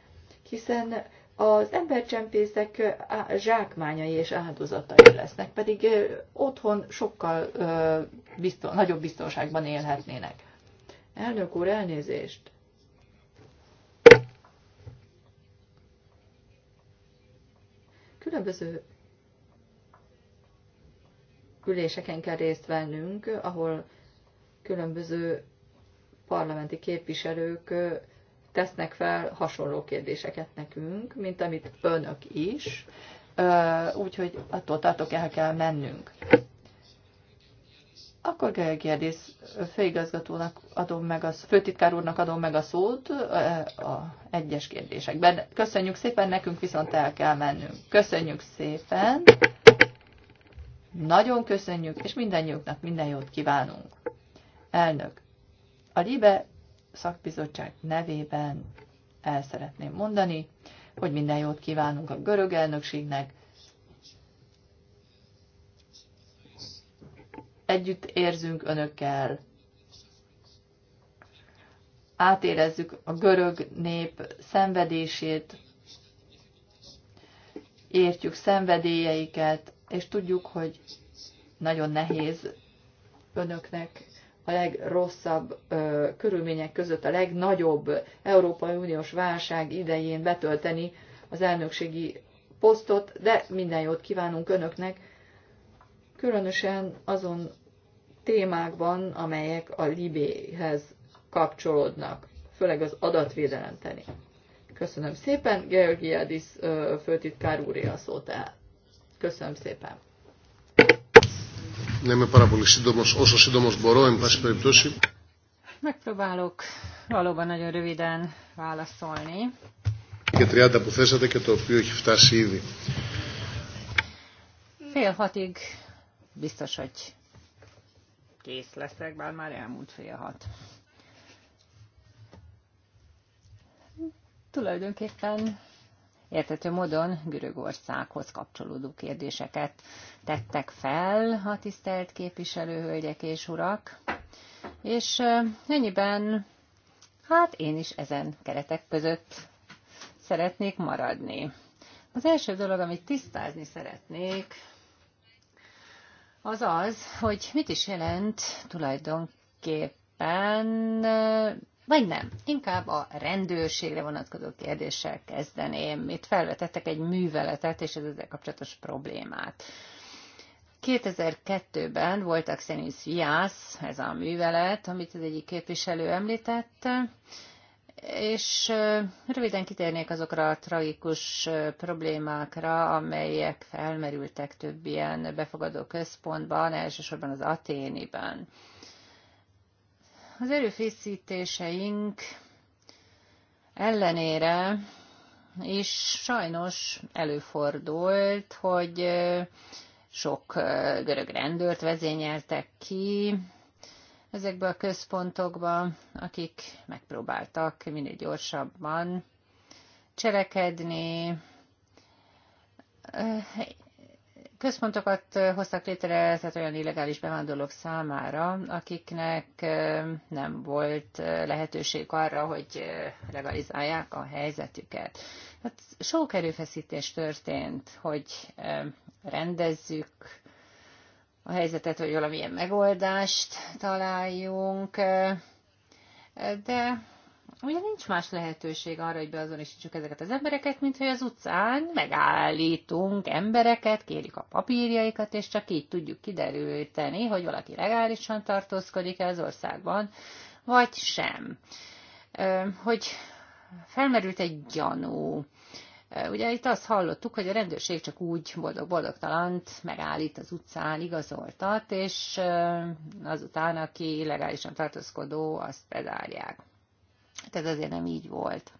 Hiszen az embercsempészek zsákmányai és áldozatai lesznek, pedig otthon sokkal biztos, nagyobb biztonságban élhetnének. Elnök úr, elnézést! Különböző Küléseken kell részt vennünk, ahol különböző parlamenti képviselők tesznek fel hasonló kérdéseket nekünk, mint amit önök is, úgyhogy attól tartok, el kell mennünk. Akkor Gergérdész főigazgatónak adom meg a főtitkár úrnak adom meg a szót a egyes kérdésekben. Köszönjük szépen, nekünk viszont el kell mennünk. Köszönjük szépen! Nagyon köszönjük, és mindannyiuknak minden jót kívánunk. Elnök, a LIBE szakbizottság nevében el szeretném mondani, hogy minden jót kívánunk a görög elnökségnek. Együtt érzünk önökkel, átérezzük a görög nép szenvedését, értjük szenvedélyeiket, és tudjuk, hogy nagyon nehéz önöknek a legrosszabb ö, körülmények között a legnagyobb Európai Uniós válság idején betölteni az elnökségi posztot, de minden jót kívánunk önöknek, különösen azon témákban, amelyek a libéhez kapcsolódnak, főleg az adatvédelem tenni. Köszönöm szépen, Georgiadis főtitkár úré a szót tehát. Köszönöm szépen. Nem para πολύ σύντομος, όσο σύντομος μπορώ, εν πάση Megpróbálok valóban nagyon röviden válaszolni. Και 30 που θέσατε και το οποίο έχει φτάσει ήδη. Fél hatig biztos, hogy kész leszek, bár már elmúlt fél hat. Tulajdonképpen értető módon Görögországhoz kapcsolódó kérdéseket tettek fel a tisztelt képviselőhölgyek és urak. És ennyiben, hát én is ezen keretek között szeretnék maradni. Az első dolog, amit tisztázni szeretnék, az az, hogy mit is jelent tulajdonképpen vagy nem. Inkább a rendőrségre vonatkozó kérdéssel kezdeném. Itt felvetettek egy műveletet és az ezzel kapcsolatos problémát. 2002-ben voltak Xenius Jász, ez a művelet, amit az egyik képviselő említett, és röviden kitérnék azokra a tragikus problémákra, amelyek felmerültek több ilyen befogadó központban, elsősorban az Aténiben. Az erőfészítéseink ellenére és sajnos előfordult, hogy sok görög rendőrt vezényeltek ki ezekbe a központokba, akik megpróbáltak minél gyorsabban cselekedni, központokat hoztak létre, tehát olyan illegális bevándorlók számára, akiknek nem volt lehetőség arra, hogy legalizálják a helyzetüket. Hát sok erőfeszítés történt, hogy rendezzük a helyzetet, hogy valamilyen megoldást találjunk, de Ugye nincs más lehetőség arra, hogy beazonosítsuk ezeket az embereket, mint hogy az utcán megállítunk embereket, kérik a papírjaikat, és csak így tudjuk kiderülteni, hogy valaki legálisan tartózkodik-e az országban, vagy sem. Hogy felmerült egy gyanú. Ugye itt azt hallottuk, hogy a rendőrség csak úgy boldog-boldogtalant megállít az utcán, igazoltat, és azután, aki legálisan tartózkodó, azt bezárják. Tehát azért nem így volt.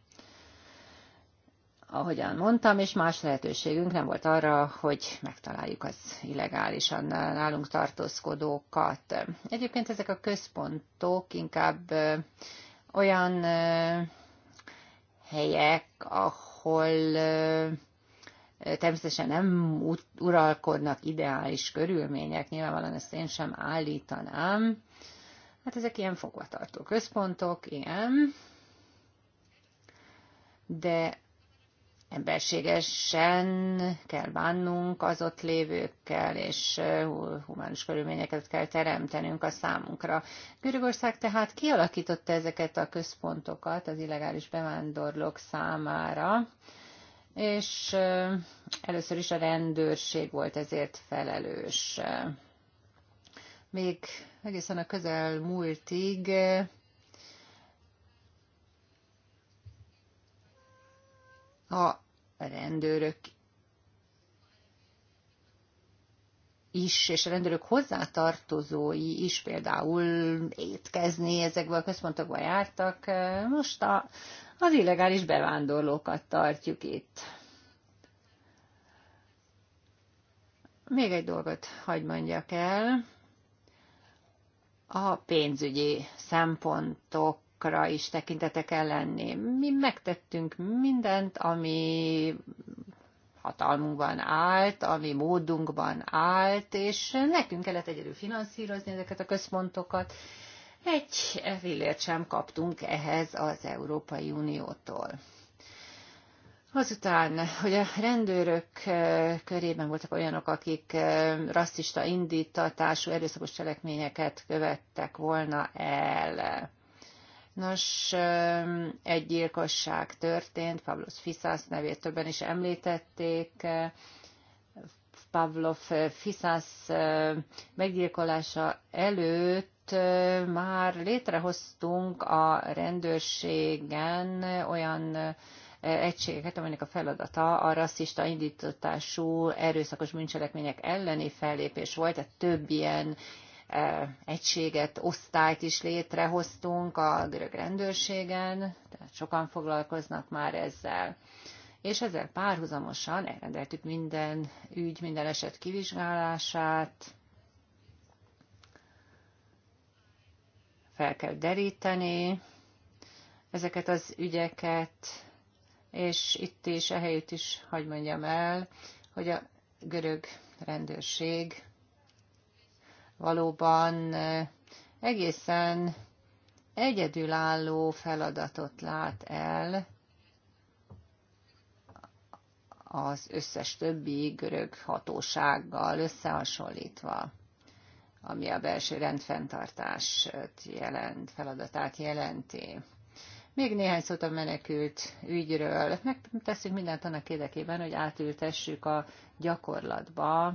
Ahogyan mondtam, és más lehetőségünk nem volt arra, hogy megtaláljuk az illegálisan nálunk tartózkodókat. Egyébként ezek a központok inkább olyan helyek, ahol természetesen nem uralkodnak ideális körülmények, nyilvánvalóan ezt én sem állítanám, Hát ezek ilyen fogvatartó központok, igen. De emberségesen kell bánnunk az ott lévőkkel, és humánus körülményeket kell teremtenünk a számunkra. Görögország tehát kialakította ezeket a központokat az illegális bevándorlók számára, és először is a rendőrség volt ezért felelős még egészen a közel múltig eh, a rendőrök is, és a rendőrök hozzátartozói is például étkezni ezekből a központokba jártak. Most a, az illegális bevándorlókat tartjuk itt. Még egy dolgot hagy mondjak el a pénzügyi szempontokra is tekintetek el lenni. Mi megtettünk mindent, ami hatalmunkban állt, ami módunkban állt, és nekünk kellett egyedül finanszírozni ezeket a központokat. Egy fillért sem kaptunk ehhez az Európai Uniótól. Azután, hogy a rendőrök eh, körében voltak olyanok, akik eh, rasszista indítatású erőszakos cselekményeket követtek volna el. Nos, egy gyilkosság történt, Pavlos Fiszász nevét többen is említették. Pavlov Fiszász meggyilkolása előtt már létrehoztunk a rendőrségen olyan egységeket, amelynek a feladata a rasszista indítatású erőszakos bűncselekmények elleni fellépés volt, tehát több ilyen e, egységet, osztályt is létrehoztunk a görög rendőrségen, tehát sokan foglalkoznak már ezzel. És ezzel párhuzamosan elrendeltük minden ügy, minden eset kivizsgálását, fel kell deríteni ezeket az ügyeket, és itt is, ehelyütt is, hagy mondjam el, hogy a görög rendőrség valóban egészen egyedülálló feladatot lát el az összes többi görög hatósággal összehasonlítva, ami a belső rendfenntartást jelent, feladatát jelenti. Még néhány szót a menekült ügyről. Megteszünk mindent annak érdekében, hogy átültessük a gyakorlatba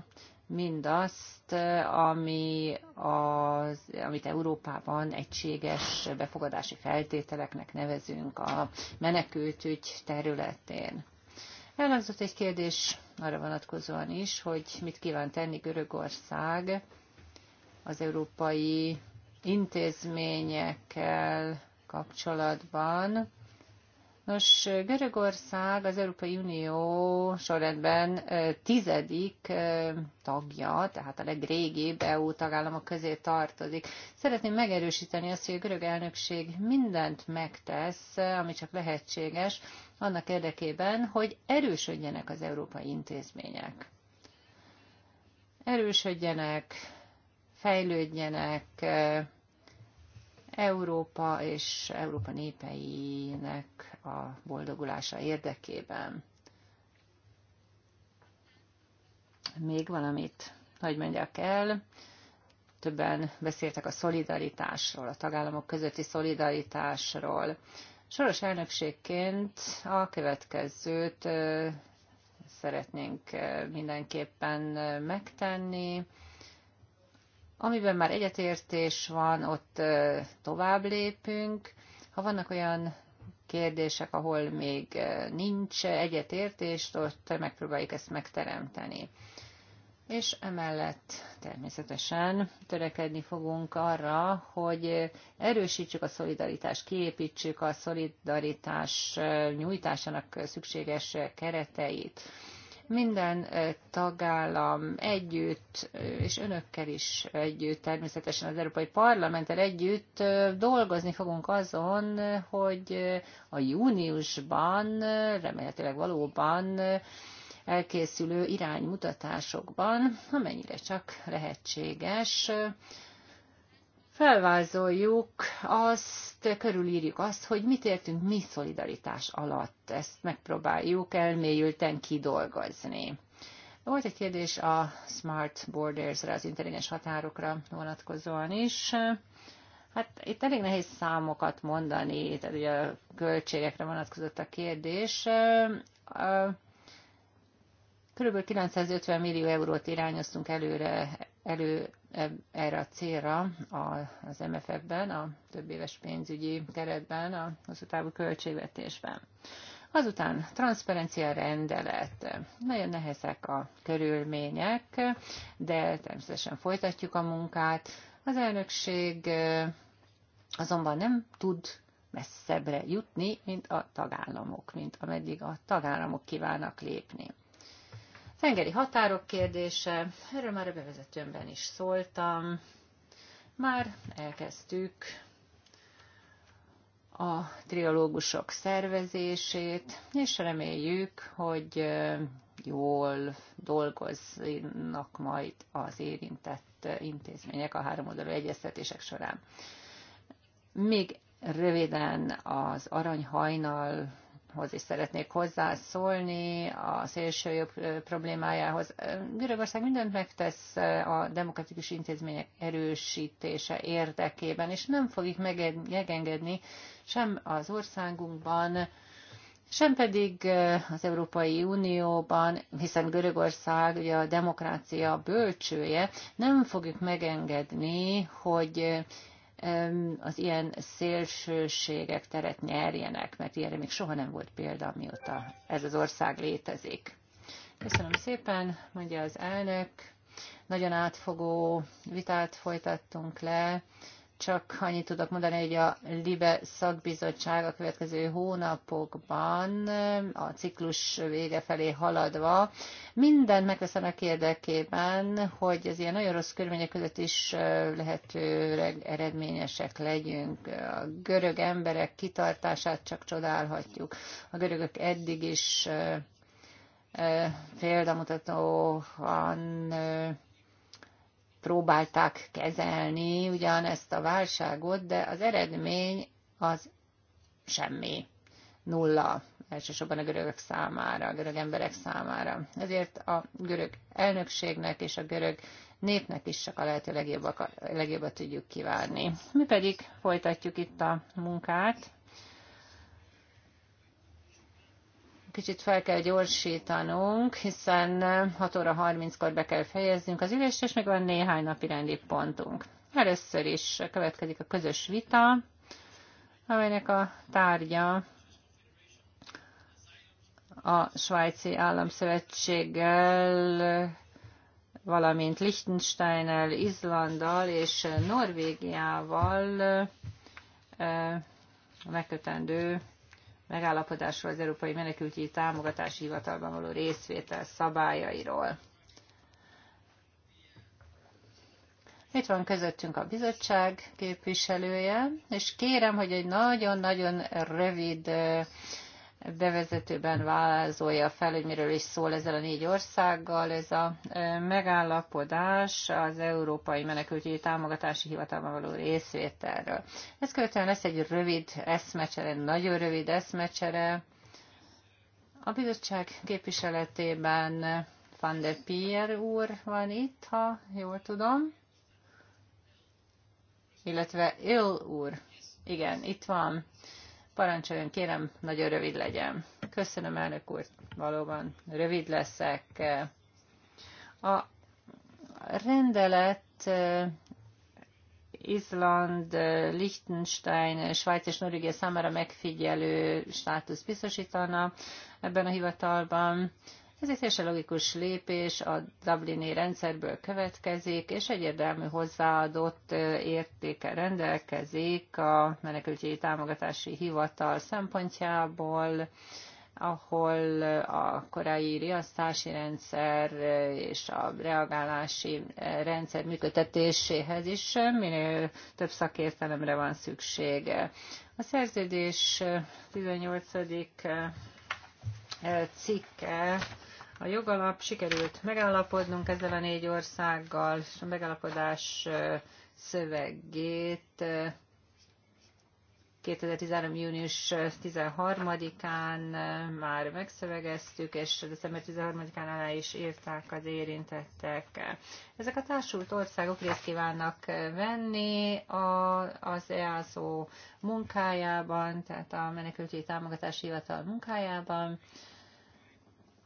mindazt, ami az, amit Európában egységes befogadási feltételeknek nevezünk a menekültügy területén. Elhangzott egy kérdés arra vonatkozóan is, hogy mit kíván tenni Görögország az európai intézményekkel, kapcsolatban. Nos, Görögország az Európai Unió sorrendben tizedik tagja, tehát a legrégibb EU tagállamok közé tartozik. Szeretném megerősíteni azt, hogy a görög elnökség mindent megtesz, ami csak lehetséges, annak érdekében, hogy erősödjenek az európai intézmények. Erősödjenek, fejlődjenek, Európa és Európa népeinek a boldogulása érdekében. Még valamit, hogy mondjak el, többen beszéltek a szolidaritásról, a tagállamok közötti szolidaritásról. Soros elnökségként a következőt szeretnénk mindenképpen megtenni. Amiben már egyetértés van, ott tovább lépünk. Ha vannak olyan kérdések, ahol még nincs egyetértés, ott megpróbáljuk ezt megteremteni. És emellett természetesen törekedni fogunk arra, hogy erősítsük a szolidaritást, kiépítsük a szolidaritás nyújtásának szükséges kereteit. Minden tagállam együtt, és önökkel is együtt, természetesen az Európai Parlamenttel együtt dolgozni fogunk azon, hogy a júniusban, remélhetőleg valóban elkészülő iránymutatásokban, amennyire csak lehetséges, felvázoljuk azt, körülírjuk azt, hogy mit értünk mi szolidaritás alatt. Ezt megpróbáljuk elmélyülten kidolgozni. Volt egy kérdés a Smart Borders-re, az intelligens határokra vonatkozóan is. Hát itt elég nehéz számokat mondani, tehát ugye a költségekre vonatkozott a kérdés. Körülbelül 950 millió eurót irányoztunk előre elő erre a célra az MFF-ben, a több éves pénzügyi keretben, a hosszú távú költségvetésben. Azután transzparencia rendelet. Nagyon nehezek a körülmények, de természetesen folytatjuk a munkát. Az elnökség azonban nem tud messzebbre jutni, mint a tagállamok, mint ameddig a tagállamok kívánnak lépni. Tengeri határok kérdése, erről már a bevezetőmben is szóltam. Már elkezdtük a triológusok szervezését, és reméljük, hogy jól dolgoznak majd az érintett intézmények a három oldalú egyeztetések során. Még röviden az aranyhajnal hoz is szeretnék hozzászólni, a jobb problémájához. Görögország mindent megtesz a demokratikus intézmények erősítése érdekében, és nem fogjuk megengedni sem az országunkban, sem pedig az Európai Unióban, hiszen Görögország ugye a demokrácia bölcsője, nem fogjuk megengedni, hogy az ilyen szélsőségek teret nyerjenek, mert ilyenre még soha nem volt példa, mióta ez az ország létezik. Köszönöm szépen, mondja az elnök. Nagyon átfogó vitát folytattunk le csak annyit tudok mondani, hogy a LIBE szakbizottság a következő hónapokban, a ciklus vége felé haladva, minden megtesz érdekében, hogy az ilyen nagyon rossz körülmények között is lehetőleg eredményesek legyünk. A görög emberek kitartását csak csodálhatjuk. A görögök eddig is példamutatóan próbálták kezelni ugyan ezt a válságot, de az eredmény az semmi, nulla, elsősorban a görögök számára, a görög emberek számára. Ezért a görög elnökségnek és a görög népnek is csak a lehető legjobbat, legjobbat tudjuk kívánni. Mi pedig folytatjuk itt a munkát. kicsit fel kell gyorsítanunk, hiszen 6 óra 30-kor be kell fejeznünk az ülést, és még van néhány napi rendi pontunk. Először is következik a közös vita, amelynek a tárgya a Svájci Államszövetséggel, valamint Liechtensteinnel, Izlanddal és Norvégiával eh, megkötendő megállapodásról az Európai Menekültügyi Támogatási Hivatalban való részvétel szabályairól. Itt van közöttünk a bizottság képviselője, és kérem, hogy egy nagyon-nagyon rövid bevezetőben vázolja fel, hogy miről is szól ezzel a négy országgal. Ez a megállapodás az Európai Menekültügyi Támogatási Hivatalban való részvételről. Ez követően lesz egy rövid eszmecsere, nagyon rövid eszmecsere. A bizottság képviseletében Van der Pier úr van itt, ha jól tudom, illetve Ill úr. Igen, itt van. Parancsoljon, kérem, nagyon rövid legyen. Köszönöm, elnök úr, valóban rövid leszek. A rendelet eh, Izland, eh, Liechtenstein, Svájc és Norvégia számára megfigyelő státusz biztosítana ebben a hivatalban. Ez egy teljesen logikus lépés, a Dublini rendszerből következik, és egyértelmű hozzáadott értéke rendelkezik a menekültjei támogatási hivatal szempontjából, ahol a korai riasztási rendszer és a reagálási rendszer működtetéséhez is minél több szakértelemre van szüksége. A szerződés 18. cikke a jogalap, sikerült megállapodnunk ezzel a négy országgal, és a megállapodás szövegét 2013. június 13-án már megszövegeztük, és december 13-án alá is írták az érintettek. Ezek a társult országok részt kívánnak venni a, az EASO munkájában, tehát a menekültői támogatási hivatal munkájában.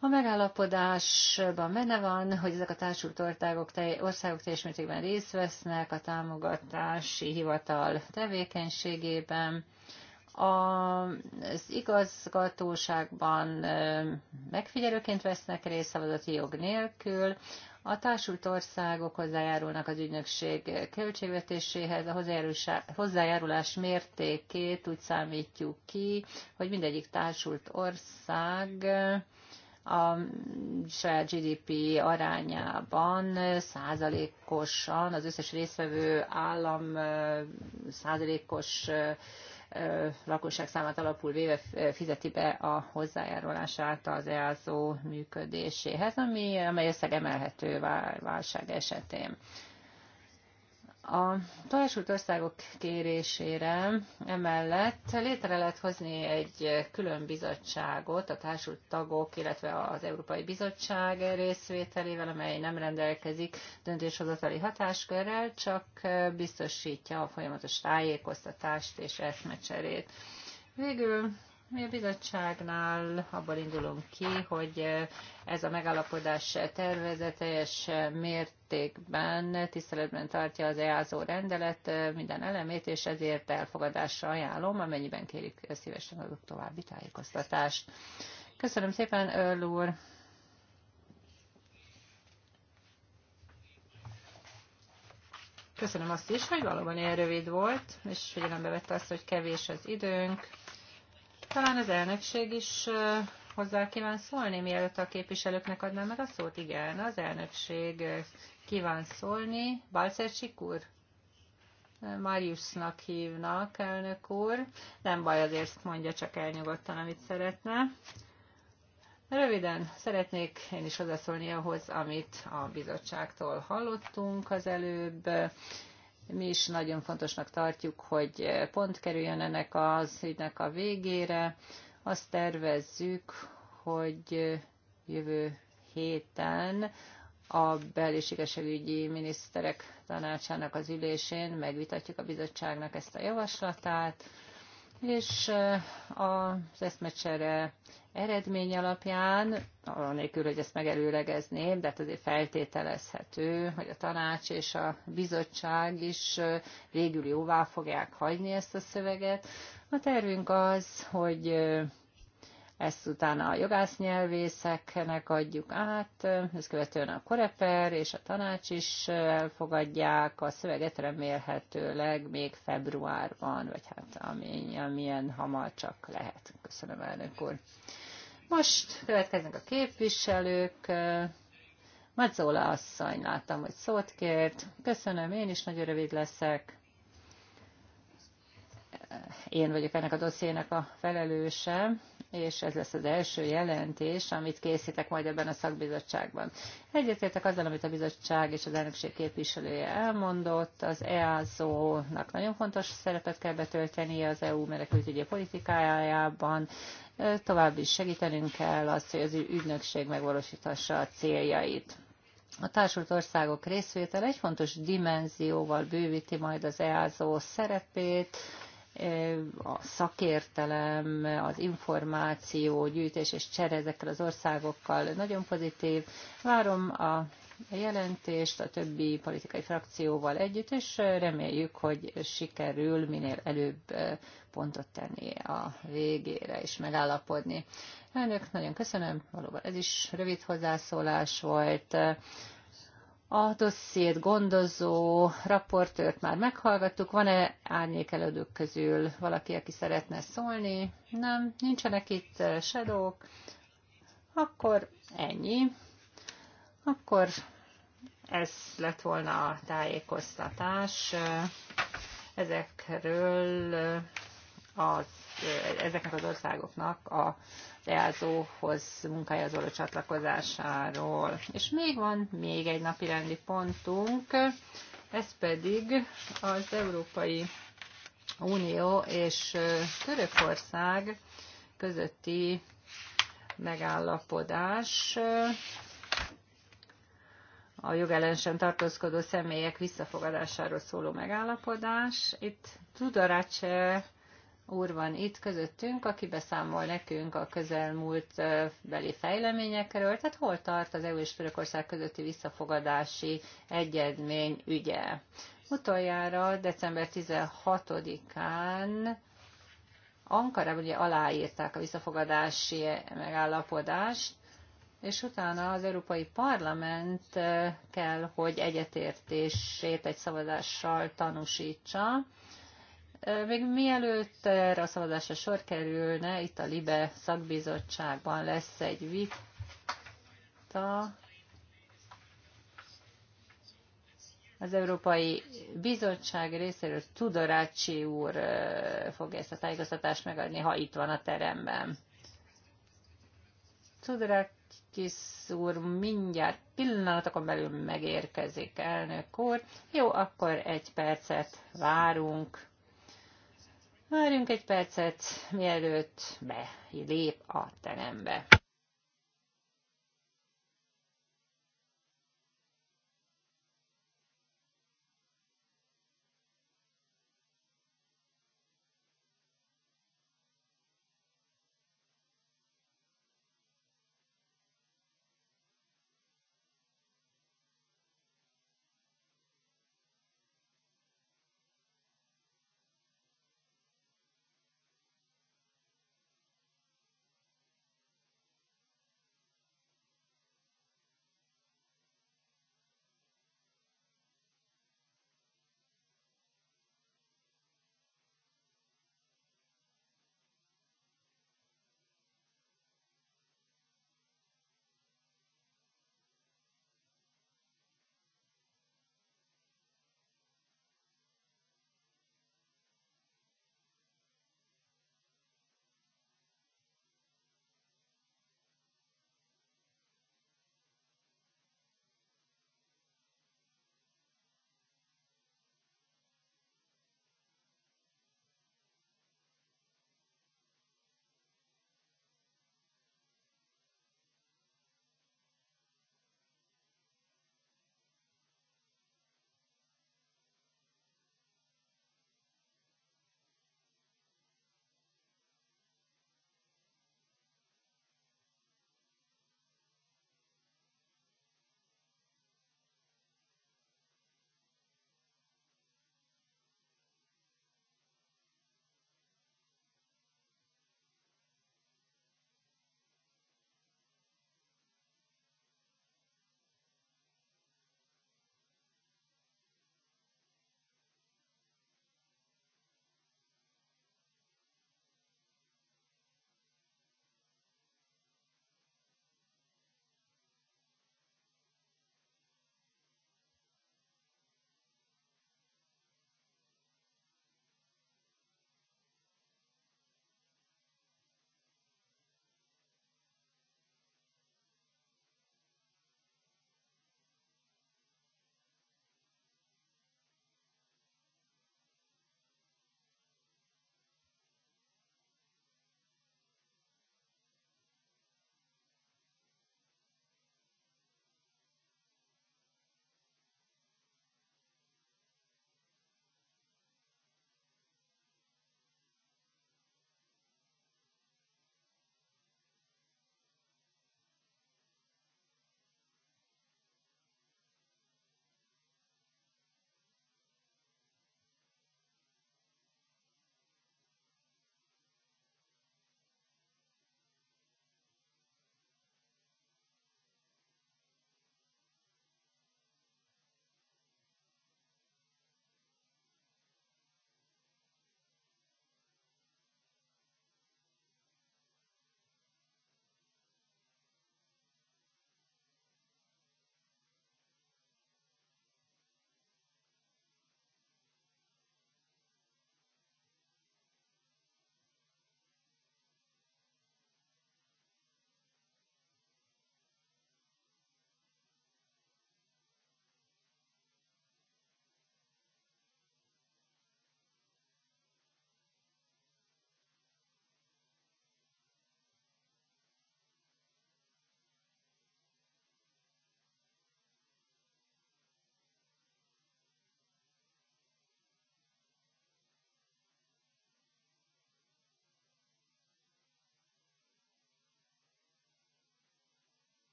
A megállapodásban benne van, hogy ezek a társult országok, országok teljes mértékben részt vesznek a támogatási hivatal tevékenységében. Az igazgatóságban megfigyelőként vesznek részt szavazati jog nélkül, a társult országok hozzájárulnak az ügynökség költségvetéséhez, a hozzájárulás mértékét úgy számítjuk ki, hogy mindegyik társult ország a saját GDP arányában százalékosan az összes részvevő állam százalékos lakosság számát alapul véve fizeti be a hozzájárulását az EASO működéséhez, ami, amely összeg emelhető válság esetén. A társult országok kérésére emellett létre lehet hozni egy külön bizottságot a társult tagok, illetve az Európai Bizottság részvételével, amely nem rendelkezik döntéshozatali hatáskörrel, csak biztosítja a folyamatos tájékoztatást és eszmecserét. Végül mi a bizottságnál abból indulunk ki, hogy ez a megalapodás tervezet teljes mértékben tiszteletben tartja az EASO rendelet minden elemét, és ezért elfogadásra ajánlom, amennyiben kérik szívesen adok további tájékoztatást. Köszönöm szépen, Earl úr! Köszönöm azt is, hogy valóban ilyen rövid volt, és figyelembe vette azt, hogy kevés az időnk. Talán az elnökség is hozzá kíván szólni, mielőtt a képviselőknek adnám meg a szót? Igen, az elnökség kíván szólni. Balszercsik úr? Máriusnak hívnak, elnök úr. Nem baj, azért mondja csak elnyugodtan, amit szeretne. Röviden szeretnék én is hozzászólni ahhoz, amit a bizottságtól hallottunk az előbb, mi is nagyon fontosnak tartjuk, hogy pont kerüljön ennek az ügynek a végére. Azt tervezzük, hogy jövő héten a belőségeségügyi igazságügyi miniszterek tanácsának az ülésén megvitatjuk a bizottságnak ezt a javaslatát, és eh, az eszmecsere eredmény alapján, anélkül, hogy ezt megelőlegezném, de hát azért feltételezhető, hogy a tanács és a bizottság is eh, végül jóvá fogják hagyni ezt a szöveget. A tervünk az, hogy eh, ezt utána a jogásznyelvészeknek adjuk át, ezt követően a koreper és a tanács is elfogadják, a szöveget remélhetőleg még februárban, vagy hát amilyen hamar csak lehet. Köszönöm, elnök úr. Most következnek a képviselők. Mazzola asszony, láttam, hogy szót kért. Köszönöm, én is nagyon rövid leszek én vagyok ennek a dossziének a felelőse, és ez lesz az első jelentés, amit készítek majd ebben a szakbizottságban. Egyetértek azzal, amit a bizottság és az elnökség képviselője elmondott, az EASO-nak nagyon fontos szerepet kell betöltenie az EU menekültügyi politikájában, tovább is segítenünk kell azt, hogy az ügynökség megvalósítassa a céljait. A társult országok részvétel egy fontos dimenzióval bővíti majd az EASO szerepét, a szakértelem, az információ, gyűjtés és csere ezekkel az országokkal nagyon pozitív. Várom a jelentést a többi politikai frakcióval együtt, és reméljük, hogy sikerül minél előbb pontot tenni a végére és megállapodni. Elnök, nagyon köszönöm, valóban ez is rövid hozzászólás volt. A dossziét gondozó raportőrt már meghallgattuk. Van-e árnyékelődők közül valaki, aki szeretne szólni? Nem, nincsenek itt eh, sedók. Akkor ennyi. Akkor ez lett volna a tájékoztatás eh, ezekről eh, az ezeknek az országoknak a EASO-hoz az oló csatlakozásáról. És még van még egy napi rendi pontunk, ez pedig az Európai Unió és Törökország közötti megállapodás a jogellensen tartózkodó személyek visszafogadásáról szóló megállapodás. Itt Tudorácse úr van itt közöttünk, aki beszámol nekünk a közelmúlt beli fejleményekről, tehát hol tart az EU és Törökország közötti visszafogadási egyezmény ügye. Utoljára december 16-án Ankarában ugye aláírták a visszafogadási megállapodást, és utána az Európai Parlament kell, hogy egyetértését egy szavazással tanúsítsa. Még mielőtt erre a szavazásra sor kerülne, itt a LIBE szakbizottságban lesz egy vita az Európai Bizottság részéről Tudorácsi úr fog ezt a tájékoztatást megadni, ha itt van a teremben. Tudorácsi úr mindjárt pillanatokon belül megérkezik, elnök úr. Jó, akkor egy percet várunk. Várjunk egy percet, mielőtt belép a terembe.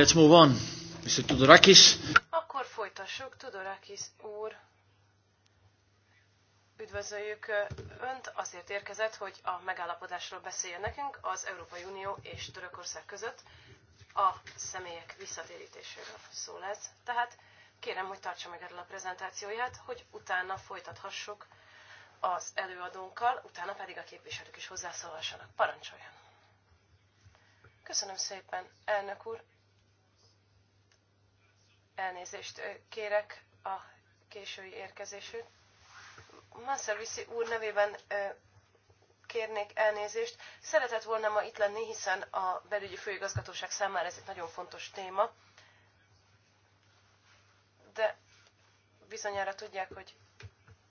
Let's move on. Mr. Tudorakis. Akkor folytassuk, Tudorakis úr. Üdvözöljük Önt, azért érkezett, hogy a megállapodásról beszéljen nekünk az Európai Unió és Törökország között a személyek visszatérítéséről szól ez. Tehát kérem, hogy tartsa meg erről a prezentációját, hogy utána folytathassuk az előadónkkal, utána pedig a képviselők is hozzászólhassanak. Parancsoljon! Köszönöm szépen, elnök úr, Elnézést kérek a késői érkezésért. Manservisi úr nevében kérnék elnézést. Szeretett volna ma itt lenni, hiszen a belügyi főigazgatóság számára ez egy nagyon fontos téma. De bizonyára tudják, hogy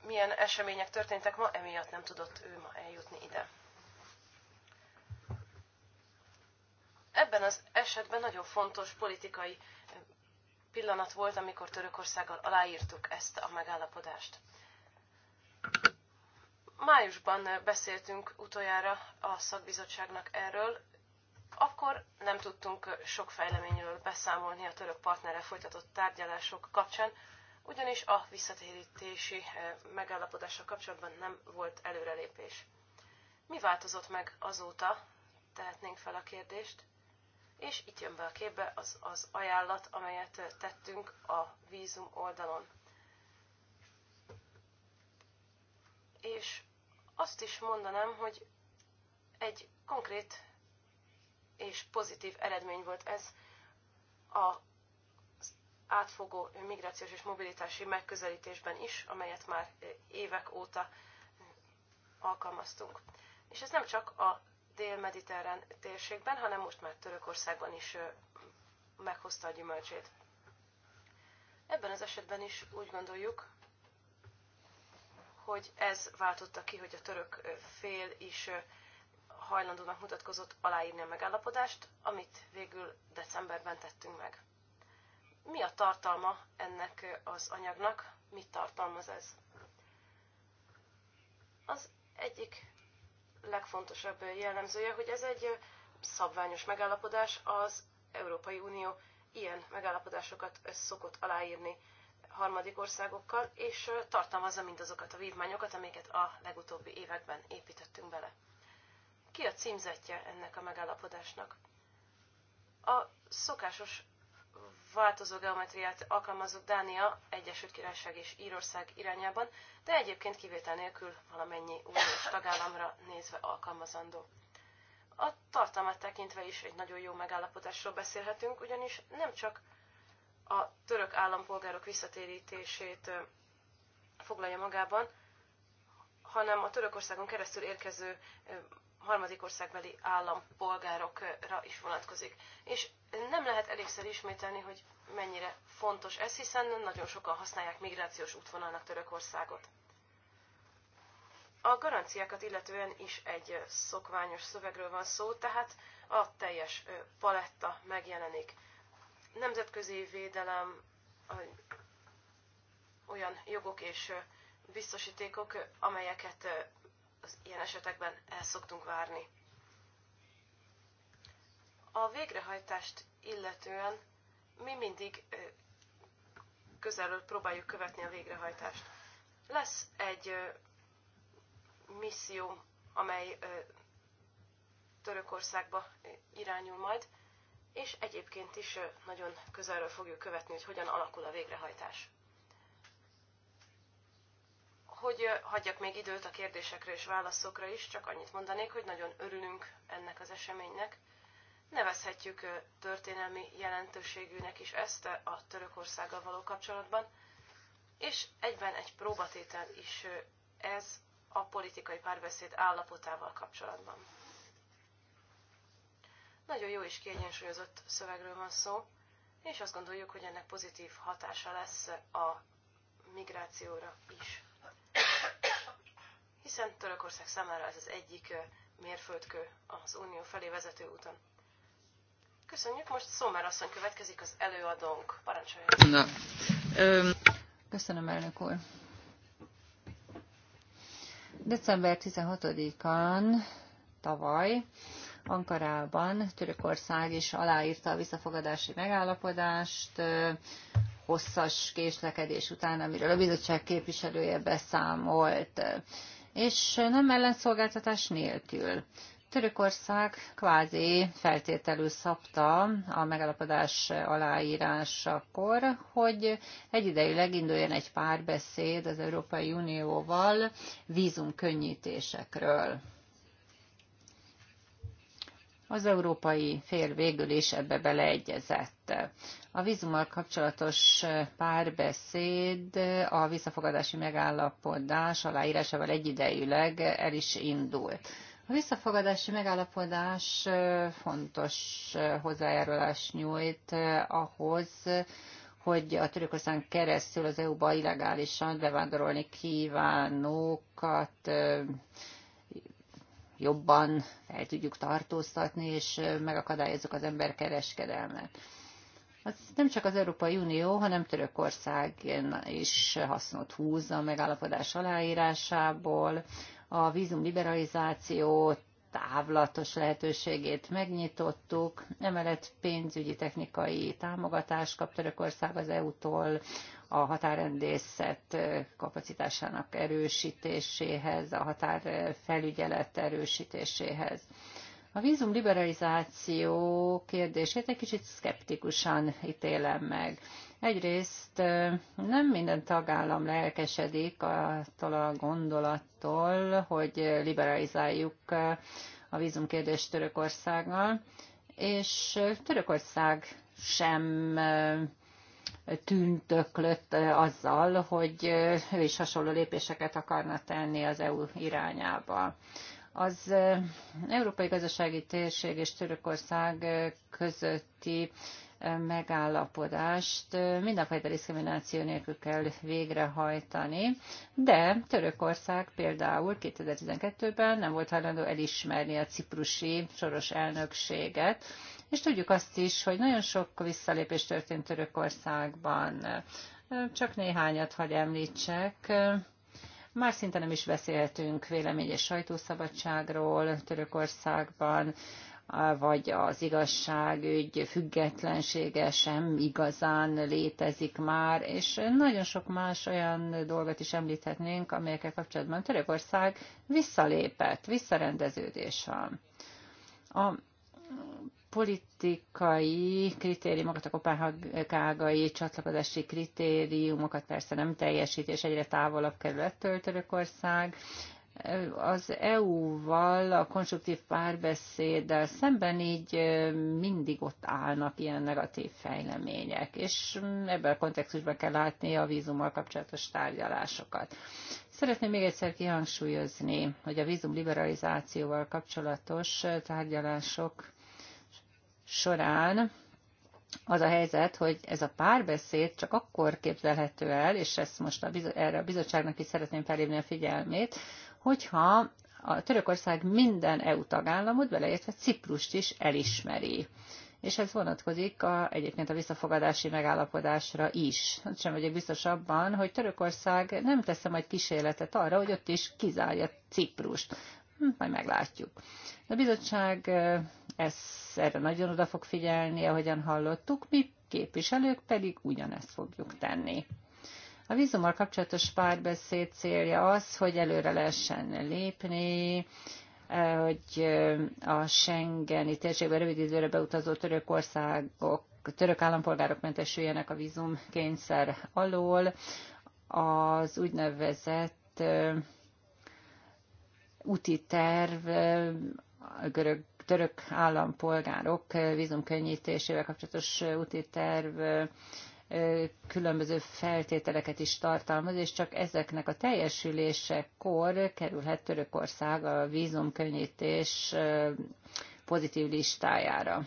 milyen események történtek ma, emiatt nem tudott ő ma eljutni ide. Ebben az esetben nagyon fontos politikai pillanat volt, amikor Törökországgal aláírtuk ezt a megállapodást. Májusban beszéltünk utoljára a szakbizottságnak erről, akkor nem tudtunk sok fejleményről beszámolni a török partnerrel folytatott tárgyalások kapcsán, ugyanis a visszatérítési eh, megállapodással kapcsolatban nem volt előrelépés. Mi változott meg azóta? Tehetnénk fel a kérdést és itt jön be a képbe az, az ajánlat, amelyet tettünk a vízum oldalon. És azt is mondanám, hogy egy konkrét és pozitív eredmény volt ez a átfogó migrációs és mobilitási megközelítésben is, amelyet már évek óta alkalmaztunk. És ez nem csak a dél-mediterrán térségben, hanem most már Törökországban is meghozta a gyümölcsét. Ebben az esetben is úgy gondoljuk, hogy ez váltotta ki, hogy a török fél is hajlandónak mutatkozott aláírni a megállapodást, amit végül decemberben tettünk meg. Mi a tartalma ennek az anyagnak? Mit tartalmaz ez? Az egyik legfontosabb jellemzője, hogy ez egy szabványos megállapodás, az Európai Unió ilyen megállapodásokat szokott aláírni harmadik országokkal, és tartalmazza mindazokat a vívmányokat, amiket a legutóbbi években építettünk bele. Ki a címzetje ennek a megállapodásnak? A szokásos változó geometriát alkalmazott Dánia, Egyesült Királyság és Írország irányában, de egyébként kivétel nélkül valamennyi uniós tagállamra nézve alkalmazandó. A tartalmat tekintve is egy nagyon jó megállapodásról beszélhetünk, ugyanis nem csak a török állampolgárok visszatérítését foglalja magában, hanem a Törökországon keresztül érkező harmadik országbeli állampolgárokra is vonatkozik. És nem lehet elégszer ismételni, hogy mennyire fontos ez, hiszen nagyon sokan használják migrációs útvonalnak Törökországot. A garanciákat illetően is egy szokványos szövegről van szó, tehát a teljes paletta megjelenik. Nemzetközi védelem, olyan jogok és biztosítékok, amelyeket az ilyen esetekben el szoktunk várni. A végrehajtást illetően mi mindig közelről próbáljuk követni a végrehajtást. Lesz egy misszió, amely Törökországba irányul majd, és egyébként is nagyon közelről fogjuk követni, hogy hogyan alakul a végrehajtás hogy hagyjak még időt a kérdésekre és válaszokra is, csak annyit mondanék, hogy nagyon örülünk ennek az eseménynek. Nevezhetjük történelmi jelentőségűnek is ezt a Törökországgal való kapcsolatban, és egyben egy próbatétel is ez a politikai párbeszéd állapotával kapcsolatban. Nagyon jó és kiegyensúlyozott szövegről van szó, és azt gondoljuk, hogy ennek pozitív hatása lesz a migrációra is hiszen Törökország számára ez az egyik mérföldkő az Unió felé vezető úton. Köszönjük, most Szomer asszony következik az előadónk. Parancsoljon! Na, öm. Köszönöm, elnök úr! December 16-án tavaly Ankarában Törökország is aláírta a visszafogadási megállapodást, hosszas késlekedés után, amiről a bizottság képviselője beszámolt és nem ellenszolgáltatás nélkül. Törökország kvázi feltételű szabta a megalapodás aláírásakor, hogy egyidejűleg induljon egy párbeszéd az Európai Unióval vízumkönnyítésekről. Az európai fél végül is ebbe beleegyezett. A vízummal kapcsolatos párbeszéd a visszafogadási megállapodás aláírásával egyidejűleg el is indult. A visszafogadási megállapodás fontos hozzájárulás nyújt ahhoz, hogy a Törökország keresztül az EU-ba illegálisan bevándorolni kívánókat jobban el tudjuk tartóztatni, és megakadályozzuk az emberkereskedelmet. Az nem csak az Európai Unió, hanem Törökország is hasznot húz a megállapodás aláírásából. A vízum liberalizációt távlatos lehetőségét megnyitottuk, emellett pénzügyi technikai támogatást kap Törökország az EU-tól, a határrendészet kapacitásának erősítéséhez, a határfelügyelet erősítéséhez. A vízum liberalizáció kérdését egy kicsit szkeptikusan ítélem meg. Egyrészt nem minden tagállam lelkesedik attól a gondolattól, hogy liberalizáljuk a vízumkérdést Törökországgal, és Törökország sem tűntöklött azzal, hogy ő is hasonló lépéseket akarna tenni az EU irányába. Az Európai Gazdasági Térség és Törökország közötti megállapodást mindenfajta diszkrimináció nélkül kell végrehajtani, de Törökország például 2012-ben nem volt hajlandó elismerni a ciprusi soros elnökséget, és tudjuk azt is, hogy nagyon sok visszalépés történt Törökországban. Csak néhányat hagy említsek. Már szinte nem is beszélhetünk vélemény és sajtószabadságról Törökországban vagy az igazságügy függetlensége sem igazán létezik már, és nagyon sok más olyan dolgot is említhetnénk, amelyekkel kapcsolatban Törökország visszalépett, visszarendeződés van. A politikai kritériumokat, a kopenhágai csatlakozási kritériumokat persze nem teljesít, és egyre távolabb kerül ettől Törökország, az EU-val, a konstruktív párbeszéddel szemben így mindig ott állnak ilyen negatív fejlemények, és ebben a kontextusban kell látni a vízummal kapcsolatos tárgyalásokat. Szeretném még egyszer kihangsúlyozni, hogy a vízum liberalizációval kapcsolatos tárgyalások során az a helyzet, hogy ez a párbeszéd csak akkor képzelhető el, és ezt most a, erre a bizottságnak is szeretném felhívni a figyelmét, hogyha a Törökország minden EU tagállamot, beleértve Ciprust is elismeri. És ez vonatkozik a, egyébként a visszafogadási megállapodásra is. Sem vagyok biztos abban, hogy Törökország nem tesz majd kísérletet arra, hogy ott is kizárja Ciprust. Hm, majd meglátjuk. A bizottság ez, erre nagyon oda fog figyelni, ahogyan hallottuk, mi képviselők pedig ugyanezt fogjuk tenni. A vízummal kapcsolatos párbeszéd célja az, hogy előre lehessen lépni, eh, hogy eh, a Schengeni térségbe rövid időre beutazó török országok, török állampolgárok mentesüljenek a vízum kényszer alól. Az úgynevezett eh, úti terv a görög török állampolgárok vízumkönnyítésével kapcsolatos úti terv különböző feltételeket is tartalmaz, és csak ezeknek a teljesülésekor kerülhet Törökország a vízumkönnyítés pozitív listájára.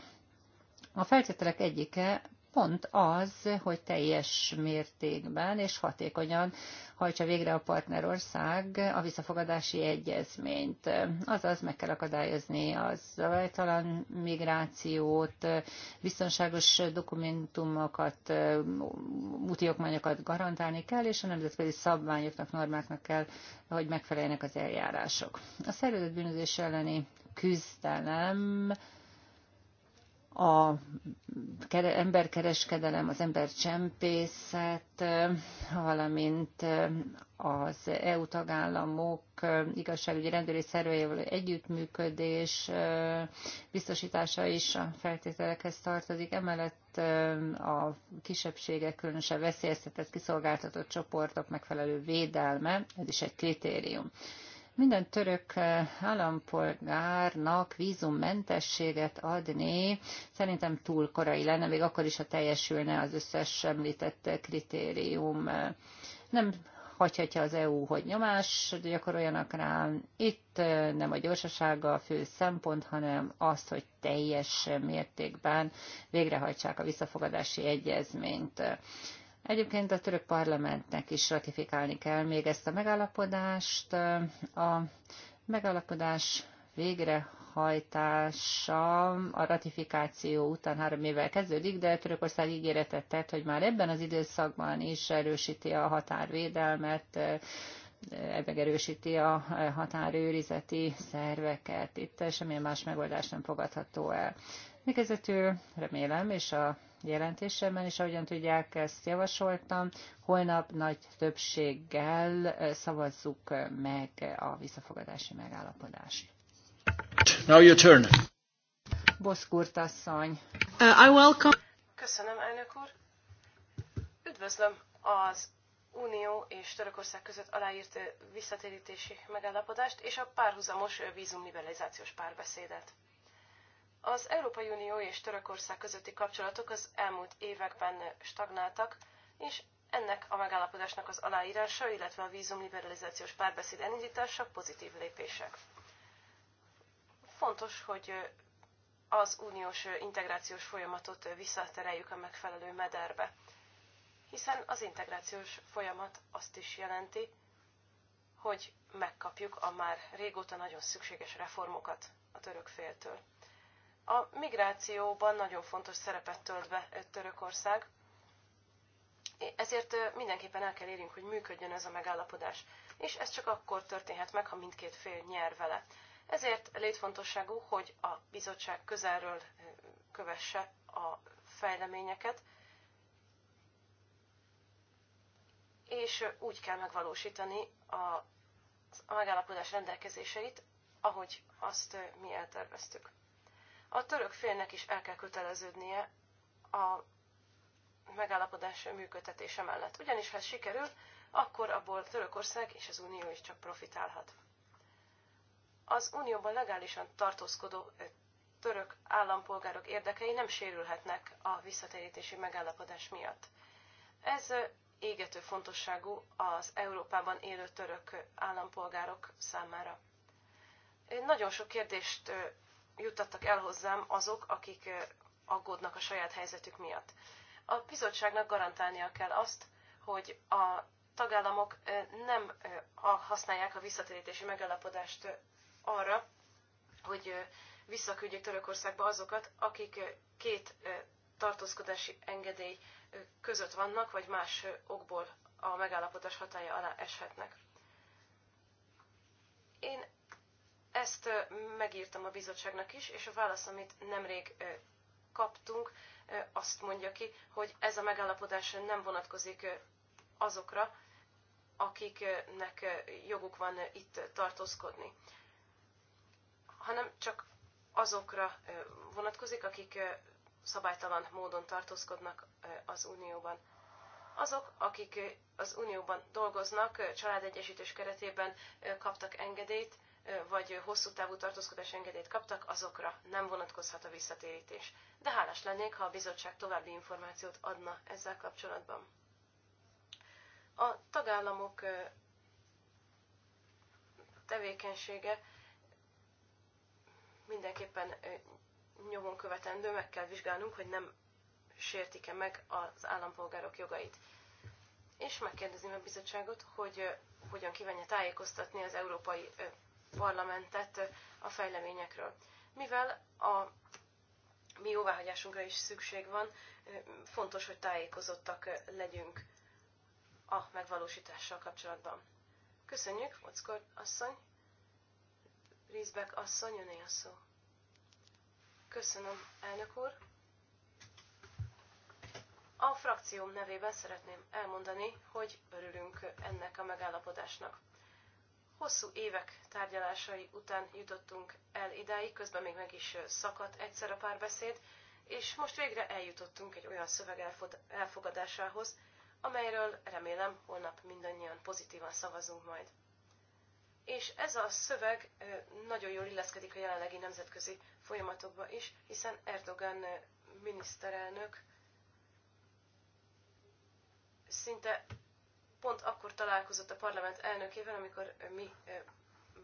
A feltételek egyike pont az, hogy teljes mértékben és hatékonyan hajtsa végre a partnerország a visszafogadási egyezményt. Azaz meg kell akadályozni az zajtalan migrációt, biztonságos dokumentumokat, úti okmányokat garantálni kell, és a nemzetközi szabványoknak, normáknak kell, hogy megfeleljenek az eljárások. A szervezett bűnözés elleni küzdelem a emberkereskedelem, az embercsempészet, valamint az EU tagállamok igazságügyi rendőri szervejével együttműködés biztosítása is a feltételekhez tartozik. Emellett a kisebbségek, különösen veszélyeztetett kiszolgáltatott csoportok megfelelő védelme, ez is egy kritérium. Minden török eh, állampolgárnak vízummentességet adni szerintem túl korai lenne, még akkor is, ha teljesülne az összes említett kritérium. Nem hagyhatja az EU, hogy nyomás gyakoroljanak rá. Itt eh, nem a gyorsasága a fő szempont, hanem az, hogy teljes mértékben végrehajtsák a visszafogadási egyezményt. Egyébként a török parlamentnek is ratifikálni kell még ezt a megállapodást. A megállapodás végrehajtása a ratifikáció után három évvel kezdődik, de Törökország ígéretet tett, hogy már ebben az időszakban is erősíti a határvédelmet, ebben erősíti a határőrizeti szerveket. Itt semmilyen más megoldás nem fogadható el. Végezetül remélem, és a jelentésemben is, ahogyan tudják, ezt javasoltam, holnap nagy többséggel szavazzuk meg a visszafogadási megállapodást. Now your turn. Boszkurt asszony. Uh, I welcome. Köszönöm, elnök úr. Üdvözlöm az Unió és Törökország között aláírt visszatérítési megállapodást és a párhuzamos vízumliberalizációs párbeszédet. Az Európai Unió és Törökország közötti kapcsolatok az elmúlt években stagnáltak, és ennek a megállapodásnak az aláírása, illetve a vízumliberalizációs párbeszéd elindítása pozitív lépések. Fontos, hogy az uniós integrációs folyamatot visszatereljük a megfelelő mederbe, hiszen az integrációs folyamat azt is jelenti, hogy megkapjuk a már régóta nagyon szükséges reformokat a török féltől. A migrációban nagyon fontos szerepet tölt be Törökország, ezért mindenképpen el kell érjünk, hogy működjön ez a megállapodás. És ez csak akkor történhet meg, ha mindkét fél nyer vele. Ezért létfontosságú, hogy a bizottság közelről kövesse a fejleményeket, és úgy kell megvalósítani a, a megállapodás rendelkezéseit, ahogy azt mi elterveztük. A török félnek is el kell köteleződnie a megállapodás működtetése mellett. Ugyanis ha ez sikerül, akkor abból Törökország és az Unió is csak profitálhat. Az Unióban legálisan tartózkodó török állampolgárok érdekei nem sérülhetnek a visszatérítési megállapodás miatt. Ez égető fontosságú az Európában élő török állampolgárok számára. Nagyon sok kérdést juttattak el hozzám azok, akik eh, aggódnak a saját helyzetük miatt. A bizottságnak garantálnia kell azt, hogy a tagállamok eh, nem eh, használják a visszatérítési megállapodást arra, hogy visszaküldjék Törökországba azokat, akik két tartózkodási engedély között vannak, vagy más okból a megállapodás hatája alá eshetnek. Én ezt megírtam a bizottságnak is, és a válasz, amit nemrég kaptunk, azt mondja ki, hogy ez a megállapodás nem vonatkozik azokra, akiknek joguk van itt tartózkodni, hanem csak azokra vonatkozik, akik szabálytalan módon tartózkodnak az Unióban. Azok, akik az Unióban dolgoznak, családegyesítés keretében kaptak engedélyt, vagy hosszú távú tartózkodás engedélyt kaptak, azokra nem vonatkozhat a visszatérítés. De hálás lennék, ha a bizottság további információt adna ezzel kapcsolatban. A tagállamok tevékenysége mindenképpen nyomon követendő, meg kell vizsgálnunk, hogy nem sértik-e meg az állampolgárok jogait. És megkérdezném a bizottságot, hogy hogyan kívánja tájékoztatni az európai parlamentet a fejleményekről. Mivel a mi jóváhagyásunkra is szükség van, fontos, hogy tájékozottak legyünk a megvalósítással kapcsolatban. Köszönjük, Mockor asszony! Rizbek asszony, öné a szó. Köszönöm, elnök úr. A frakcióm nevében szeretném elmondani, hogy örülünk ennek a megállapodásnak. Hosszú évek tárgyalásai után jutottunk el idáig, közben még meg is szakadt egyszer a párbeszéd, és most végre eljutottunk egy olyan szöveg elfogadásához, amelyről remélem holnap mindannyian pozitívan szavazunk majd. És ez a szöveg nagyon jól illeszkedik a jelenlegi nemzetközi folyamatokba is, hiszen Erdogan miniszterelnök szinte pont akkor találkozott a parlament elnökével, amikor mi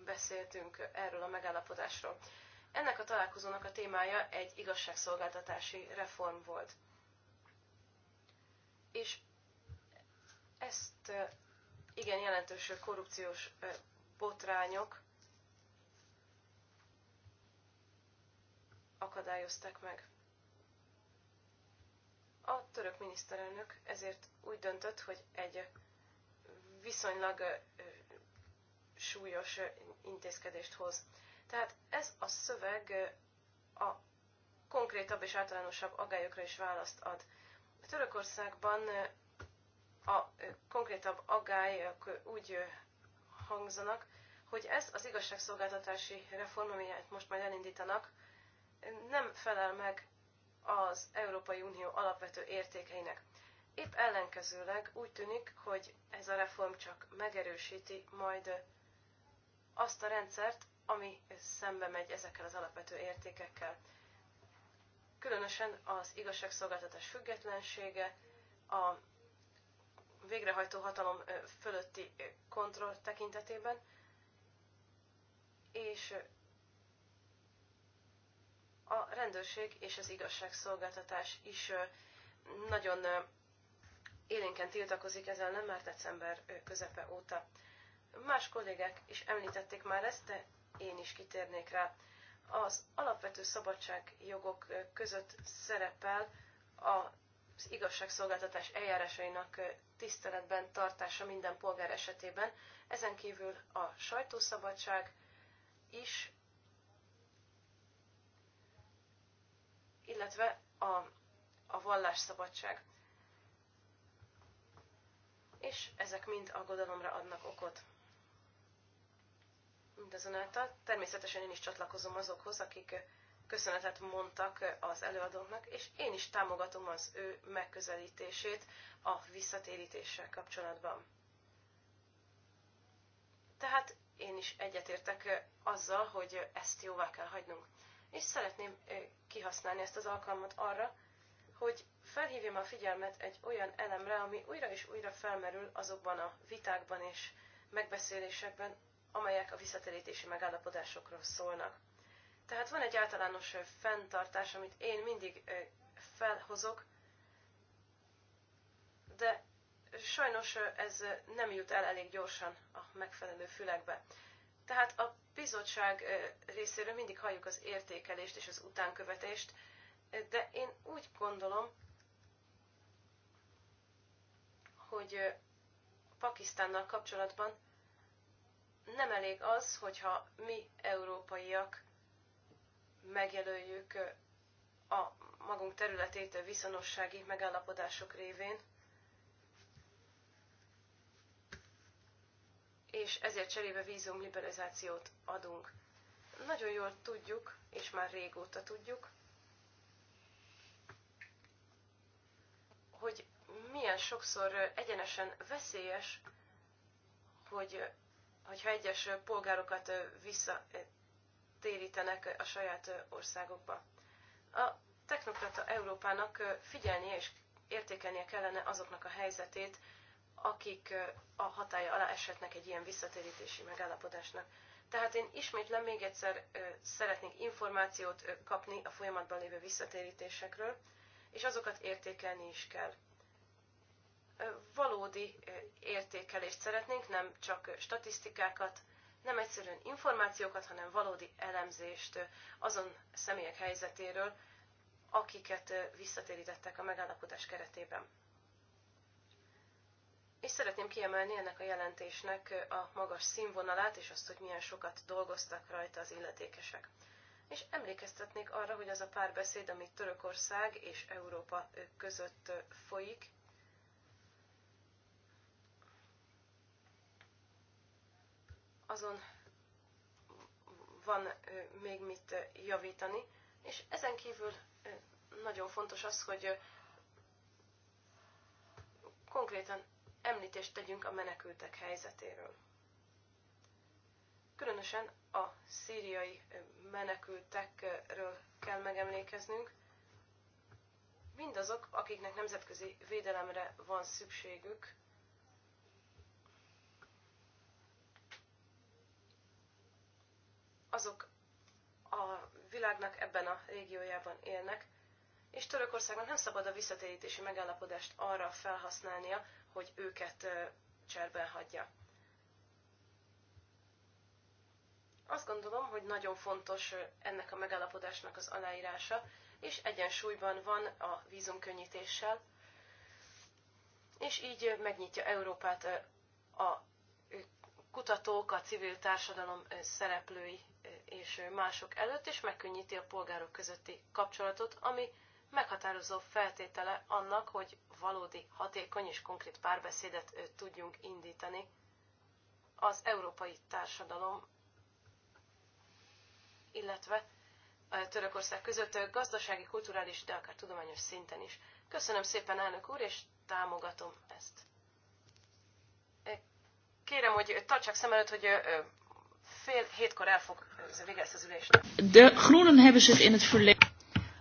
beszéltünk erről a megállapodásról. Ennek a találkozónak a témája egy igazságszolgáltatási reform volt. És ezt igen jelentős korrupciós botrányok akadályozták meg. A török miniszterelnök ezért úgy döntött, hogy egy viszonylag súlyos intézkedést hoz. Tehát ez a szöveg a konkrétabb és általánosabb agályokra is választ ad. A Törökországban a konkrétabb agályok úgy hangzanak, hogy ez az igazságszolgáltatási reform, amelyet most majd elindítanak, nem felel meg az Európai Unió alapvető értékeinek. Épp ellenkezőleg úgy tűnik, hogy ez a reform csak megerősíti majd azt a rendszert, ami szembe megy ezekkel az alapvető értékekkel. Különösen az igazságszolgáltatás függetlensége, a végrehajtó hatalom fölötti kontroll tekintetében, és a rendőrség és az igazságszolgáltatás is nagyon élénken tiltakozik ezzel nem már december közepe óta. Más kollégek is említették már ezt, de én is kitérnék rá. Az alapvető szabadságjogok között szerepel az igazságszolgáltatás eljárásainak tiszteletben tartása minden polgár esetében. Ezen kívül a sajtószabadság is, illetve a, a vallásszabadság és ezek mind aggodalomra adnak okot. Mindazonáltal természetesen én is csatlakozom azokhoz, akik köszönetet mondtak az előadóknak, és én is támogatom az ő megközelítését a visszatérítéssel kapcsolatban. Tehát én is egyetértek azzal, hogy ezt jóvá kell hagynunk. És szeretném eh, kihasználni ezt az alkalmat arra, hogy felhívjam a figyelmet egy olyan elemre, ami újra és újra felmerül azokban a vitákban és megbeszélésekben, amelyek a visszatérítési megállapodásokról szólnak. Tehát van egy általános fenntartás, amit én mindig felhozok, de sajnos ez nem jut el elég gyorsan a megfelelő fülekbe. Tehát a bizottság részéről mindig halljuk az értékelést és az utánkövetést, de én úgy gondolom, hogy Pakisztánnal kapcsolatban nem elég az, hogyha mi európaiak megjelöljük a magunk területét viszonossági megállapodások révén, és ezért cserébe vízumliberalizációt adunk. Nagyon jól tudjuk, és már régóta tudjuk, hogy milyen sokszor egyenesen veszélyes, hogy, hogyha egyes polgárokat visszatérítenek a saját országokba. A technokrata Európának figyelnie és értékelnie kellene azoknak a helyzetét, akik a hatája alá esetnek egy ilyen visszatérítési megállapodásnak. Tehát én ismétlem még egyszer szeretnék információt kapni a folyamatban lévő visszatérítésekről, és azokat értékelni is kell. Valódi értékelést szeretnénk, nem csak statisztikákat, nem egyszerűen információkat, hanem valódi elemzést azon személyek helyzetéről, akiket visszatérítettek a megállapodás keretében. És szeretném kiemelni ennek a jelentésnek a magas színvonalát, és azt, hogy milyen sokat dolgoztak rajta az illetékesek és emlékeztetnék arra, hogy az a párbeszéd, amit Törökország és Európa között folyik, azon van még mit javítani, és ezen kívül nagyon fontos az, hogy konkrétan említést tegyünk a menekültek helyzetéről. Különösen a szíriai menekültekről kell megemlékeznünk. Mindazok, akiknek nemzetközi védelemre van szükségük, azok a világnak ebben a régiójában élnek, és Törökországnak nem szabad a visszatérítési megállapodást arra felhasználnia, hogy őket cserben hagyja. Azt gondolom, hogy nagyon fontos ennek a megállapodásnak az aláírása, és egyensúlyban van a vízumkönnyítéssel, és így megnyitja Európát a kutatók, a civil társadalom szereplői és mások előtt, és megkönnyíti a polgárok közötti kapcsolatot, ami meghatározó feltétele annak, hogy valódi, hatékony és konkrét párbeszédet tudjunk indítani az európai társadalom illetve Törökország között gazdasági, kulturális, de akár tudományos szinten is. Köszönöm szépen, elnök úr, és támogatom ezt. Kérem, hogy tartsák szem előtt, hogy fél hétkor el fog végezni az ülést. De Groenen hebben zich in het verleden...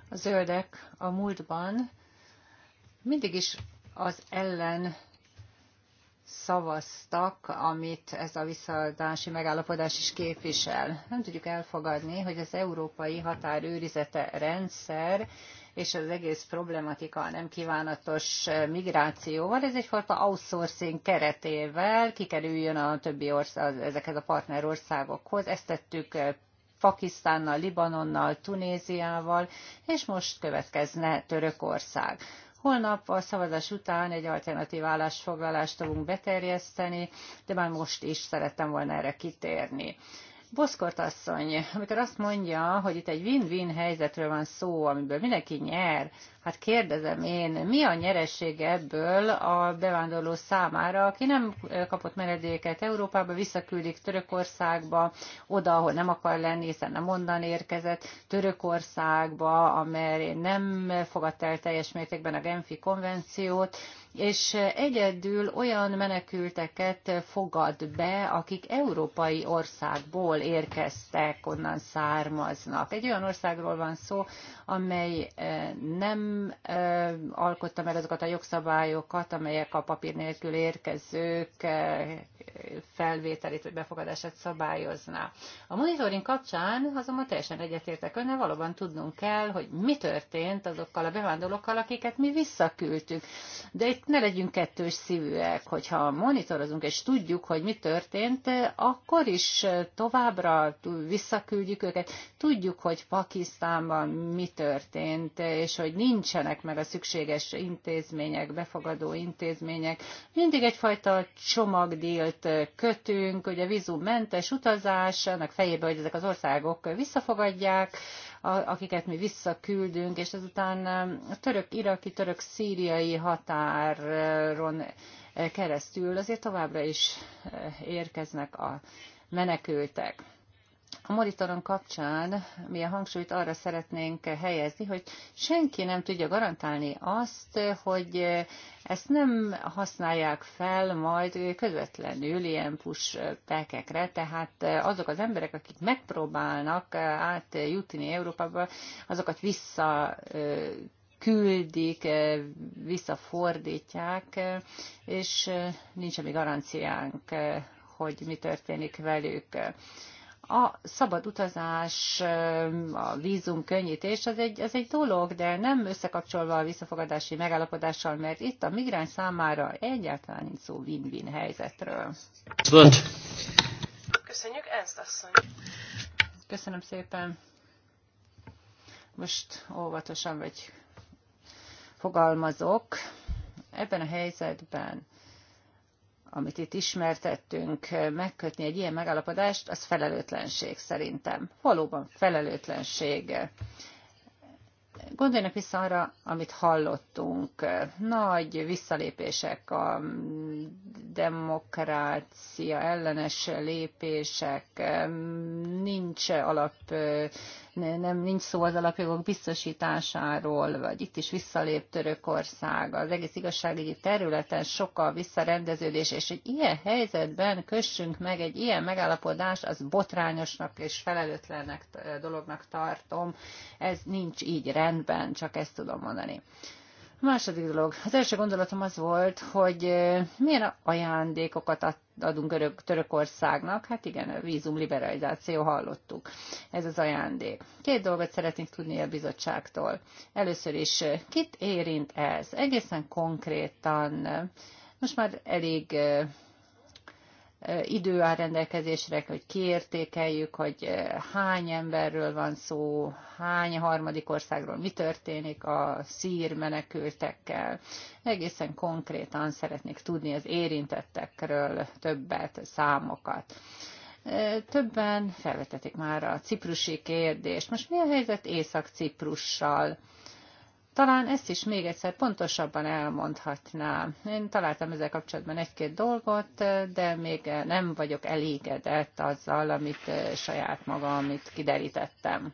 A zöldek a múltban mindig is az ellen szavaztak, amit ez a visszaadási megállapodás is képvisel. Nem tudjuk elfogadni, hogy az európai határőrizete rendszer és az egész problematika a nem kívánatos migrációval, ez egyfajta outsourcing keretével kikerüljön a többi ország, ezekhez a partnerországokhoz. Ezt tettük Pakisztánnal, Libanonnal, Tunéziával, és most következne Törökország. Holnap a szavazás után egy alternatív állásfoglalást fogunk beterjeszteni, de már most is szerettem volna erre kitérni. Boszkort asszony, amikor azt mondja, hogy itt egy win-win helyzetről van szó, amiből mindenki nyer, hát kérdezem én, mi a nyeresség ebből a bevándorló számára, aki nem kapott menedéket Európába, visszaküldik Törökországba, oda, ahol nem akar lenni, hiszen nem onnan érkezett, Törökországba, amely nem fogadta el teljes mértékben a Genfi konvenciót, és egyedül olyan menekülteket fogad be, akik európai országból érkeztek, onnan származnak. Egy olyan országról van szó, amely eh, nem eh, alkotta meg azokat a jogszabályokat, amelyek a papír nélkül érkezők eh, felvételét vagy befogadását szabályozná. A monitoring kapcsán azonban teljesen egyetértek önnel, valóban tudnunk kell, hogy mi történt azokkal a bevándorlókkal, akiket mi visszaküldtünk. De itt ne legyünk kettős szívűek, hogyha monitorozunk és tudjuk, hogy mi történt, akkor is továbbra visszaküldjük őket. Tudjuk, hogy Pakisztánban mi történt, és hogy nincsenek meg a szükséges intézmények, befogadó intézmények. Mindig egyfajta csomagdílt kötünk, ugye vízummentes utazás, annak fejében, hogy ezek az országok visszafogadják, akiket mi visszaküldünk, és azután um, a török-iraki, török-szíriai határon uh, keresztül azért továbbra is uh, érkeznek a menekültek a monitoron kapcsán mi a hangsúlyt arra szeretnénk helyezni, hogy senki nem tudja garantálni azt, hogy ezt nem használják fel majd közvetlenül ilyen pekekre, tehát azok az emberek, akik megpróbálnak átjutni Európába, azokat vissza küldik, visszafordítják, és nincs semmi garanciánk, hogy mi történik velük a szabad utazás, a vízum könnyítés, az egy, az egy dolog, de nem összekapcsolva a visszafogadási megállapodással, mert itt a migráns számára egyáltalán nincs szó win-win helyzetről. Köszönjük, Ernst asszony! Köszönöm szépen! Most óvatosan vagy fogalmazok. Ebben a helyzetben amit itt ismertettünk, megkötni egy ilyen megállapodást, az felelőtlenség szerintem. Valóban felelőtlenség. Gondoljanak vissza arra, amit hallottunk. Nagy visszalépések, a demokrácia ellenes lépések, nincs alap nem nincs szó az alapjogok biztosításáról, vagy itt is visszalép Törökország, az egész igazságügyi területen sokkal visszarendeződés, és egy ilyen helyzetben kössünk meg egy ilyen megállapodást, az botrányosnak és felelőtlennek dolognak tartom. Ez nincs így rendben, csak ezt tudom mondani. A második dolog. Az első gondolatom az volt, hogy milyen ajándékokat ad adunk örök, Törökországnak. Hát igen, a vízum liberalizáció hallottuk. Ez az ajándék. Két dolgot szeretnénk tudni a bizottságtól. Először is, kit érint ez? Egészen konkrétan most már elég idő áll rendelkezésre, hogy kiértékeljük, hogy hány emberről van szó, hány harmadik országról, mi történik a szír menekültekkel. Egészen konkrétan szeretnék tudni az érintettekről többet, számokat. Többen felvetetik már a ciprusi kérdést. Most mi a helyzet Észak-Ciprussal? Talán ezt is még egyszer pontosabban elmondhatnám. Én találtam ezzel kapcsolatban egy-két dolgot, de még nem vagyok elégedett azzal, amit eh, saját magam, amit kiderítettem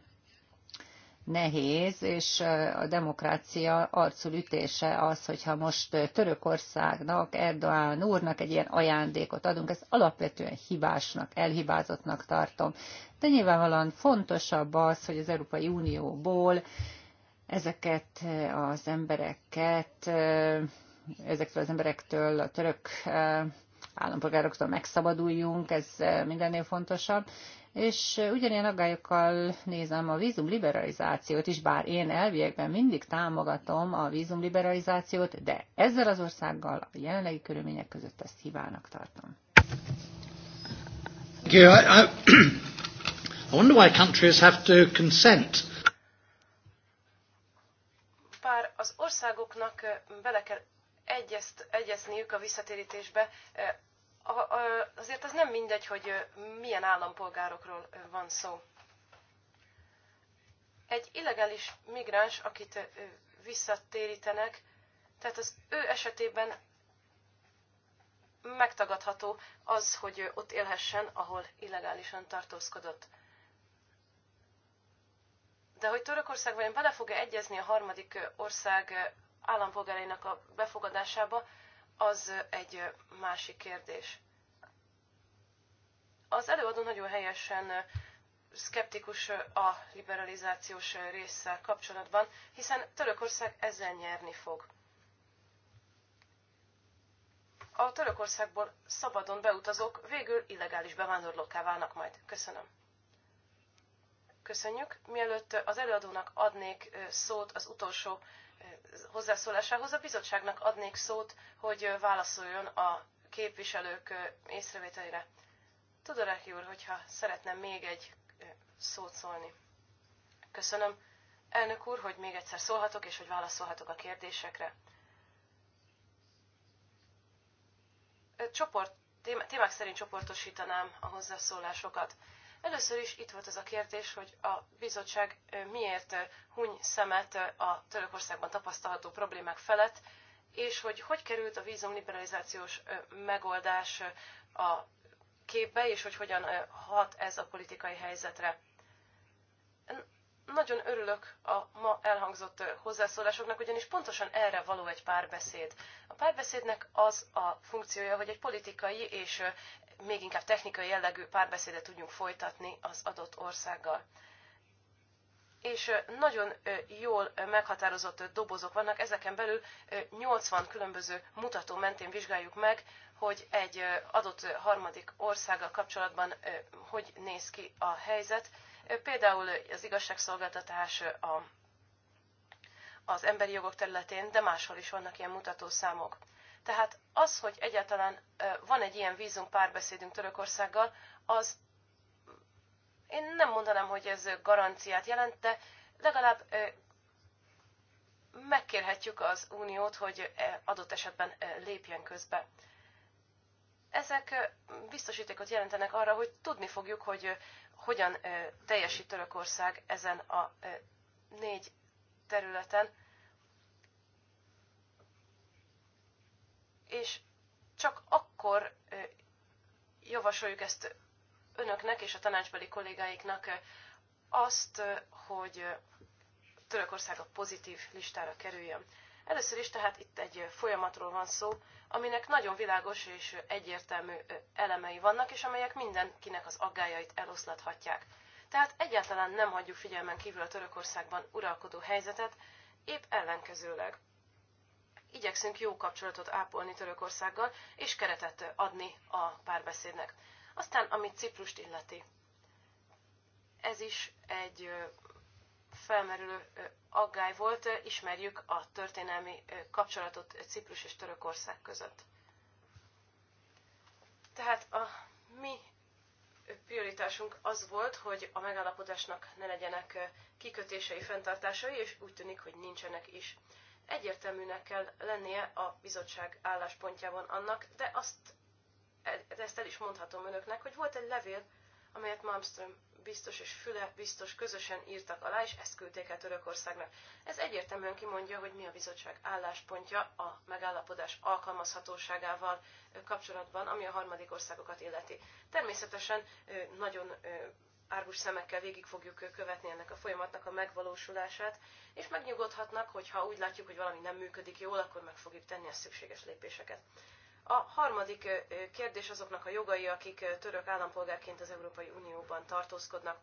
nehéz, és eh, a demokrácia ütése az, hogyha most eh, Törökországnak, Erdoğan úrnak egy ilyen ajándékot adunk, ezt alapvetően hibásnak, elhibázottnak tartom. De nyilvánvalóan fontosabb az, hogy az Európai Unióból Ezeket eh, az embereket, eh, ezektől az emberektől, a török eh, állampolgároktól megszabaduljunk, ez mindennél fontosabb. És ugyanilyen aggályokkal nézem a vízumliberalizációt. is, bár én elviekben mindig támogatom a vízumliberalizációt, de ezzel az országgal a jelenlegi körülmények között ezt hibának tartom. Yeah, I, (coughs) I wonder why countries have to consent az országoknak bele kell egyezt, egyezniük a visszatérítésbe. Azért az nem mindegy, hogy milyen állampolgárokról van szó. Egy illegális migráns, akit visszatérítenek, tehát az ő esetében megtagadható az, hogy ott élhessen, ahol illegálisan tartózkodott. De hogy Törökország vajon bele fog-e egyezni a harmadik ország állampolgárainak a befogadásába, az egy másik kérdés. Az előadó nagyon helyesen szkeptikus a liberalizációs résszel kapcsolatban, hiszen Törökország ezzel nyerni fog. A Törökországból szabadon beutazók végül illegális bevándorlókká válnak majd. Köszönöm. Köszönjük. Mielőtt az előadónak adnék szót az utolsó hozzászólásához, a bizottságnak adnék szót, hogy válaszoljon a képviselők észrevételére. Tudoráki úr, hogyha szeretne még egy szót szólni. Köszönöm. Elnök úr, hogy még egyszer szólhatok, és hogy válaszolhatok a kérdésekre. Csoport, témák szerint csoportosítanám a hozzászólásokat. Először is itt volt az a kérdés, hogy a bizottság miért huny szemet a Törökországban tapasztalható problémák felett, és hogy hogy került a vízumliberalizációs megoldás a képbe, és hogy hogyan hat ez a politikai helyzetre. Nagyon örülök a ma elhangzott hozzászólásoknak, ugyanis pontosan erre való egy párbeszéd. A párbeszédnek az a funkciója, hogy egy politikai és még inkább technikai jellegű párbeszédet tudjunk folytatni az adott országgal és nagyon jól meghatározott dobozok vannak, ezeken belül 80 különböző mutató mentén vizsgáljuk meg, hogy egy adott harmadik országgal kapcsolatban hogy néz ki a helyzet, például az igazságszolgáltatás a, az emberi jogok területén, de máshol is vannak ilyen mutatószámok. Tehát az, hogy egyáltalán van egy ilyen vízum párbeszédünk Törökországgal, az én nem mondanám, hogy ez garanciát jelent, de legalább megkérhetjük az uniót, hogy adott esetben lépjen közbe. Ezek biztosítékot jelentenek arra, hogy tudni fogjuk, hogy hogyan teljesít Törökország ezen a négy területen. És csak akkor javasoljuk ezt önöknek és a tanácsbeli kollégáiknak azt, hogy Törökország a pozitív listára kerüljön. Először is tehát itt egy folyamatról van szó, aminek nagyon világos és egyértelmű elemei vannak, és amelyek mindenkinek az aggájait eloszlathatják. Tehát egyáltalán nem hagyjuk figyelmen kívül a Törökországban uralkodó helyzetet, épp ellenkezőleg. Igyekszünk jó kapcsolatot ápolni Törökországgal, és keretet adni a párbeszédnek. Aztán, amit Ciprust illeti. Ez is egy felmerülő aggály volt, ismerjük a történelmi kapcsolatot Ciprus és Törökország között. Tehát a mi prioritásunk az volt, hogy a megállapodásnak ne legyenek kikötései, fenntartásai, és úgy tűnik, hogy nincsenek is. Egyértelműnek kell lennie a bizottság álláspontjában annak, de azt, e, de ezt el is mondhatom önöknek, hogy volt egy levél, amelyet Malmström biztos és Füle biztos közösen írtak alá, és ezt küldték el Törökországnak. Ez egyértelműen kimondja, hogy mi a bizottság álláspontja a megállapodás alkalmazhatóságával kapcsolatban, ami a harmadik országokat illeti. Természetesen nagyon árgus szemekkel végig fogjuk követni ennek a folyamatnak a megvalósulását, és megnyugodhatnak, hogy ha úgy látjuk, hogy valami nem működik jól, akkor meg fogjuk tenni a szükséges lépéseket. A harmadik kérdés azoknak a jogai, akik török állampolgárként az Európai Unióban tartózkodnak.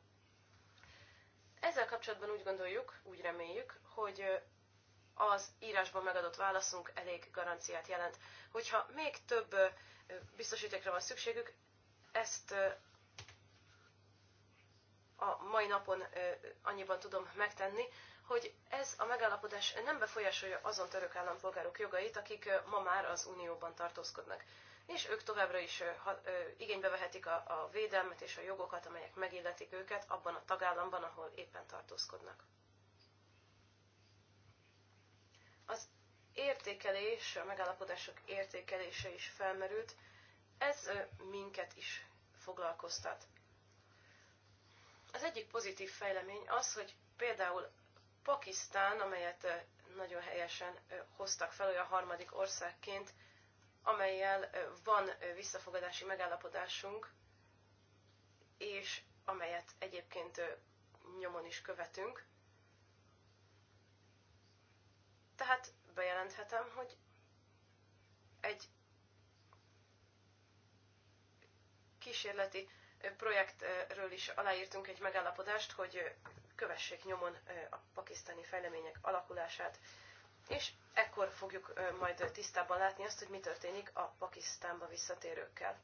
Ezzel kapcsolatban úgy gondoljuk, úgy reméljük, hogy az írásban megadott válaszunk elég garanciát jelent. Hogyha még több biztosítékra van szükségük, ezt a mai napon annyiban tudom megtenni, hogy ez a megállapodás nem befolyásolja azon török állampolgárok jogait, akik ma már az Unióban tartózkodnak. És ők továbbra is ha, ö, igénybe vehetik a, a védelmet és a jogokat, amelyek megilletik őket abban a tagállamban, ahol éppen tartózkodnak. Az értékelés, a megállapodások értékelése is felmerült. Ez ö, minket is foglalkoztat. Az egyik pozitív fejlemény az, hogy például Pakisztán, amelyet nagyon helyesen hoztak fel olyan harmadik országként, amelyel van visszafogadási megállapodásunk, és amelyet egyébként nyomon is követünk. Tehát bejelenthetem, hogy egy kísérleti projektről is aláírtunk egy megállapodást, hogy kövessék nyomon a pakisztáni fejlemények alakulását, és ekkor fogjuk majd tisztában látni azt, hogy mi történik a Pakisztánba visszatérőkkel.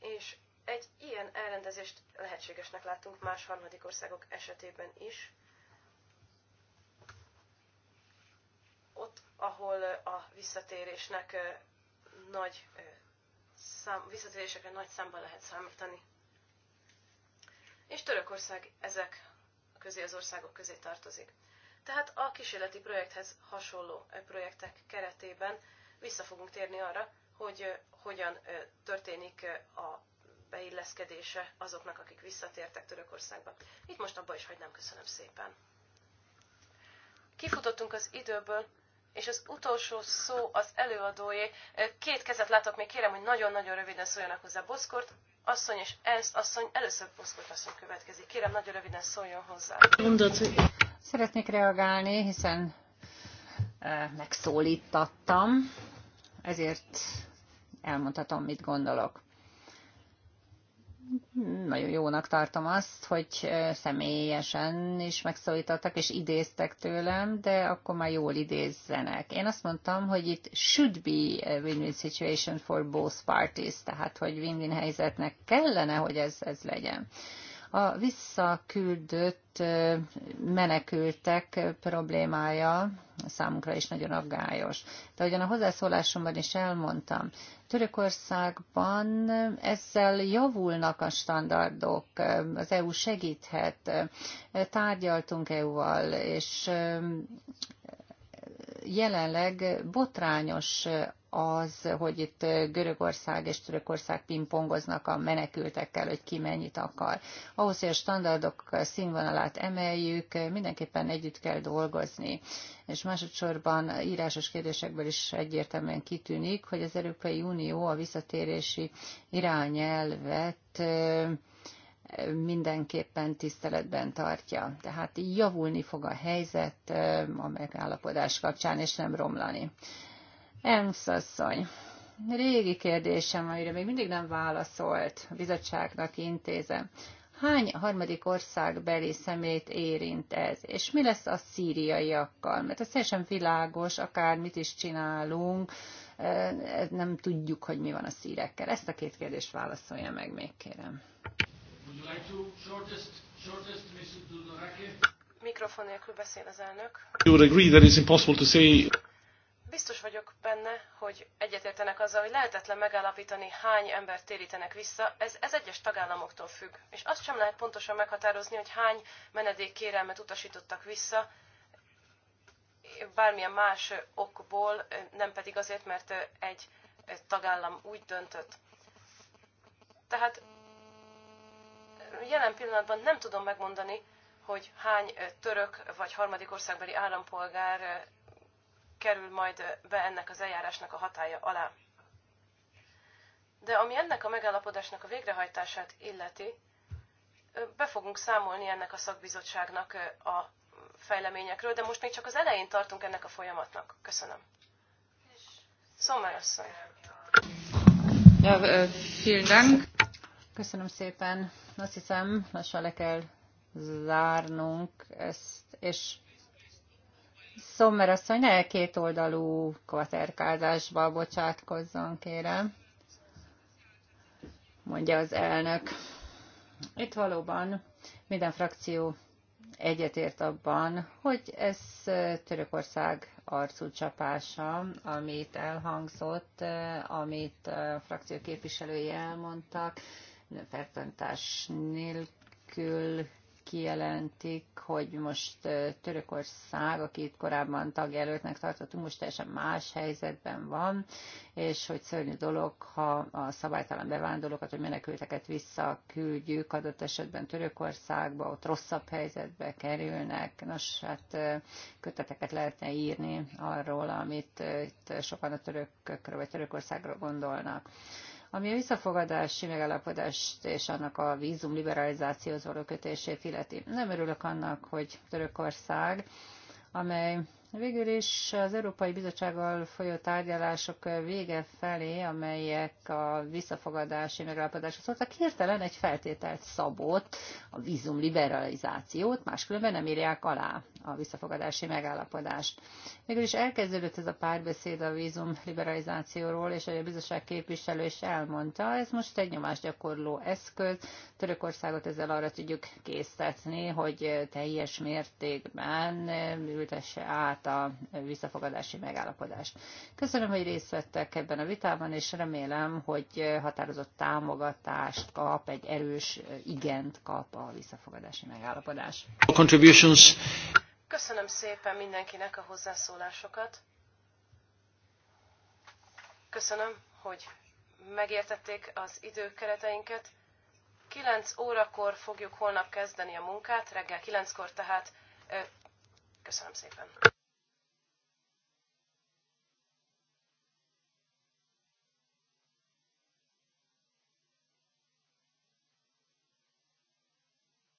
És egy ilyen elrendezést lehetségesnek látunk más harmadik országok esetében is. Ott, ahol a visszatérésnek nagy szám, visszatérésekre nagy számban lehet számítani. És Törökország ezek közé, az országok közé tartozik. Tehát a kísérleti projekthez hasonló projektek keretében vissza fogunk térni arra, hogy hogyan történik a beilleszkedése azoknak, akik visszatértek Törökországba. Itt most abba is hagynám, köszönöm szépen. Kifutottunk az időből, és az utolsó szó az előadóé. Két kezet látok, még kérem, hogy nagyon-nagyon röviden szóljanak hozzá Boszkort asszony és Ernst asszony, először Poszkot asszony következik. Kérem, nagyon röviden szóljon hozzá. Szeretnék reagálni, hiszen eh, megszólítattam, ezért elmondhatom, mit gondolok nagyon jónak tartom azt, hogy személyesen is megszólítottak, és idéztek tőlem, de akkor már jól idézzenek. Én azt mondtam, hogy itt should be a win-win situation for both parties, tehát hogy win-win helyzetnek kellene, hogy ez, ez legyen. A visszaküldött menekültek problémája számunkra is nagyon aggályos. De ugyan a hozzászólásomban is elmondtam, Törökországban ezzel javulnak a standardok, az EU segíthet. Tárgyaltunk EU-val, és jelenleg botrányos az, hogy itt Görögország és Törökország pingpongoznak a menekültekkel, hogy ki mennyit akar. Ahhoz, hogy a standardok színvonalát emeljük, mindenképpen együtt kell dolgozni. És másodszorban írásos kérdésekből is egyértelműen kitűnik, hogy az Európai Unió a visszatérési irányelvet mindenképpen tiszteletben tartja. Tehát javulni fog a helyzet a megállapodás kapcsán, és nem romlani. Ensz asszony, régi kérdésem, amire még mindig nem válaszolt, a bizottságnak intézem. Hány harmadik ország beli szemét érint ez, és mi lesz a szíriaiakkal? Mert ez teljesen világos, akármit is csinálunk, nem tudjuk, hogy mi van a szírekkel. Ezt a két kérdést válaszolja meg még, kérem. Mikrofon nélkül beszél az elnök. You would agree that it's impossible to say biztos vagyok benne, hogy egyetértenek azzal, hogy lehetetlen megállapítani, hány embert térítenek vissza, ez, ez egyes tagállamoktól függ. És azt sem lehet pontosan meghatározni, hogy hány menedék kérelmet utasítottak vissza, bármilyen más okból, nem pedig azért, mert egy tagállam úgy döntött. Tehát jelen pillanatban nem tudom megmondani, hogy hány török vagy harmadik országbeli állampolgár kerül majd be ennek az eljárásnak a hatája alá. De ami ennek a megállapodásnak a végrehajtását illeti, be fogunk számolni ennek a szakbizottságnak a fejleményekről, de most még csak az elején tartunk ennek a folyamatnak. Köszönöm. Szomer asszony. Ja, vielen Dank. Köszönöm szépen. Azt hiszem, lassan le kell zárnunk ezt, és Szommer asszony, ne két oldalú kvaterkázásba bocsátkozzon, kérem, mondja az elnök. Itt valóban minden frakció egyetért abban, hogy ez Törökország arcú csapása, amit elhangzott, amit a frakció képviselői elmondtak, fertőntás nélkül kijelentik, hogy most Törökország, akit korábban tagjelöltnek tartottunk, most teljesen más helyzetben van, és hogy szörnyű dolog, ha a szabálytalan bevándorlókat, hogy menekülteket visszaküldjük adott esetben Törökországba, ott rosszabb helyzetbe kerülnek. Nos, hát köteteket lehetne írni arról, amit itt sokan a törökökről vagy Törökországról gondolnak. Ami a visszafogadási megállapodást és annak a vízum liberalizációhoz való kötését illeti. Nem örülök annak, hogy Törökország, amely Végül is az Európai Bizottsággal folyó tárgyalások vége felé, amelyek a visszafogadási megállapodásra szóltak, hirtelen egy feltételt szabott, a vízum liberalizációt, máskülönben nem írják alá a visszafogadási megállapodást. Végül is elkezdődött ez a párbeszéd a vízum liberalizációról, és a bizottság képviselő is elmondta, ez most egy nyomásgyakorló eszköz, Törökországot ezzel arra tudjuk késztetni, hogy teljes mértékben ültesse át magát a visszafogadási megállapodást. Köszönöm, hogy részt vettek ebben a vitában, és remélem, hogy határozott támogatást kap, egy erős igent kap a visszafogadási megállapodás. Contributions. Köszönöm szépen mindenkinek a hozzászólásokat. Köszönöm, hogy megértették az időkereteinket. 9 órakor fogjuk holnap kezdeni a munkát, reggel 9-kor tehát. Köszönöm szépen!